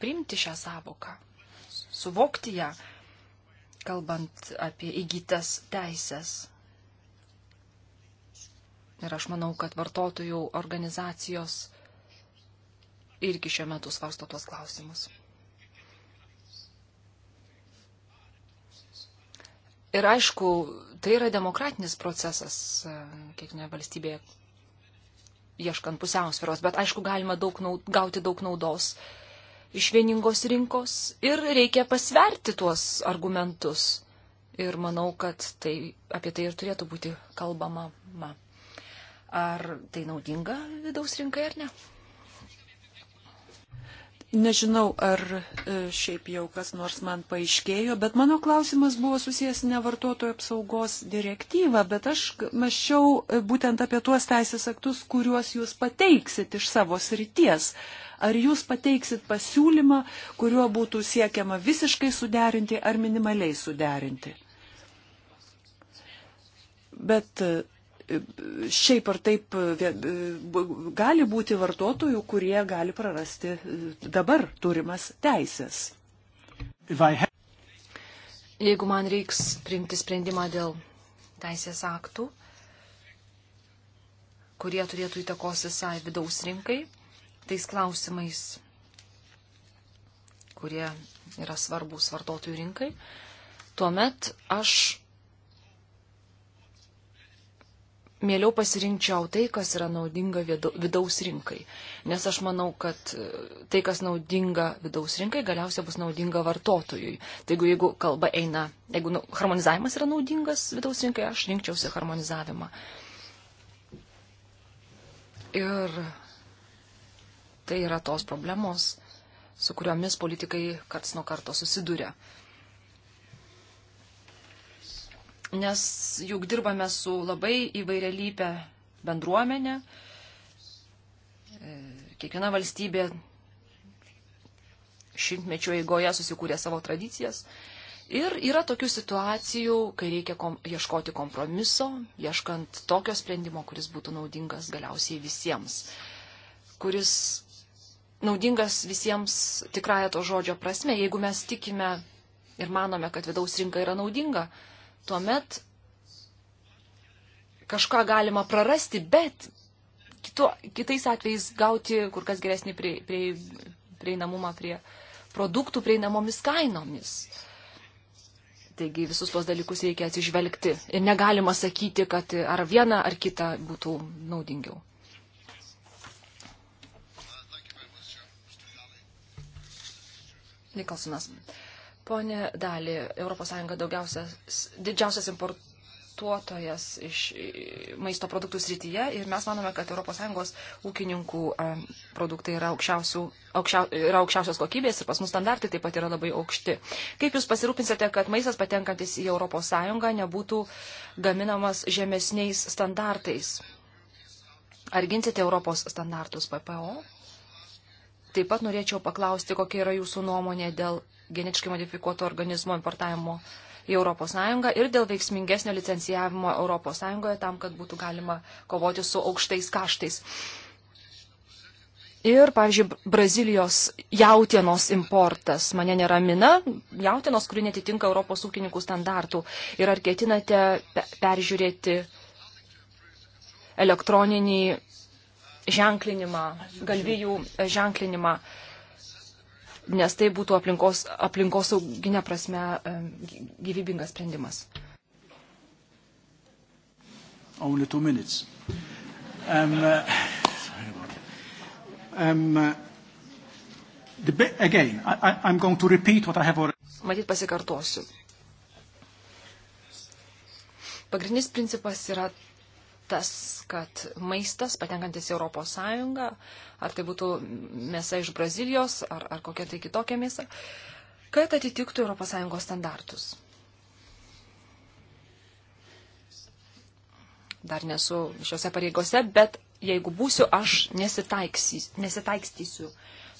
priimti šią savoką, suvokti ją, kalbant apie įgytas teisės. Ir aš manau, kad vartotojų organizacijos irgi šiuo metu svarsto tuos klausimus. Ir aišku, tai yra demokratinis procesas e, kiekvienoje valstybėje ieškant pusiausvėros, bet aišku, galima daug naud, gauti daug naudos iš vieningos rinkos ir reikia pasverti tuos argumentus. Ir manau, kad tai, apie tai ir turėtų būti kalbama. Ar tai naudinga vidaus rinkai ar ne? Nežinau, ar e, šiaip jau kas nors man paaiškėjo, bet mano klausimas buvo susijęs ne vartotojų apsaugos direktyva, bet aš mašiau e, būtent apie tuos teisės aktus, kuriuos jūs pateiksit iš savo srities. Ar jūs pateiksit pasiūlymą, kuriuo būtų siekiama visiškai suderinti ar minimaliai suderinti? Bet e, šiaip ar taip gali būti vartotojų, kurie gali prarasti e, dabar turimas teisės. Jeigu man reiks priimti sprendimą dėl teisės aktų, kurie turėtų įtakos visai vidaus rinkai, tais klausimais, kurie yra svarbus vartotojų rinkai, tuomet aš mieliau pasirinkčiau tai, kas yra naudinga vidaus rinkai. Nes aš manau, kad e, tai, kas naudinga vidaus rinkai, galiausiai bus naudinga vartotojui. Tai jeigu, jeigu kalba eina, jeigu nu, harmonizavimas yra naudingas vidaus rinkai, aš rinkčiausi harmonizavimą. Ir tai yra tos problemos, su kuriomis politikai karts nuo karto susiduria. nes juk dirbame su labai įvairialypę bendruomenę. Kiekviena valstybė šimtmečio eigoje susikūrė savo tradicijas. Ir yra tokių situacijų, kai reikia kom ieškoti kompromiso, ieškant tokio sprendimo, kuris būtų naudingas galiausiai visiems, kuris naudingas visiems tikrąją to žodžio prasme. Jeigu mes tikime ir manome, kad vidaus rinka yra naudinga, tuomet kažką galima prarasti, bet kitu, kitais atvejais gauti kur kas geresnį prie, prie, prieinamumą prie produktų prieinamomis kainomis. Taigi visus tuos dalykus reikia atsižvelgti ir negalima sakyti, kad ar viena ar kita būtų naudingiau. Nikolsonas. Pone Dali, ES didžiausias importuotojas iš maisto produktų srityje ir mes manome, kad ES ūkininkų produktai yra, aukščiausių, aukščia, yra aukščiausios kokybės ir pas mus standartai taip pat yra labai aukšti. Kaip Jūs pasirūpinsite, kad maistas patenkantis į ES nebūtų gaminamas žemesniais standartais? Ar ginsite Europos standartus PPO? Taip pat norėčiau paklausti, kokia yra jūsų nuomonė dėl genetiškai modifikuoto organizmo importavimo į ES ir dėl veiksmingesnio licencijavimo ES tam, kad būtų galima kovoti su aukštais kaštais. Ir, pavyzdžiui, Brazilijos jautienos importas mane neramina, jautienos, kuri netitinka Europos ūkininkų standartų. Ir ar ketinate peržiūrėti elektroninį ženklinimą, galvijų ženklinimą nes tai būtų aplinkos, aplinkos sauginė prasme gyvybingas sprendimas. Only two minutes. Um, uh, sorry about that. Um, uh, the, again, I, I, I'm going to repeat what I have already. Matyt, pasikartosiu. Pagrindinis principas yra tas, kad maistas patenkantis į Europos Sąjungą, ar tai būtų mėsa iš Brazilijos, ar, ar kokia tai kitokia mėsa, kad atitiktų Europos Sąjungos standartus. Dar nesu šiuose pareigose, bet jeigu būsiu, aš nesitaikstysiu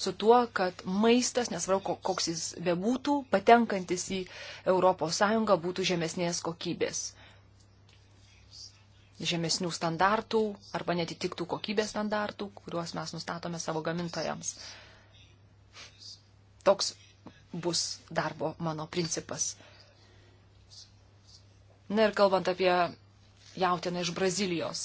su tuo, kad maistas, nesvarbu koks jis bebūtų, patenkantis į ES būtų žemesnės kokybės žemesnių standartų arba netitiktų kokybės standartų, kuriuos mes nustatome savo gamintojams. Toks bus darbo mano principas. Na ir kalbant apie jautieną iš Brazilijos.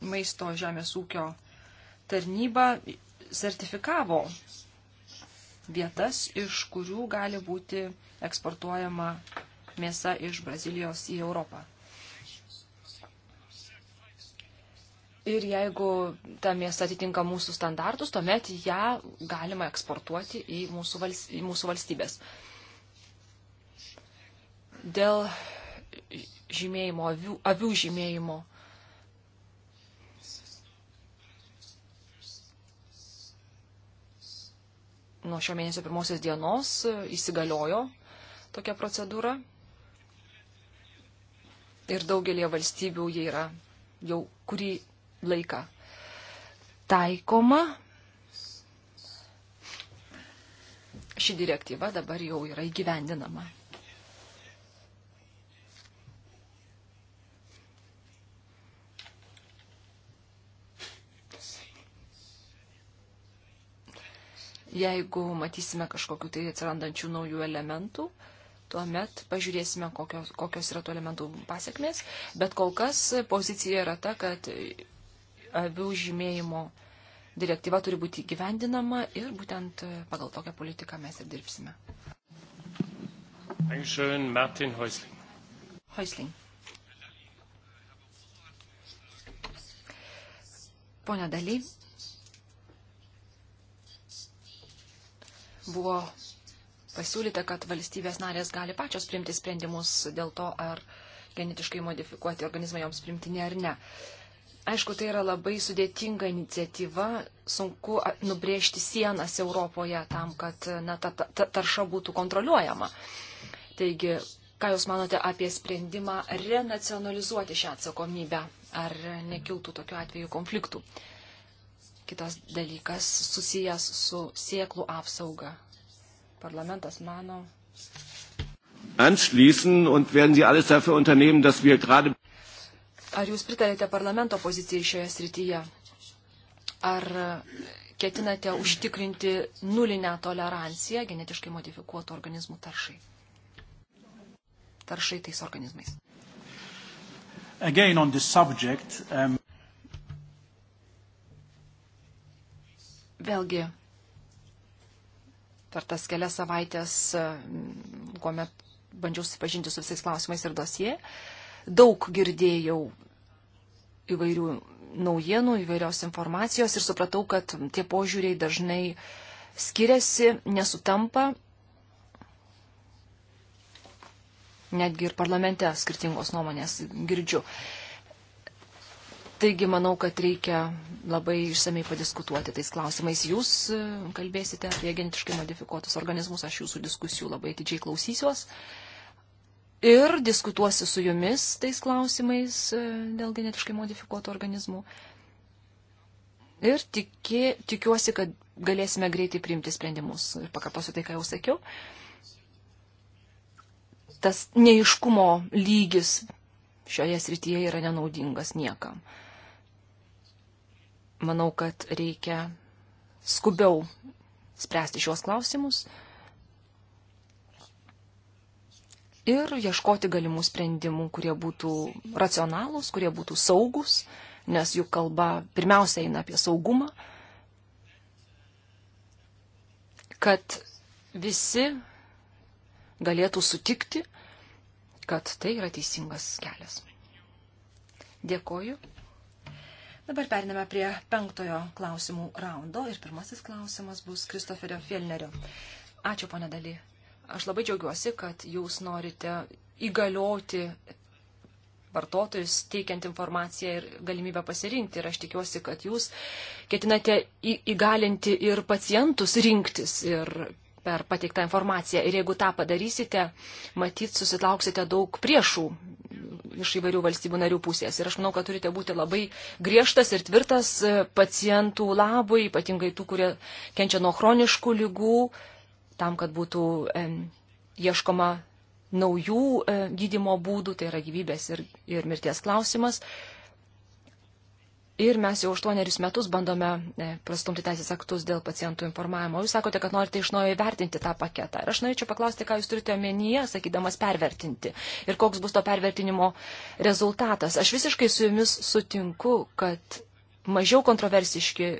Maisto žemės ūkio tarnyba sertifikavo vietas, iš kurių gali būti eksportuojama mėsa iš Brazilijos į Europą. Ir jeigu ta mėsa atitinka mūsų standartus, tuomet ją galima eksportuoti į mūsų, valst, į mūsų valstybės. Dėl žymėjimo, avių, avių žymėjimo nuo šio mėnesio pirmosios dienos įsigaliojo tokia procedūra. Ir daugelie valstybių jie yra jau kurį laiką taikoma. Ši direktyva dabar jau yra įgyvendinama. Jeigu matysime kažkokiu tai atsirandančių naujų elementų, tuomet pažiūrėsime, kokios, kokios yra tų elementų pasiekmės. Bet kol kas pozicija yra ta, kad avių žymėjimo direktyva turi būti gyvendinama ir būtent pagal tokią politiką mes ir dirbsime. Dankeschön, Martin Häusling. Häusling. Pone Daly, buvo pasiūlyta, kad valstybės narės gali pačios priimti sprendimus dėl to, ar genetiškai modifikuoti organizmą joms primtini ar ne. Aišku, tai yra labai sudėtinga iniciatyva, sunku nubrėžti sienas Europoje tam, kad na, ta, ta tarša būtų kontroliuojama. Taigi, ką Jūs manote apie sprendimą renacionalizuoti šią atsakomybę? Ar nekiltų tokiu atveju konfliktų? Uh, Kitas dalykas susijęs su sieklų apsauga. Parlamentas mano. Anschließen und werden Sie alles dafür unternehmen, dass wir gerade. Ar jūs pritarėte parlamento pozicijai šioje srityje? Ar ketinate užtikrinti nulinę toleranciją genetiškai modifikuotų organizmų taršai? Taršai tais organizmais. Again on this subject, um... Vėlgi, per tas kelias savaitės, mm, kuomet bandžiau susipažinti su visais klausimais ir dosie, daug girdėjau įvairių naujienų, įvairios informacijos ir supratau, kad tie požiūriai dažnai skiriasi, nesutampa. Netgi ir parlamente skirtingos nuomonės girdžiu. Uh, Taigi manau, kad reikia labai išsamei padiskutuoti tais klausimais. Jūs e, kalbėsite apie genetiškai modifikuotus organizmus, aš jūsų diskusijų labai atidžiai klausysiuos. Ir diskutuosiu su jumis tais klausimais e, dėl genetiškai modifikuotų organizmų. Ir tiki, tikiuosi, kad galėsime greitai priimti sprendimus. Ir pakartosiu tai, ką jau sakiau. Tas neiškumo lygis šioje srityje yra nenaudingas niekam. Manau, kad reikia skubiau spręsti šios klausimus ir ieškoti galimų sprendimų, kurie būtų racionalūs, kurie būtų saugus, nes juk kalba pirmiausia eina apie saugumą, kad visi galėtų sutikti, kad tai yra teisingas kelias. Dėkoju. Dabar periname prie penktojo klausimų raundo ir pirmasis klausimas bus Kristoferio Fielnerio. Ačiū, ponė Daly. Aš labai džiaugiuosi, kad jūs norite įgalioti vartotojus, teikiant informaciją ir galimybę pasirinkti. Ir aš tikiuosi, kad jūs ketinate įgalinti ir pacientus rinktis ir per pateiktą informaciją. Ir jeigu tą padarysite, matyt, susitlauksite daug priešų iš įvairių valstybių narių pusės. Ir aš manau, kad turite būti labai griežtas ir tvirtas e, pacientų labui, ypatingai tų, kurie kenčia nuo chroniškų lygų, tam, kad būtų e, ieškoma naujų e, gydimo būdų, tai yra gyvybės ir, ir mirties klausimas. E, Ir mes jau aštuonerius metus bandome e, prastumti teisės aktus dėl pacientų informavimo. Jūs sakote, kad norite iš naujo įvertinti tą paketą. Ir aš norėčiau paklausti, ką jūs turite omenyje, sakydamas pervertinti. Ir koks bus to pervertinimo rezultatas. Aš visiškai su jumis sutinku, kad mažiau kontroversiški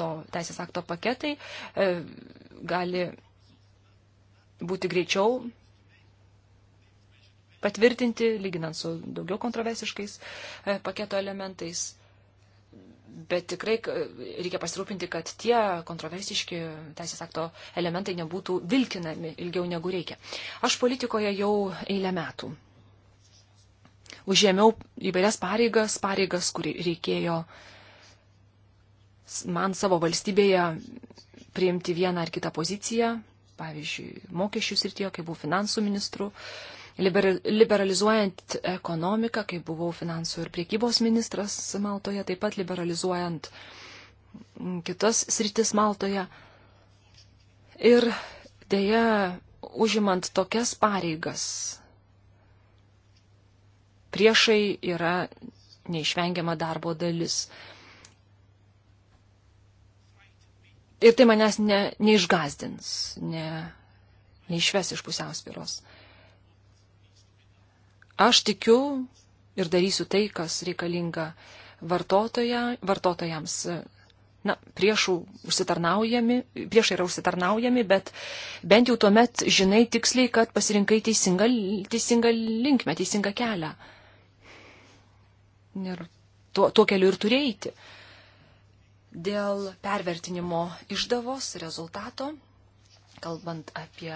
to teisės akto paketai e, gali būti greičiau patvirtinti, lyginant su daugiau kontroversiškais e, paketo elementais. Bet tikrai reikia pasirūpinti, kad tie kontroversiški teisės akto elementai nebūtų vilkinami ilgiau negu reikia. Aš politikoje jau eilę metų. Užėmiau įvairias pareigas, pareigas, kurį reikėjo man savo valstybėje priimti vieną ar kitą poziciją, pavyzdžiui, mokesčių srityje, kai buvau finansų ministru. Uh, liberalizuojant ekonomiką, kai buvau finansų ir priekybos ministras Maltoje, taip pat liberalizuojant kitas sritis Maltoje. Ir dėja, užimant tokias pareigas, priešai yra neišvengiama darbo dalis. Ir tai manęs ne, neišgazdins, ne, neišves iš pusiausvyros. Aš tikiu ir darysiu tai, kas reikalinga vartotoja, vartotojams. Na, priešų užsitarnaujami, priešai yra užsitarnaujami, bet bent jau tuomet žinai tiksliai, kad pasirinkai teisingą, teisingą linkmę, teisingą kelią. Ir tuo, tuo keliu ir turėjai. Dėl pervertinimo išdavos rezultato, kalbant apie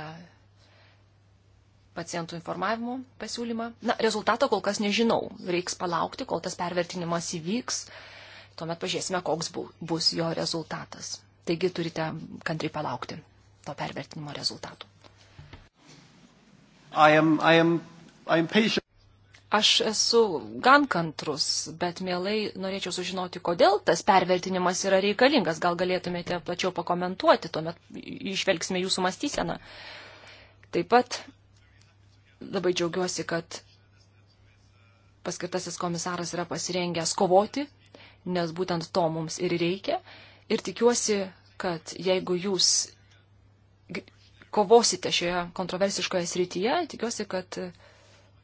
pacientų informavimo pasiūlymą. Na, rezultato kol kas nežinau. Reiks palaukti, kol tas pervertinimas įvyks. Tuomet pažiūrėsime, koks bu, bus jo rezultatas. Taigi turite kantriai palaukti to pervertinimo rezultatų. I am, I am, I am patient. Aš esu gan kantrus, bet mielai norėčiau sužinoti, kodėl tas pervertinimas yra reikalingas. Gal galėtumėte plačiau pakomentuoti, tuomet išvelgsime jūsų mąstyseną. Taip pat Labai džiaugiuosi, kad paskirtasis komisaras yra pasirengęs kovoti, nes būtent to mums ir reikia. Ir tikiuosi, kad jeigu jūs kovosite šioje kontroversiškoje srityje, tikiuosi, kad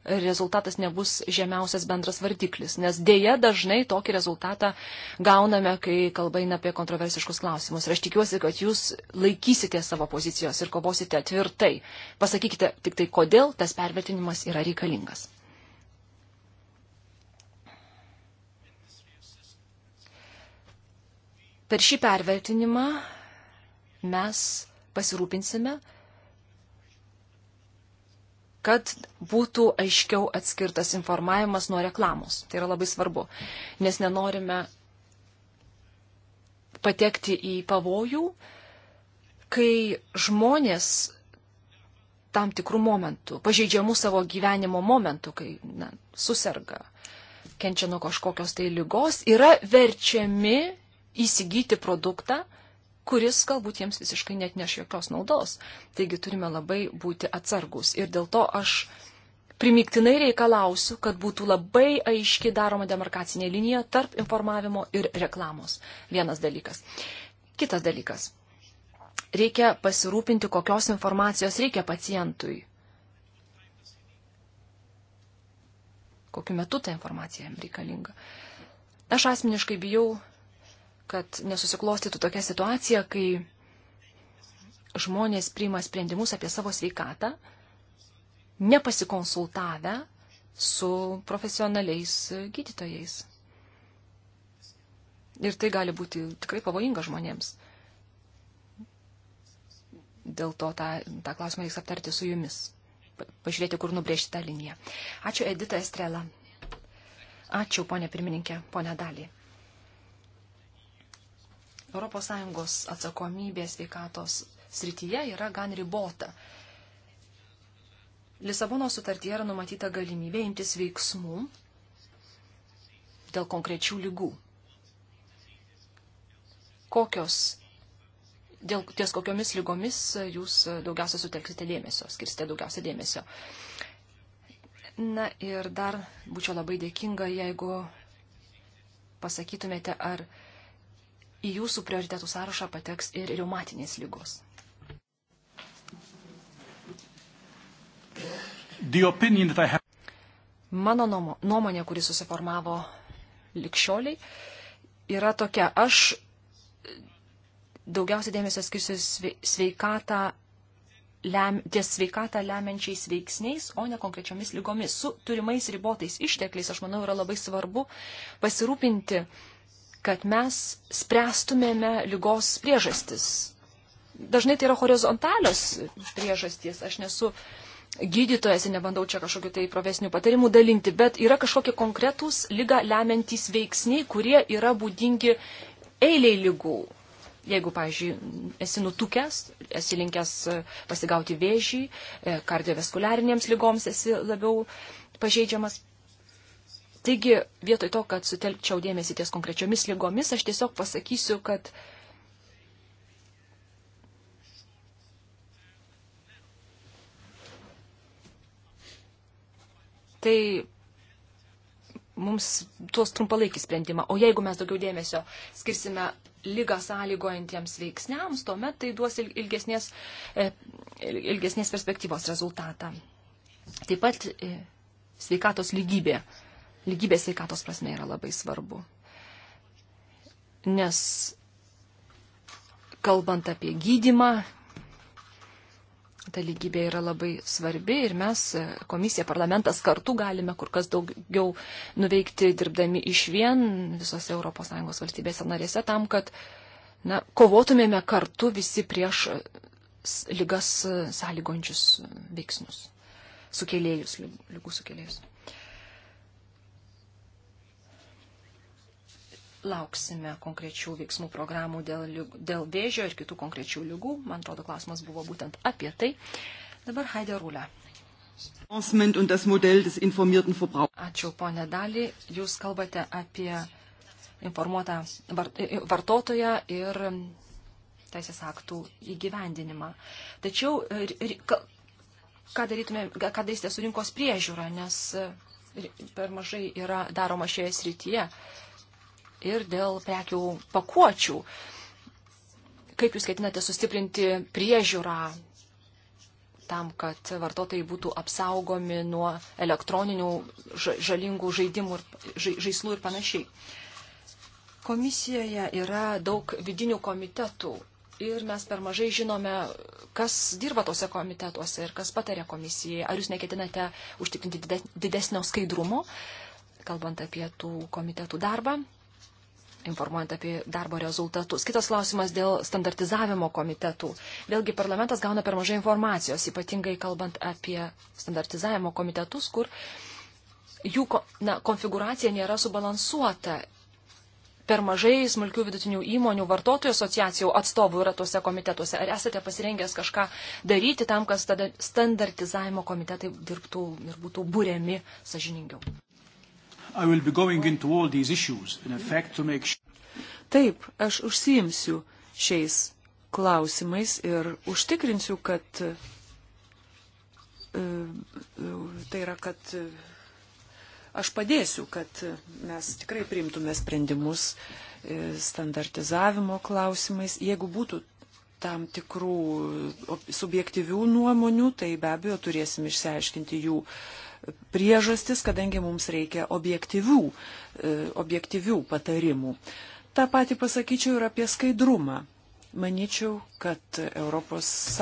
rezultatas nebus žemiausias bendras vardiklis, nes dėja dažnai tokį rezultatą gauname, kai kalba eina apie kontroversiškus klausimus. Ir aš tikiuosi, kad jūs laikysite savo pozicijos ir kovosite tvirtai. Pasakykite tik tai, kodėl tas pervertinimas yra reikalingas. Per šį pervertinimą mes pasirūpinsime, kad būtų aiškiau atskirtas informavimas nuo reklamos. Tai yra labai svarbu, nes nenorime patekti į pavojų, kai žmonės tam tikrų momentų, pažeidžiamų savo gyvenimo momentų, kai na, susirga, kenčia nuo kažkokios tai lygos, yra verčiami įsigyti produktą, kuris galbūt jiems visiškai net neš jokios naudos. Taigi turime labai būti atsargus. Ir dėl to aš primiktinai reikalausiu, kad būtų labai aiški daroma demarkacinė linija tarp informavimo ir reklamos. Vienas dalykas. Kitas dalykas. Reikia pasirūpinti, kokios informacijos reikia pacientui. Kokiu metu ta informacija jam reikalinga. Aš asmeniškai bijau kad nesusiklostytų tokia situacija, kai žmonės priima sprendimus apie savo sveikatą, nepasikonsultavę su profesionaliais gydytojais. Ir tai gali būti tikrai pavojinga žmonėms. Dėl to tą, tą klausimą reiks aptarti su jumis. Pažiūrėti, kur nubrėžti tą liniją. Ačiū Edita Estrela. Ačiū, ponė pirmininkė, ponė Dalį. ES atsakomybė sveikatos srityje yra gan ribota. Lisabono sutartyje yra numatyta galimybė imtis veiksmų dėl konkrečių lygų. Kokios, dėl ties kokiomis lygomis jūs daugiausia sutelksite dėmesio, skirsite daugiausia dėmesio. Na ir dar būčiau labai dėkinga, jeigu pasakytumėte, ar į jūsų prioritetų sąrašą pateks ir reumatinės lygos. Mano nuomonė, kuri susiformavo likščioliai, yra tokia. Aš daugiausia dėmesio skirsiu sveikatą, lem, ties sveikatą lemiančiais veiksniais, o ne konkrečiomis lygomis. Su turimais ribotais ištekliais, aš manau, yra labai svarbu pasirūpinti uh, kad mes spręstumėme lygos priežastis. Dažnai tai yra horizontalios priežastys. Aš nesu gydytojas ir nebandau čia kažkokiu tai profesinių patarimų dalinti, bet yra kažkokie konkretūs lygą lemiantys veiksniai, kurie yra būdingi eiliai lygų. Jeigu, pavyzdžiui, esi nutukęs, esi linkęs e, pasigauti vėžį, e, kardiovaskuliarinėms lygoms esi labiau pažeidžiamas, Taigi, vietoj to, kad sutelkčiau dėmesį ties konkrečiomis lygomis, aš tiesiog pasakysiu, kad tai mums tuos trumpalaikį sprendimą. O jeigu mes daugiau dėmesio skirsime lygą sąlygojantiems veiksniams, tuomet tai duos ilgesnės, e, ilgesnės perspektyvos rezultatą. Taip pat e, sveikatos lygybė lygybė sveikatos prasme yra labai svarbu. Nes kalbant apie gydimą, ta lygybė yra labai svarbi ir mes, komisija, parlamentas kartu galime kur kas daugiau nuveikti dirbdami iš vien visose ES valstybėse narėse tam, kad na, kovotumėme kartu visi prieš lygas sąlygončius veiksnius, sukėlėjus, lygų sukėlėjus. lauksime konkrečių veiksmų programų dėl, dėl vėžio ir kitų konkrečių lygų. Man atrodo, klausimas buvo būtent apie tai. Dabar Haidė Rūlė. Ačiū, ponė Dali. Jūs kalbate apie informuotą vartotoją ir teisės aktų įgyvendinimą. Tačiau ką, darytume, ką darysite su rinkos priežiūra, nes e, per mažai yra daroma šioje srityje ir dėl prekių pakuočių. Kaip jūs ketinate sustiprinti priežiūrą tam, kad vartotojai būtų apsaugomi nuo elektroninių žalingų žaidimų ir žaislų ir panašiai. Komisijoje yra daug vidinių komitetų ir mes per mažai žinome, kas dirba tose komitetuose ir kas patarė komisijai. Ar jūs neketinate užtikrinti didesnio skaidrumo, kalbant apie tų komitetų darbą? informuojant apie darbo rezultatus. Kitas klausimas dėl standartizavimo komitetų. Vėlgi parlamentas gauna per mažai informacijos, ypatingai kalbant apie standartizavimo komitetus, kur jų na, konfiguracija nėra subalansuota. Per mažai smulkių vidutinių įmonių vartotojų asociacijų atstovų yra tuose komitetuose. Ar esate pasirengęs kažką daryti tam, kad standartizavimo komitetai dirbtų ir būtų būrėmi sažiningiau? Issues, fact, make... Taip, aš užsiimsiu šiais klausimais ir užtikrinsiu, kad e, e, tai yra, kad e, aš padėsiu, kad mes tikrai priimtume sprendimus standartizavimo klausimais. Jeigu būtų tam tikrų subjektyvių nuomonių, tai be abejo turėsim išsiaiškinti jų priežastis, kadangi mums reikia objektyvių, e, objektyvių patarimų. Ta pati pasakyčiau ir apie skaidrumą. Maničiau, kad ES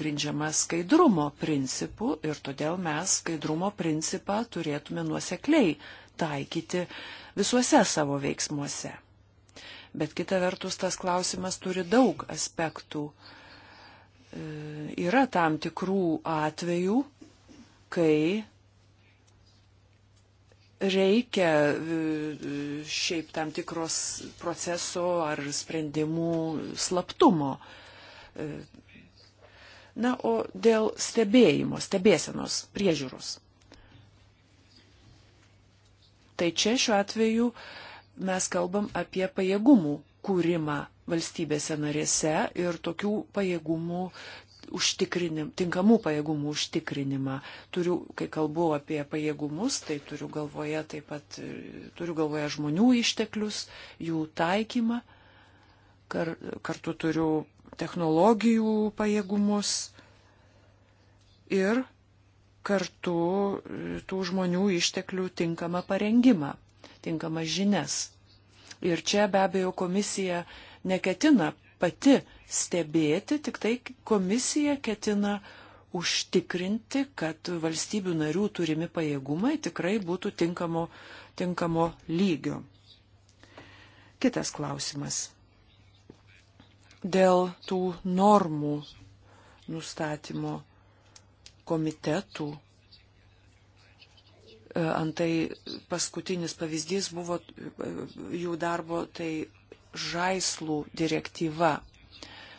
grindžiama skaidrumo principu ir todėl mes skaidrumo principą turėtume nuosekliai taikyti visuose savo veiksmuose. Bet kita vertus, tas klausimas turi daug aspektų. E, yra tam tikrų atvejų, kai reikia e, e, šiaip tam tikros proceso ar sprendimų slaptumo. E, na, o dėl stebėjimo, stebėsenos, priežiūros. Tai čia šiuo atveju mes kalbam apie pajėgumų kūrimą valstybėse narėse ir tokių pajėgumų užtikrinim, tinkamų pajėgumų užtikrinimą. Turiu, kai kalbu apie pajėgumus, tai turiu galvoje taip pat, turiu galvoje žmonių išteklius, jų taikymą, kar, kartu turiu technologijų pajėgumus ir kartu tų žmonių išteklių tinkamą parengimą, tinkamas žinias. Ir čia be abejo komisija neketina pati stebėti, tik tai komisija ketina užtikrinti, kad valstybių narių turimi pajėgumai tikrai būtų tinkamo, tinkamo lygio. Kitas klausimas. Dėl tų normų nustatymo komitetų e, Antai paskutinis pavyzdys buvo e, e, jų darbo, tai žaislų direktyva.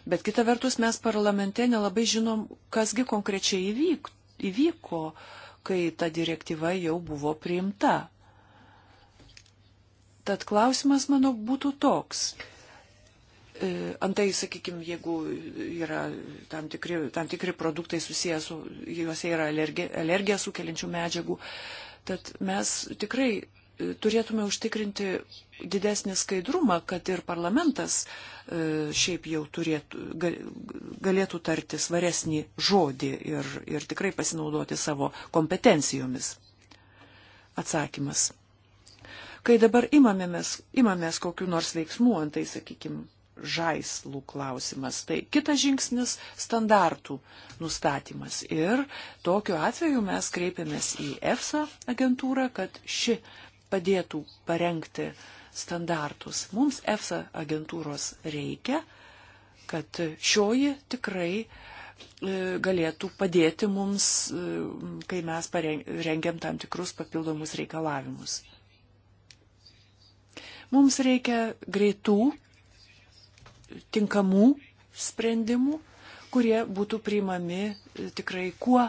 Bet kita vertus mes parlamente nelabai žinom, kasgi konkrečiai įvyko, įvyko kai ta direktyva jau buvo priimta. Tad klausimas, manau, būtų toks. E, antai, sakykime, jeigu yra tam tikri, tam tikri produktai susijęs su, juose yra alergija, alergija sukeliančių medžiagų, tad mes tikrai turėtume užtikrinti didesnį skaidrumą, kad ir parlamentas e, šiaip jau turėtų, galėtų tarti svaresnį žodį ir, ir tikrai pasinaudoti savo kompetencijomis. Atsakymas. Kai dabar imamės, imamės kokiu nors veiksmu, antai, sakykime, žaislų klausimas. Tai kitas žingsnis - standartų nustatymas. Ir tokiu atveju mes kreipiamės į EFSA agentūrą, kad ši padėtų parengti standartus. Mums EFSA agentūros reikia, kad šioji tikrai e, galėtų padėti mums, e, kai mes rengiam tam tikrus papildomus reikalavimus. Mums reikia greitų, tinkamų sprendimų, kurie būtų priimami e, tikrai kuo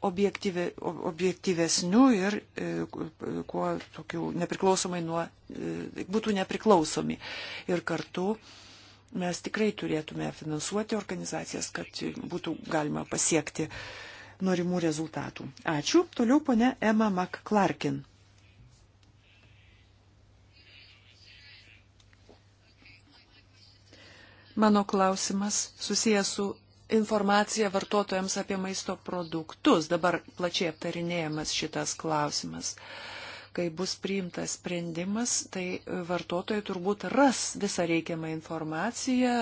objektyve, objektyvesniu ir e, kuo tokiu nepriklausomai nuo, e, būtų nepriklausomi. Ir kartu mes tikrai turėtume finansuoti organizacijas, kad būtų galima pasiekti norimų rezultatų. Ačiū. Toliau ponia Emma McClarkin. Mano klausimas susijęs su informacija vartotojams apie maisto produktus. Dabar plačiai aptarinėjamas šitas klausimas. Kai bus priimtas sprendimas, tai vartotojai turbūt ras visą reikiamą informaciją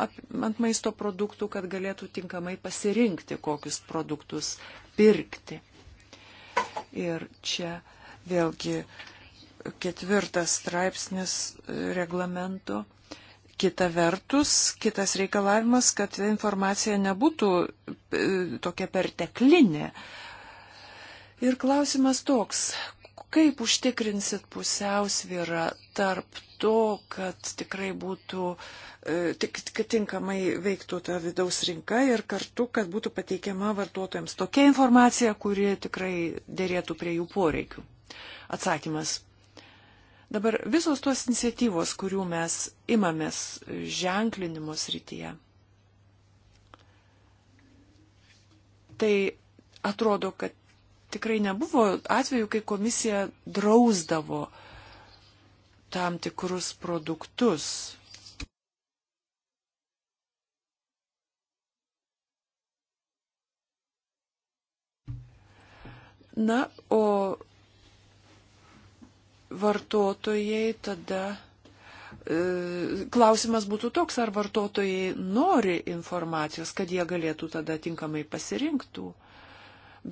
ant maisto produktų, kad galėtų tinkamai pasirinkti, kokius produktus pirkti. Ir čia vėlgi ketvirtas straipsnis e, reglamento Kita vertus, kitas reikalavimas, kad informacija nebūtų e, tokia perteklinė. Ir klausimas toks, kaip užtikrinsit pusiausvyrą tarp to, kad tikrai būtų, e, tik, kad tinkamai veiktų ta vidaus rinka ir kartu, kad būtų pateikiama vartotojams tokia informacija, kuri tikrai dėrėtų prie jų poreikių. Atsakymas Dabar visos tos iniciatyvos, kurių mes imamės ženklinimo srityje, tai atrodo, kad tikrai nebuvo atveju, kai komisija drausdavo tam tikrus produktus. Na, o vartotojai tada e, klausimas būtų toks, ar vartotojai nori informacijos, kad jie galėtų tada tinkamai pasirinktų.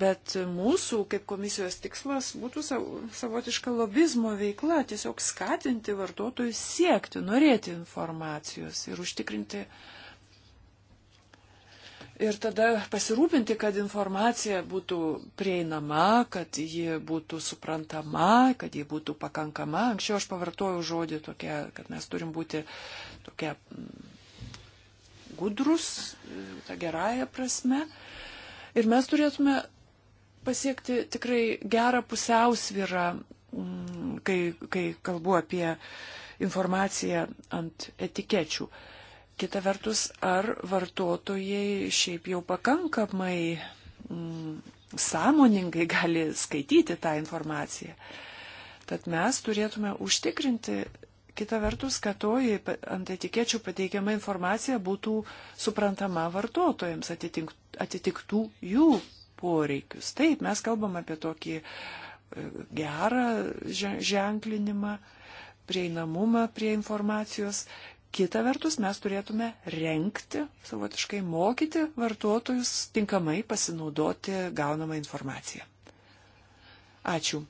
Bet mūsų kaip komisijos tikslas būtų savotiška lobizmo veikla, tiesiog skatinti vartotojus siekti, norėti informacijos ir užtikrinti uh, ir tada pasirūpinti, kad informacija būtų prieinama, kad ji būtų suprantama, kad ji būtų pakankama. Anksčiau aš pavartojau žodį tokia, kad mes turim būti tokia mm, gudrus, ta gerąją prasme. Ir mes turėtume pasiekti tikrai gerą pusiausvyrą, mm, kai, kai kalbu apie informaciją ant etikečių. Uh, Kita vertus, ar vartotojai šiaip jau pakankamai mm, sąmoningai gali skaityti tą informaciją. Tad mes turėtume užtikrinti, kita vertus, kad toji ant etikėčių pateikiama informacija būtų suprantama vartotojams, atitink, atitiktų jų poreikius. Taip, mes kalbam apie tokį e, gerą ženklinimą, prieinamumą prie informacijos, Kita vertus, mes turėtume renkti, savotiškai mokyti vartotojus tinkamai pasinaudoti gaunamą informaciją. Ačiū.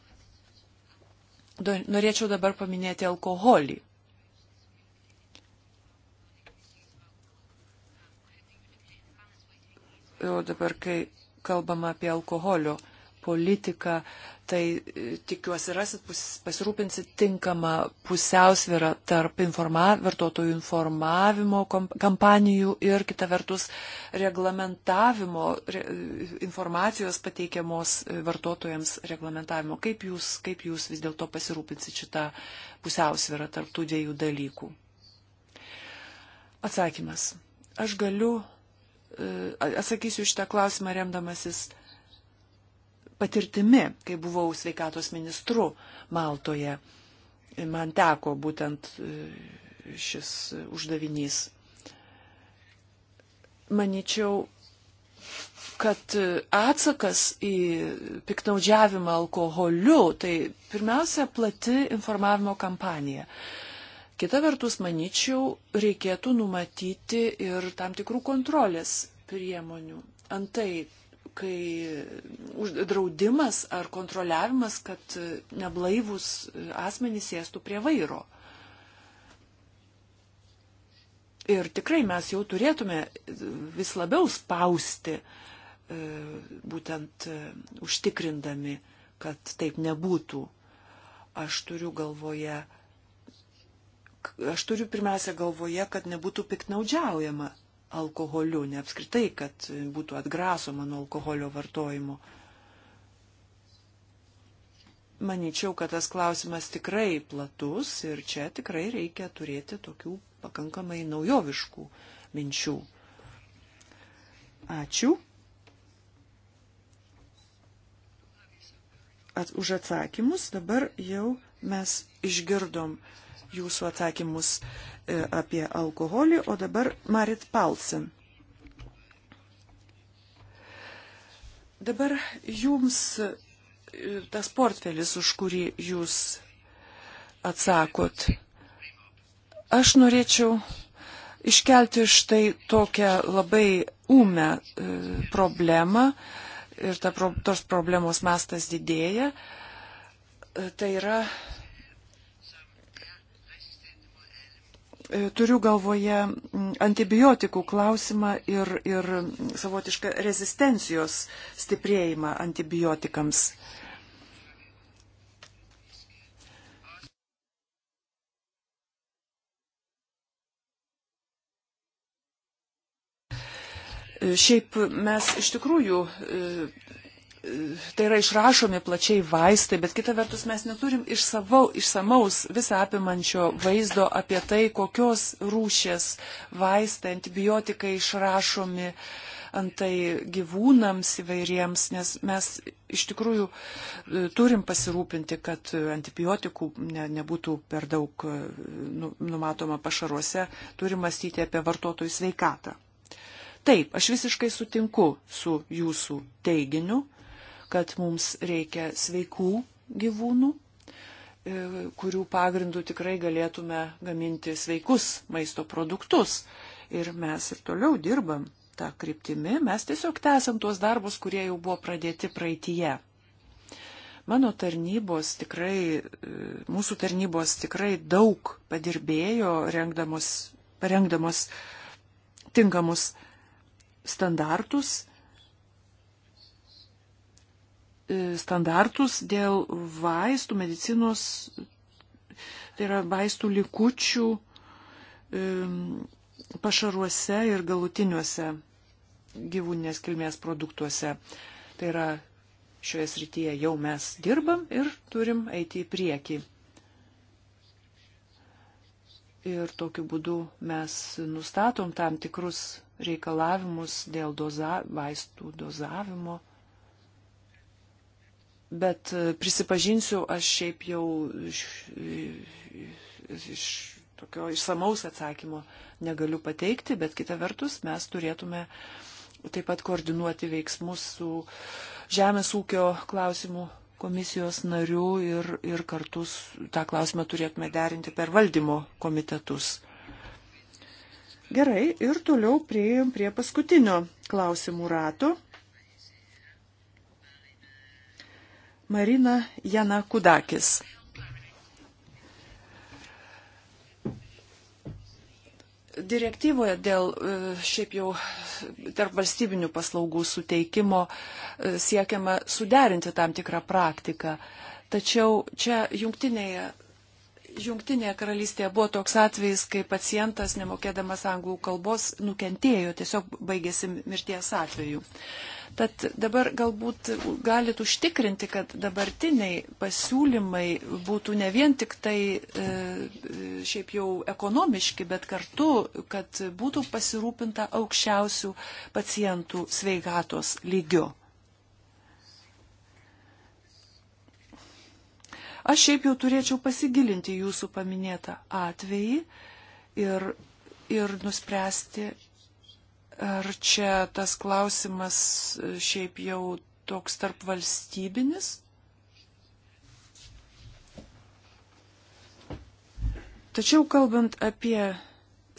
Norėčiau dabar paminėti alkoholį. O dabar, kai kalbama apie alkoholio politiką, tai e, tikiuosi rasit, pasirūpinsit tinkamą pusiausvyrą tarp informa, vartotojų informavimo kampanijų ir kita vertus reglamentavimo, re, informacijos pateikiamos e, vartotojams reglamentavimo. Kaip jūs, kaip jūs vis dėlto pasirūpinsit šitą pusiausvyrą tarp tų dviejų dalykų? Atsakymas. Aš galiu, e, atsakysiu šitą klausimą remdamasis patirtimi, kai buvau sveikatos ministru Maltoje. Man teko būtent e, šis uždavinys. Maničiau, kad atsakas į piknaudžiavimą alkoholiu tai pirmiausia plati informavimo kampanija. Kita vertus, manyčiau, reikėtų numatyti ir tam tikrų kontrolės priemonių. Antai kai draudimas ar kontroliavimas, kad neblaivus asmenys sėstų prie vairo. Ir tikrai mes jau turėtume vis labiau spausti, e, būtent e, užtikrindami, kad taip nebūtų. Aš turiu galvoje, aš turiu pirmiausia galvoje, kad nebūtų piknaudžiaujama alkoholiu, ne apskritai, kad būtų atgrasoma nuo alkoholio vartojimo. Maničiau, kad tas klausimas tikrai platus ir čia tikrai reikia turėti tokių pakankamai naujoviškų minčių. Ačiū At, už atsakymus. Dabar jau mes išgirdom uh, jūsų atsakymus e, apie alkoholį, o dabar Marit Palsen. Dabar jums e, tas portfelis, už kurį jūs atsakot, aš norėčiau iškelti štai tokią labai ūmę e, problemą ir ta, tos problemos mastas didėja. Tai yra E, turiu galvoje antibiotikų klausimą ir, ir savotišką rezistencijos stiprėjimą antibiotikams. E, šiaip mes iš tikrųjų e, tai yra išrašomi plačiai vaistai, bet kita vertus mes neturim iš savo, išsamaus visą apimančio vaizdo apie tai, kokios rūšės vaistai, antibiotikai išrašomi antai gyvūnams įvairiems, nes mes iš tikrųjų e, turim pasirūpinti, kad antibiotikų ne, nebūtų per daug e, nu, numatoma pašaruose, turim mąstyti apie vartotojų sveikatą. Taip, aš visiškai sutinku su jūsų teiginiu kad mums reikia sveikų gyvūnų, e, kurių pagrindų tikrai galėtume gaminti sveikus maisto produktus. Ir mes ir toliau dirbam tą kryptimį, mes tiesiog tęsiam tuos darbus, kurie jau buvo pradėti praeitie. Mano tarnybos tikrai, e, mūsų tarnybos tikrai daug padirbėjo, rengdamos, parengdamos tinkamus standartus E, standartus dėl vaistų, medicinos, tai yra vaistų likučių e, pašaruose ir galutiniuose gyvūninės kilmės produktuose. Tai yra šioje srityje jau mes dirbam ir turim eiti į priekį. Ir tokiu būdu mes nustatom tam tikrus reikalavimus dėl doza, vaistų dozavimo Bet e, prisipažinsiu, aš šiaip jau iš, iš tokio išsamaus atsakymo negaliu pateikti, bet kita vertus mes turėtume taip pat koordinuoti veiksmus su Žemės ūkio klausimų komisijos narių ir, ir kartu tą klausimą turėtume derinti per valdymo komitetus. Gerai, ir toliau prieėjom prie paskutinio klausimų rato. Marina Jana Kudakis. direktyvoje dėl e, šiaip jau tarp valstybinių paslaugų suteikimo e, siekiama suderinti tam tikrą praktiką. Tačiau čia jungtinėje, jungtinėje karalystėje buvo toks atvejis, kai pacientas, nemokėdamas anglų kalbos, nukentėjo, tiesiog baigėsi mirties atveju. Uh, Bet dabar galbūt galit užtikrinti, kad dabartiniai pasiūlymai būtų ne vien tik tai e, šiaip jau ekonomiški, bet kartu, kad būtų pasirūpinta aukščiausių pacientų sveikatos lygiu. Aš šiaip jau turėčiau pasigilinti jūsų paminėtą atvejį ir, ir nuspręsti, Ar čia tas klausimas šiaip jau toks tarp valstybinis? Tačiau kalbant apie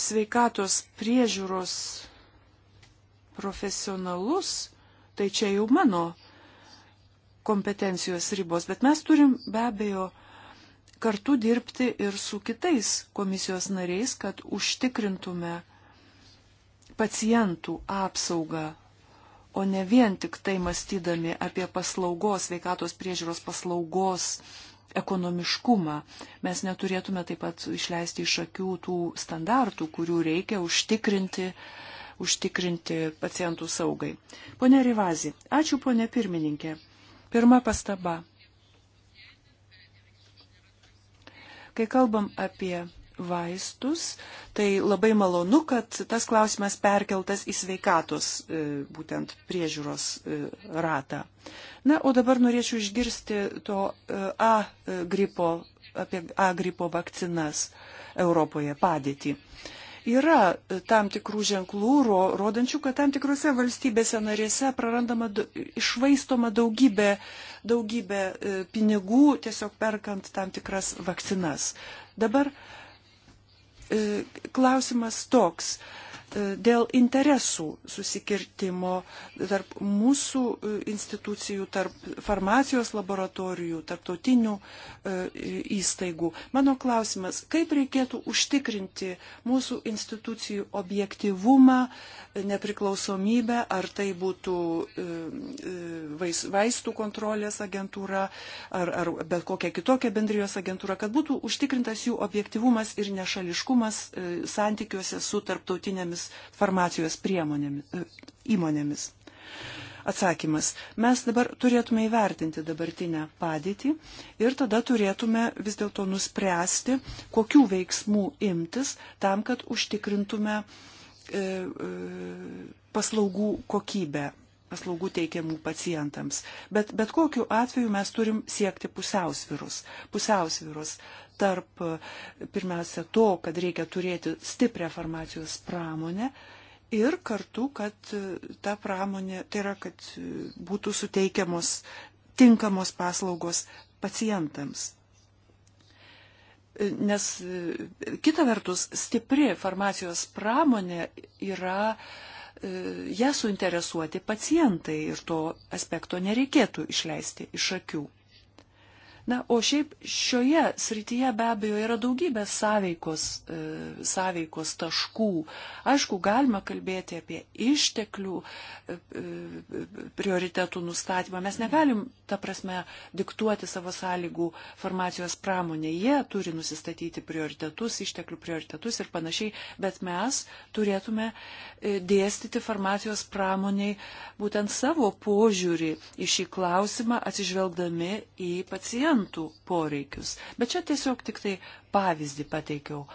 sveikatos priežiūros profesionalus, tai čia jau mano kompetencijos ribos, bet mes turim be abejo kartu dirbti ir su kitais komisijos nariais, kad užtikrintume pacientų apsaugą, o ne vien tik tai mąstydami apie paslaugos, veikatos priežiūros paslaugos ekonomiškumą. Mes neturėtume taip pat išleisti iš akių tų standartų, kurių reikia užtikrinti, užtikrinti pacientų saugai. Pone Rivazi, ačiū pone pirmininkė. Pirma pastaba. Kai kalbam apie vaistus, tai labai malonu, kad tas klausimas perkeltas į sveikatos e, būtent priežiūros e, ratą. Na, o dabar norėčiau išgirsti to e, A gripo, apie A gripo vakcinas Europoje padėtį. Yra tam tikrų ženklų, rodančių, kad tam tikrose valstybėse narėse prarandama, išvaistoma daugybė, daugybė pinigų tiesiog perkant tam tikras vakcinas. Dabar uh, E, klausimas toks. E, E, dėl interesų susikirtimo tarp mūsų e, institucijų, tarp farmacijos laboratorijų, tarptautinių e, įstaigų. Mano klausimas, kaip reikėtų užtikrinti mūsų institucijų objektivumą, nepriklausomybę, ar tai būtų vaistų kontrolės agentūra, ar, ar bet kokia kitokia bendrijos agentūra, kad būtų užtikrintas jų objektivumas ir nešališkumas santykiuose su tarptautinėmis didžiosiomis farmacijos priemonėmis, e, įmonėmis. Atsakymas. Mes dabar turėtume įvertinti dabartinę padėtį ir tada turėtume vis dėlto nuspręsti, kokių veiksmų imtis tam, kad užtikrintume e, e, paslaugų kokybę paslaugų teikiamų pacientams. Bet, bet kokiu atveju mes turim siekti pusiausvirus. Pusiausvirus tarp pirmiausia to, kad reikia turėti stiprią farmacijos pramonę ir kartu, kad e, ta pramonė, tai yra, kad e, būtų suteikiamos tinkamos paslaugos pacientams. E, nes kita vertus, stipri farmacijos pramonė yra ją suinteresuoti pacientai ir to aspekto nereikėtų išleisti iš akių. Na, o šiaip šioje srityje be abejo yra daugybė sąveikos, e, sąveikos taškų. Aišku, galima kalbėti apie išteklių e, e, prioritetų nustatymą. Mes negalim, ta prasme, diktuoti savo sąlygų farmacijos pramonė. Jie turi nusistatyti prioritetus, išteklių prioritetus ir panašiai, bet mes turėtume dėstyti farmacijos pramoniai būtent savo požiūrį į šį klausimą, atsižvelgdami į pacientą klientų poreikius. Bet čia tiesiog tik tai pavyzdį pateikiau.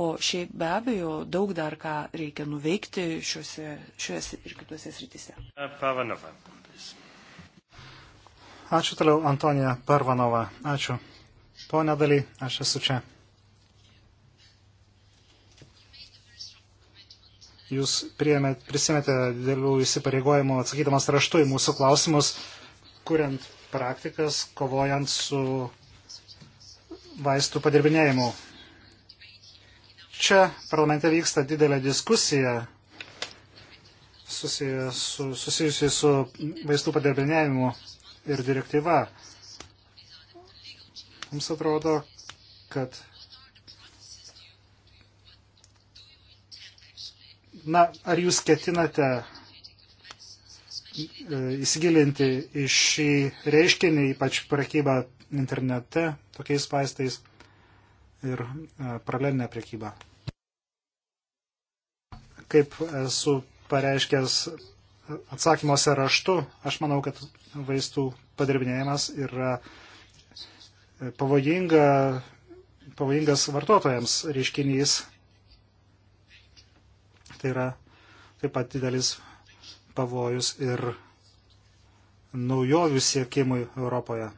O šiaip be abejo daug dar ką reikia nuveikti šiuose, šiuose ir kitose srityse. Pavanova. Ačiū toliau, Antonija Parvanova. Ačiū. Pone Daly, aš esu čia. Jūs prisimėte didelių įsipareigojimų atsakydamas raštu į mūsų klausimus, kuriant praktikas, kovojant su vaistų padirbinėjimu. Čia parlamente vyksta didelė diskusija susijusi su vaistų padirbinėjimu ir direktyva. Mums atrodo, kad na, ar jūs ketinate įsigilinti į šį reiškinį, ypač prekybą internete tokiais vaistais ir e, paralelinę prekybą. Kaip esu pareiškęs atsakymuose raštu, aš manau, kad vaistų padirbinėjimas yra pavojinga, pavojingas vartotojams reiškinys. Tai yra taip pat didelis pavojus ir naujovių siekimui Europoje.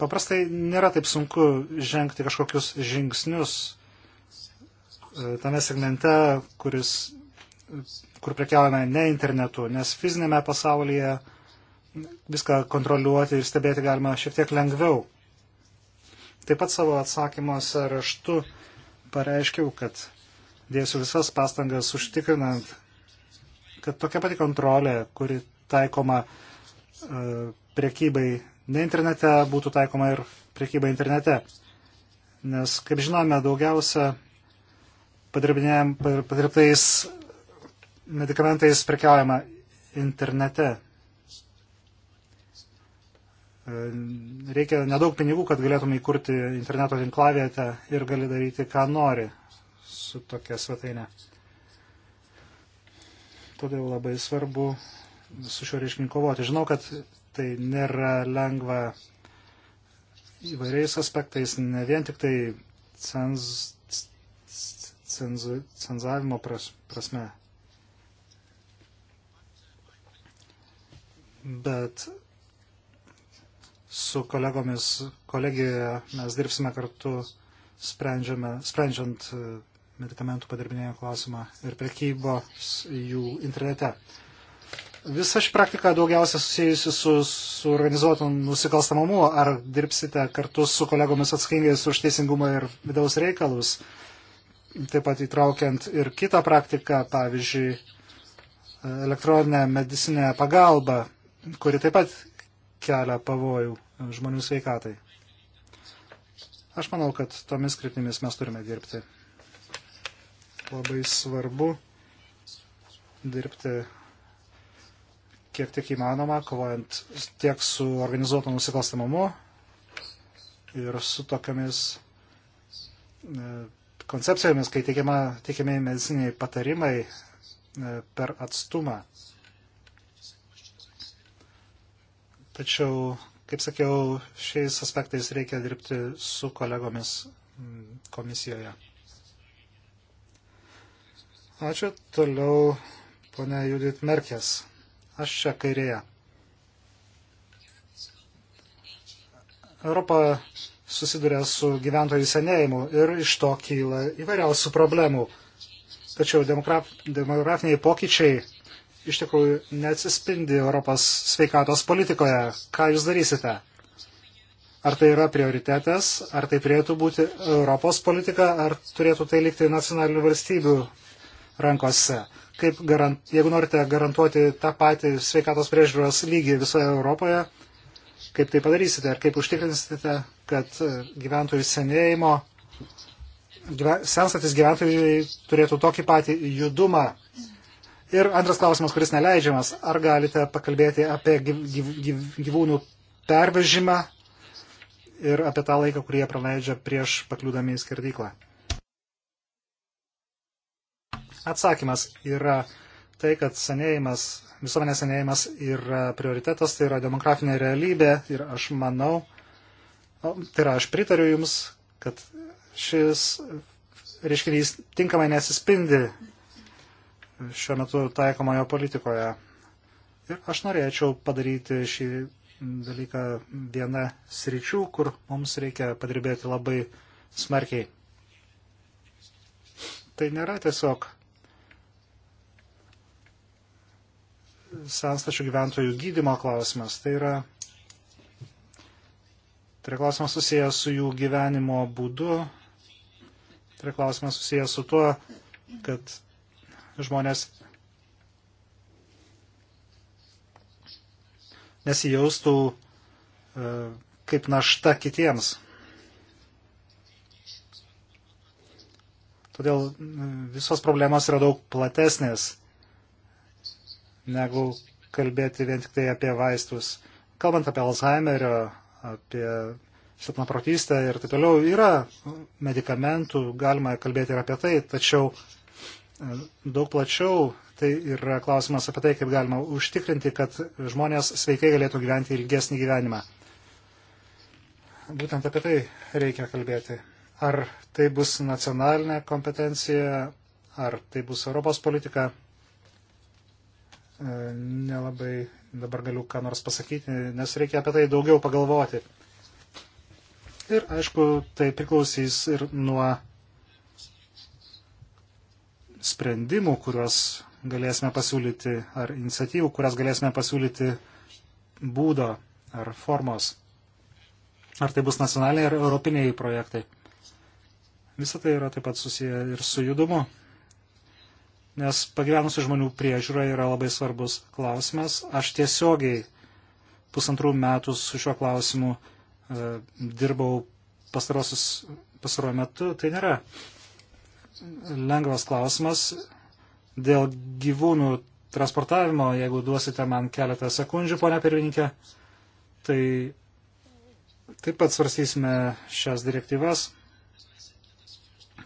Paprastai nėra taip sunku žengti kažkokius žingsnius e, tame segmente, kuris, kur prekiaujame ne internetu, nes fizinėme pasaulyje viską kontroliuoti ir stebėti galima šiek tiek lengviau. Taip pat savo atsakymuose raštu pareiškiau, kad dėsiu visas pastangas užtikrinant, kad tokia pati kontrolė, kuri taikoma e, priekybai ne internete, būtų taikoma ir priekybai internete. Nes, kaip žinome, daugiausia padirbtais medikamentais prekiaujama internete. E, reikia nedaug pinigų, kad galėtum įkurti interneto tinklavietę ir gali daryti, ką nori su tokia svetainė. Todėl labai svarbu su šiuo reiškiniu kovoti. Žinau, kad tai nėra lengva įvairiais aspektais, ne vien tik tai cenz, cenz, cenzavimo pras, prasme. Bet su kolegomis kolegijoje mes dirbsime kartu, sprendžiant medikamentų padirbinėjimo klausimą ir prekybos jų internete. Visa ši praktika daugiausia susijusi su, su organizuotu nusikalstamumu. Ar dirbsite kartu su kolegomis atskingais už teisingumą ir vidaus reikalus, taip pat įtraukiant ir kitą praktiką, pavyzdžiui, elektroninę medicinę pagalbą, kuri taip pat kelia pavojų žmonių sveikatai. Aš manau, kad tomis kryptimis mes turime dirbti labai svarbu dirbti kiek tik įmanoma, kovojant tiek su organizuotu nusikalstamumu ir su tokiamis e, koncepcijomis, kai teikiama, teikiami mediciniai patarimai e, per atstumą. Tačiau, kaip sakiau, šiais aspektais reikia dirbti su kolegomis komisijoje. Ačiū. Toliau ponia Judith Merkės. Aš čia kairėje. Europa susiduria su gyventojų senėjimu ir iš to kyla įvairiausių problemų. Tačiau demografiniai pokyčiai iš tikrųjų neatsispindi Europos sveikatos politikoje. Ką jūs darysite? Ar tai yra prioritetas, ar tai turėtų būti Europos politika, ar turėtų tai likti nacionalinių valstybių rankose. Kaip garant, jeigu norite garantuoti tą patį sveikatos priežiūros lygį visoje Europoje, kaip tai padarysite ir kaip užtikrinsite, kad gyventojų senėjimo, gyven, sensatis gyventojai turėtų tokį patį judumą. Ir antras klausimas, kuris neleidžiamas, ar galite pakalbėti apie gyv, gyv, gyvūnų pervežimą ir apie tą laiką, kurį jie praleidžia prieš pakliūdami į skerdyklą. Atsakymas yra tai, kad senėjimas, visuomenės senėjimas yra prioritetas, tai yra demografinė realybė ir aš manau, tai yra aš pritariu Jums, kad šis reiškinys tinkamai nesispindi šiuo metu taikomojo politikoje. Ir aš norėčiau padaryti šį dalyką viena sričių, kur mums reikia padirbėti labai smarkiai. Tai nėra tiesiog senstačių gyventojų gydimo klausimas. Tai yra, tai yra klausimas susijęs su jų gyvenimo būdu. Tai yra klausimas susijęs su tuo, kad žmonės nesijaustų e, kaip našta kitiems. Todėl e, visos problemos yra daug platesnės negu kalbėti vien tik tai apie vaistus. Kalbant apie Alzheimerio, apie silpnaprotystę ir taip toliau, yra medikamentų, galima kalbėti ir apie tai, tačiau e, daug plačiau tai yra klausimas apie tai, kaip galima užtikrinti, kad žmonės sveikai galėtų gyventi ilgesnį gyvenimą. Būtent apie tai reikia kalbėti. Ar tai bus nacionalinė kompetencija, ar tai bus Europos politika, E, nelabai dabar galiu ką nors pasakyti, nes reikia apie tai daugiau pagalvoti. Ir aišku, tai priklausys ir nuo sprendimų, kuriuos galėsime pasiūlyti, ar iniciatyvų, kurias galėsime pasiūlyti būdo ar formos. Ar tai bus nacionaliniai ar europiniai projektai. Visą tai yra taip pat susiję ir su judumu nes pagyvenusių žmonių priežiūra yra labai svarbus klausimas. Aš tiesiogiai pusantrų metų su šiuo klausimu e, dirbau pastarosius pastaruoju metu. Tai nėra lengvas klausimas dėl gyvūnų transportavimo, jeigu duosite man keletą sekundžių, ponia pirmininkė, tai taip pat svarstysime šias direktyvas.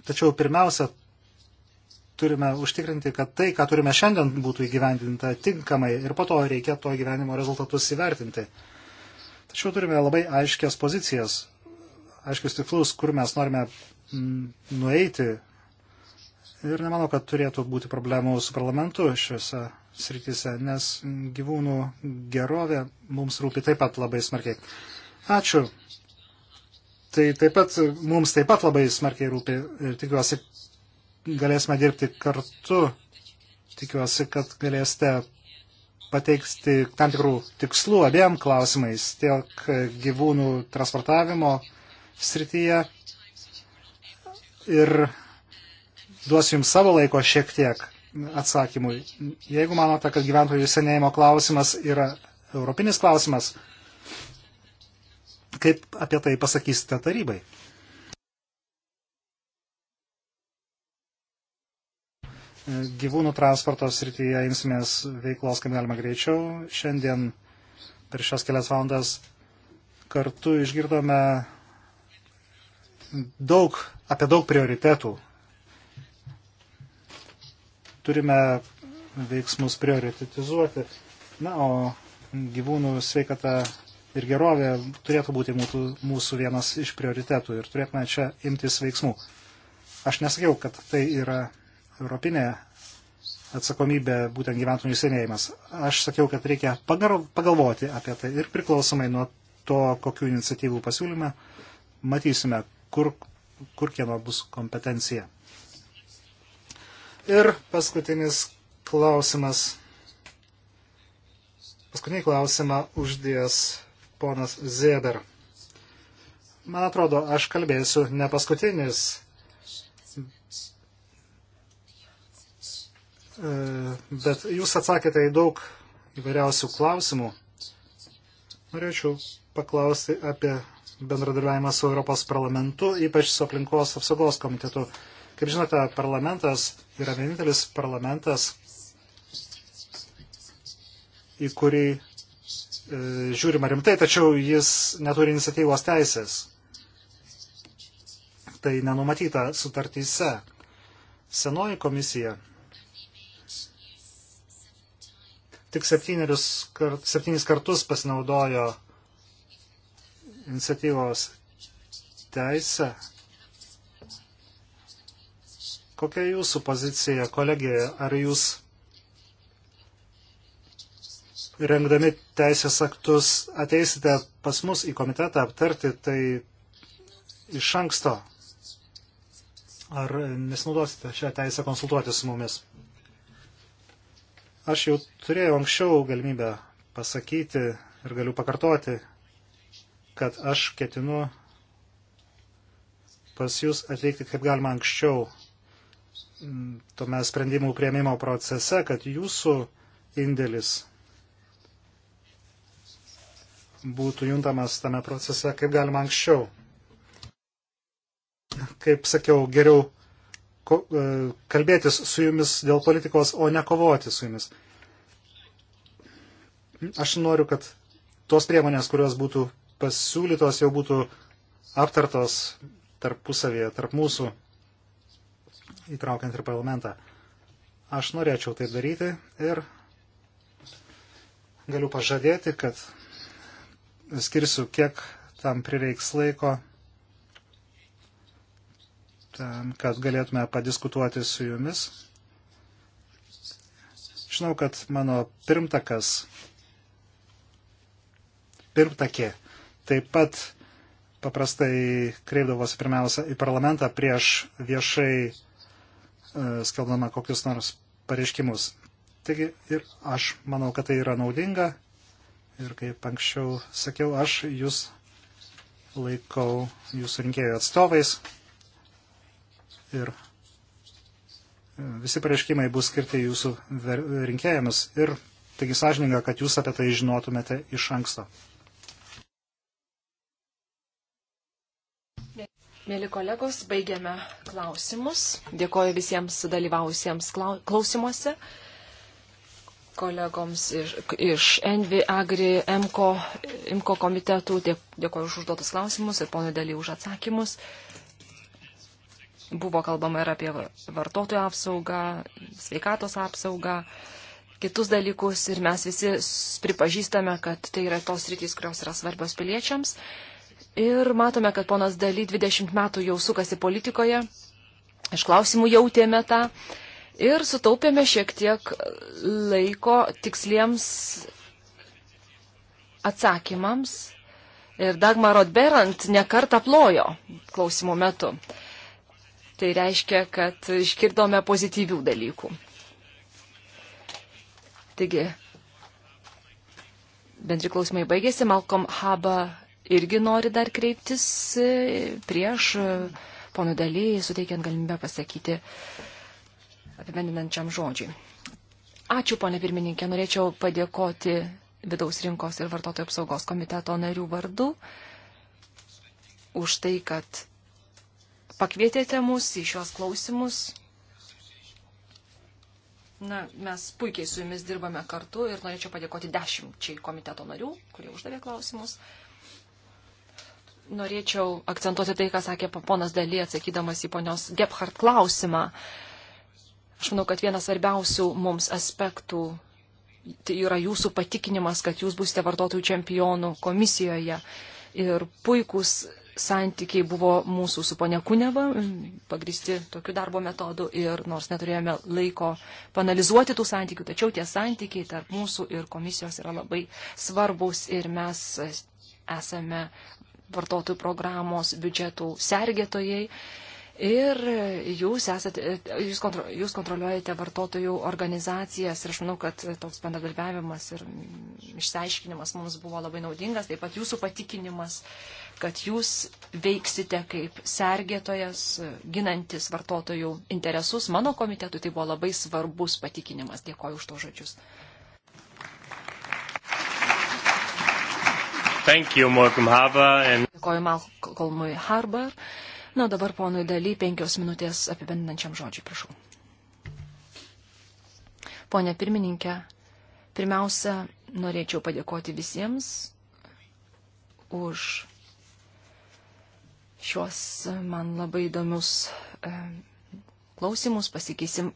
Tačiau pirmiausia, turime užtikrinti, kad tai, ką turime šiandien, būtų įgyvendinta tinkamai ir po to reikia to gyvenimo rezultatus įvertinti. Tačiau turime labai aiškias pozicijas, aiškius tikslus, kur mes norime mm, nueiti. Ir nemanau, kad turėtų būti problemų su parlamentu šiuose srityse, nes gyvūnų gerovė mums rūpi taip pat labai smarkiai. Ačiū. Tai taip pat mums taip pat labai smarkiai rūpi ir tikiuosi, galėsime dirbti kartu. Tikiuosi, kad galėsite pateikti tam tikrų tikslų abiem klausimais, tiek gyvūnų transportavimo srityje ir duosiu jums savo laiko šiek tiek atsakymui. Jeigu manote, kad gyventojų senėjimo klausimas yra europinis klausimas, kaip apie tai pasakysite tarybai? gyvūnų transporto srityje imsimės veiklos, kaip galima greičiau. Šiandien per šias kelias valandas kartu išgirdome daug, apie daug prioritetų. Turime veiksmus prioritetizuoti. Na, o gyvūnų sveikata ir gerovė turėtų būti mūsų, mūsų vienas iš prioritetų ir turėtume čia imtis veiksmų. Aš nesakiau, kad tai yra europinė atsakomybė būtent gyventojų senėjimas. Aš sakiau, kad reikia pagalvoti apie tai ir priklausomai nuo to, kokiu iniciatyvų pasiūlyme, matysime, kur, kur kieno bus kompetencija. Ir paskutinis klausimas. Paskutinį klausimą uždės ponas Zėber. Man atrodo, aš kalbėsiu ne paskutinis E, bet jūs atsakėte į daug įvairiausių klausimų. Norėčiau paklausti apie bendradarbiavimą su Europos parlamentu, ypač su aplinkos apsaugos komitetu. Kaip žinote, parlamentas yra vienintelis parlamentas, į kurį e, žiūrima rimtai, tačiau jis neturi iniciatyvos teisės. Tai nenumatyta sutartyse. Senoji komisija tik septynis, kart, septynis kartus pasinaudojo iniciatyvos teisę. Kokia jūsų pozicija kolegijoje? Ar jūs rengdami teisės aktus ateisite pas mus į komitetą aptarti tai iš anksto? Ar nesinaudosite šią teisę konsultuoti su mumis? Aš jau turėjau anksčiau galimybę pasakyti ir galiu pakartoti, kad aš ketinu pas jūs atvykti kaip galima anksčiau tome sprendimų prieimimo procese, kad jūsų indėlis būtų juntamas tame procese kaip galima anksčiau. Kaip sakiau, geriau E, kalbėtis su jumis dėl politikos, o ne kovoti su jumis. Aš noriu, kad tos priemonės, kurios būtų pasiūlytos, jau būtų aptartos tarpusavėje, tarp mūsų, įtraukiant ir parlamentą. Aš norėčiau tai daryti ir galiu pažadėti, kad skirsiu kiek tam prireiks laiko tam, kad galėtume padiskutuoti su jumis. Žinau, kad mano pirmtakas, pirmtakė, taip pat paprastai kreipdavosi pirmiausia į parlamentą prieš viešai e, skelbdama kokius nors pareiškimus. Taigi ir aš manau, kad tai yra naudinga. Ir kaip anksčiau sakiau, aš jūs laikau jūsų rinkėjų atstovais ir e, visi pareiškimai bus skirti jūsų rinkėjams ir taigi sąžininga, kad jūs apie tai žinotumėte iš anksto. Mėly kolegos, baigiame klausimus. Dėkoju visiems dalyvausiems klausimuose. Kolegoms iš, iš Envi, Agri, MKO, MKO komitetų dėkoju už užduotus klausimus ir ponui daly už atsakymus. Buvo kalbama ir apie vartotojų apsaugą, sveikatos apsaugą, kitus dalykus ir mes visi pripažįstame, kad tai yra tos rytis, kurios yra svarbios piliečiams. Ir matome, kad ponas Daly 20 metų jau sukasi politikoje, iš klausimų jautėme tą ir sutaupėme šiek tiek laiko tiksliems atsakymams. Ir Dagmar Rodberant nekartą plojo klausimų metu. Tai reiškia, kad iškirdome pozityvių dalykų. Taigi, bendri klausimai baigėsi. Malcolm Haba irgi nori dar kreiptis e, prieš e, ponų dalyjai, suteikiant galimybę pasakyti apibendinančiam žodžiui. Ačiū, ponė pirmininkė. Norėčiau padėkoti vidaus rinkos ir vartotojų apsaugos komiteto narių vardu už tai, kad pakvietėte mus į šios klausimus. Na, mes puikiai su jumis dirbame kartu ir norėčiau padėkoti dešimčiai komiteto narių, kurie uždavė klausimus. Norėčiau akcentuoti tai, ką sakė ponas Dali, atsakydamas į ponios Gebhardt klausimą. Aš manau, kad vienas svarbiausių mums aspektų tai yra jūsų patikinimas, kad jūs būsite vartotojų čempionų komisijoje. Ir puikus santykiai buvo mūsų su ponia Kuneva, pagristi tokiu darbo metodu ir nors neturėjome laiko panalizuoti tų santykių, tačiau tie santykiai tarp mūsų ir komisijos yra labai svarbus ir mes esame vartotojų programos biudžetų sergėtojai. Ir jūs, esate, jūs, kontro, jūs kontroliuojate vartotojų organizacijas ir aš manau, kad toks bendradarbiavimas ir išsiaiškinimas mums buvo labai naudingas, taip pat jūsų patikinimas uh, kad jūs veiksite kaip sergėtojas, ginantis vartotojų interesus. Mano komitetui tai buvo labai svarbus patikinimas. Dėkoju už to žodžius. You, Harbour, and... Dėkoju Malcolmui Harbour. Na, dabar ponui daly penkios minutės apibendinančiam žodžiui, prašau. Pone pirmininkė, pirmiausia, norėčiau padėkoti visiems už šiuos man labai įdomius e, klausimus,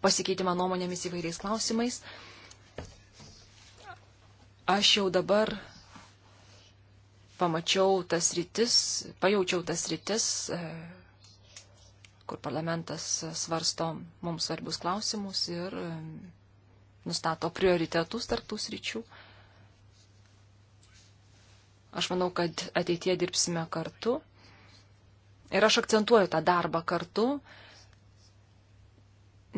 pasikeitimą nuomonėmis įvairiais klausimais. Aš jau dabar pamačiau tas rytis, pajaučiau tas rytis, e, kur parlamentas svarsto mums svarbius klausimus ir e, nustato prioritetus tarptų sričių. Aš manau, kad ateitie dirbsime kartu Ir aš akcentuoju tą darbą kartu,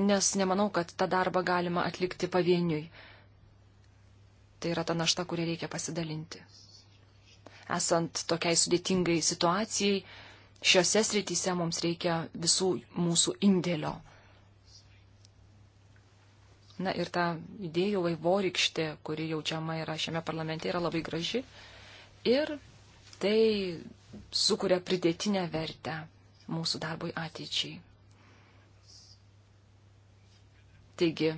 nes nemanau, kad tą darbą galima atlikti pavieniui. Tai yra ta našta, kurią reikia pasidalinti. Esant tokiai sudėtingai situacijai, šiuose srityse mums reikia visų mūsų indėlio. Na ir ta idėjų vaivorykštė, kuri jaučiama yra šiame parlamente, yra labai graži. Ir tai sukuria pridėtinę vertę mūsų darbui ateičiai. Taigi,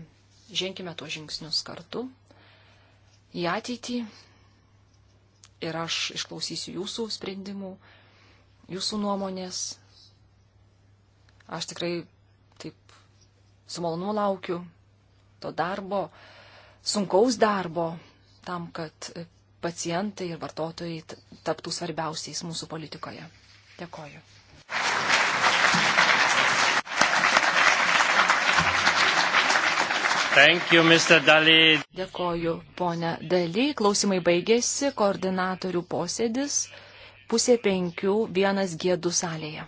ženkime tuos žingsnius kartu į ateitį ir aš išklausysiu jūsų sprendimų, jūsų nuomonės. Aš tikrai taip su malonu laukiu to darbo, sunkaus darbo, tam, kad pacientai ir vartotojai taptų svarbiausiais mūsų politikoje. Dėkoju. Thank you, Dėkoju, ponė Daly. Klausimai baigėsi, koordinatorių posėdis pusė penkių vienas gėdų salėje.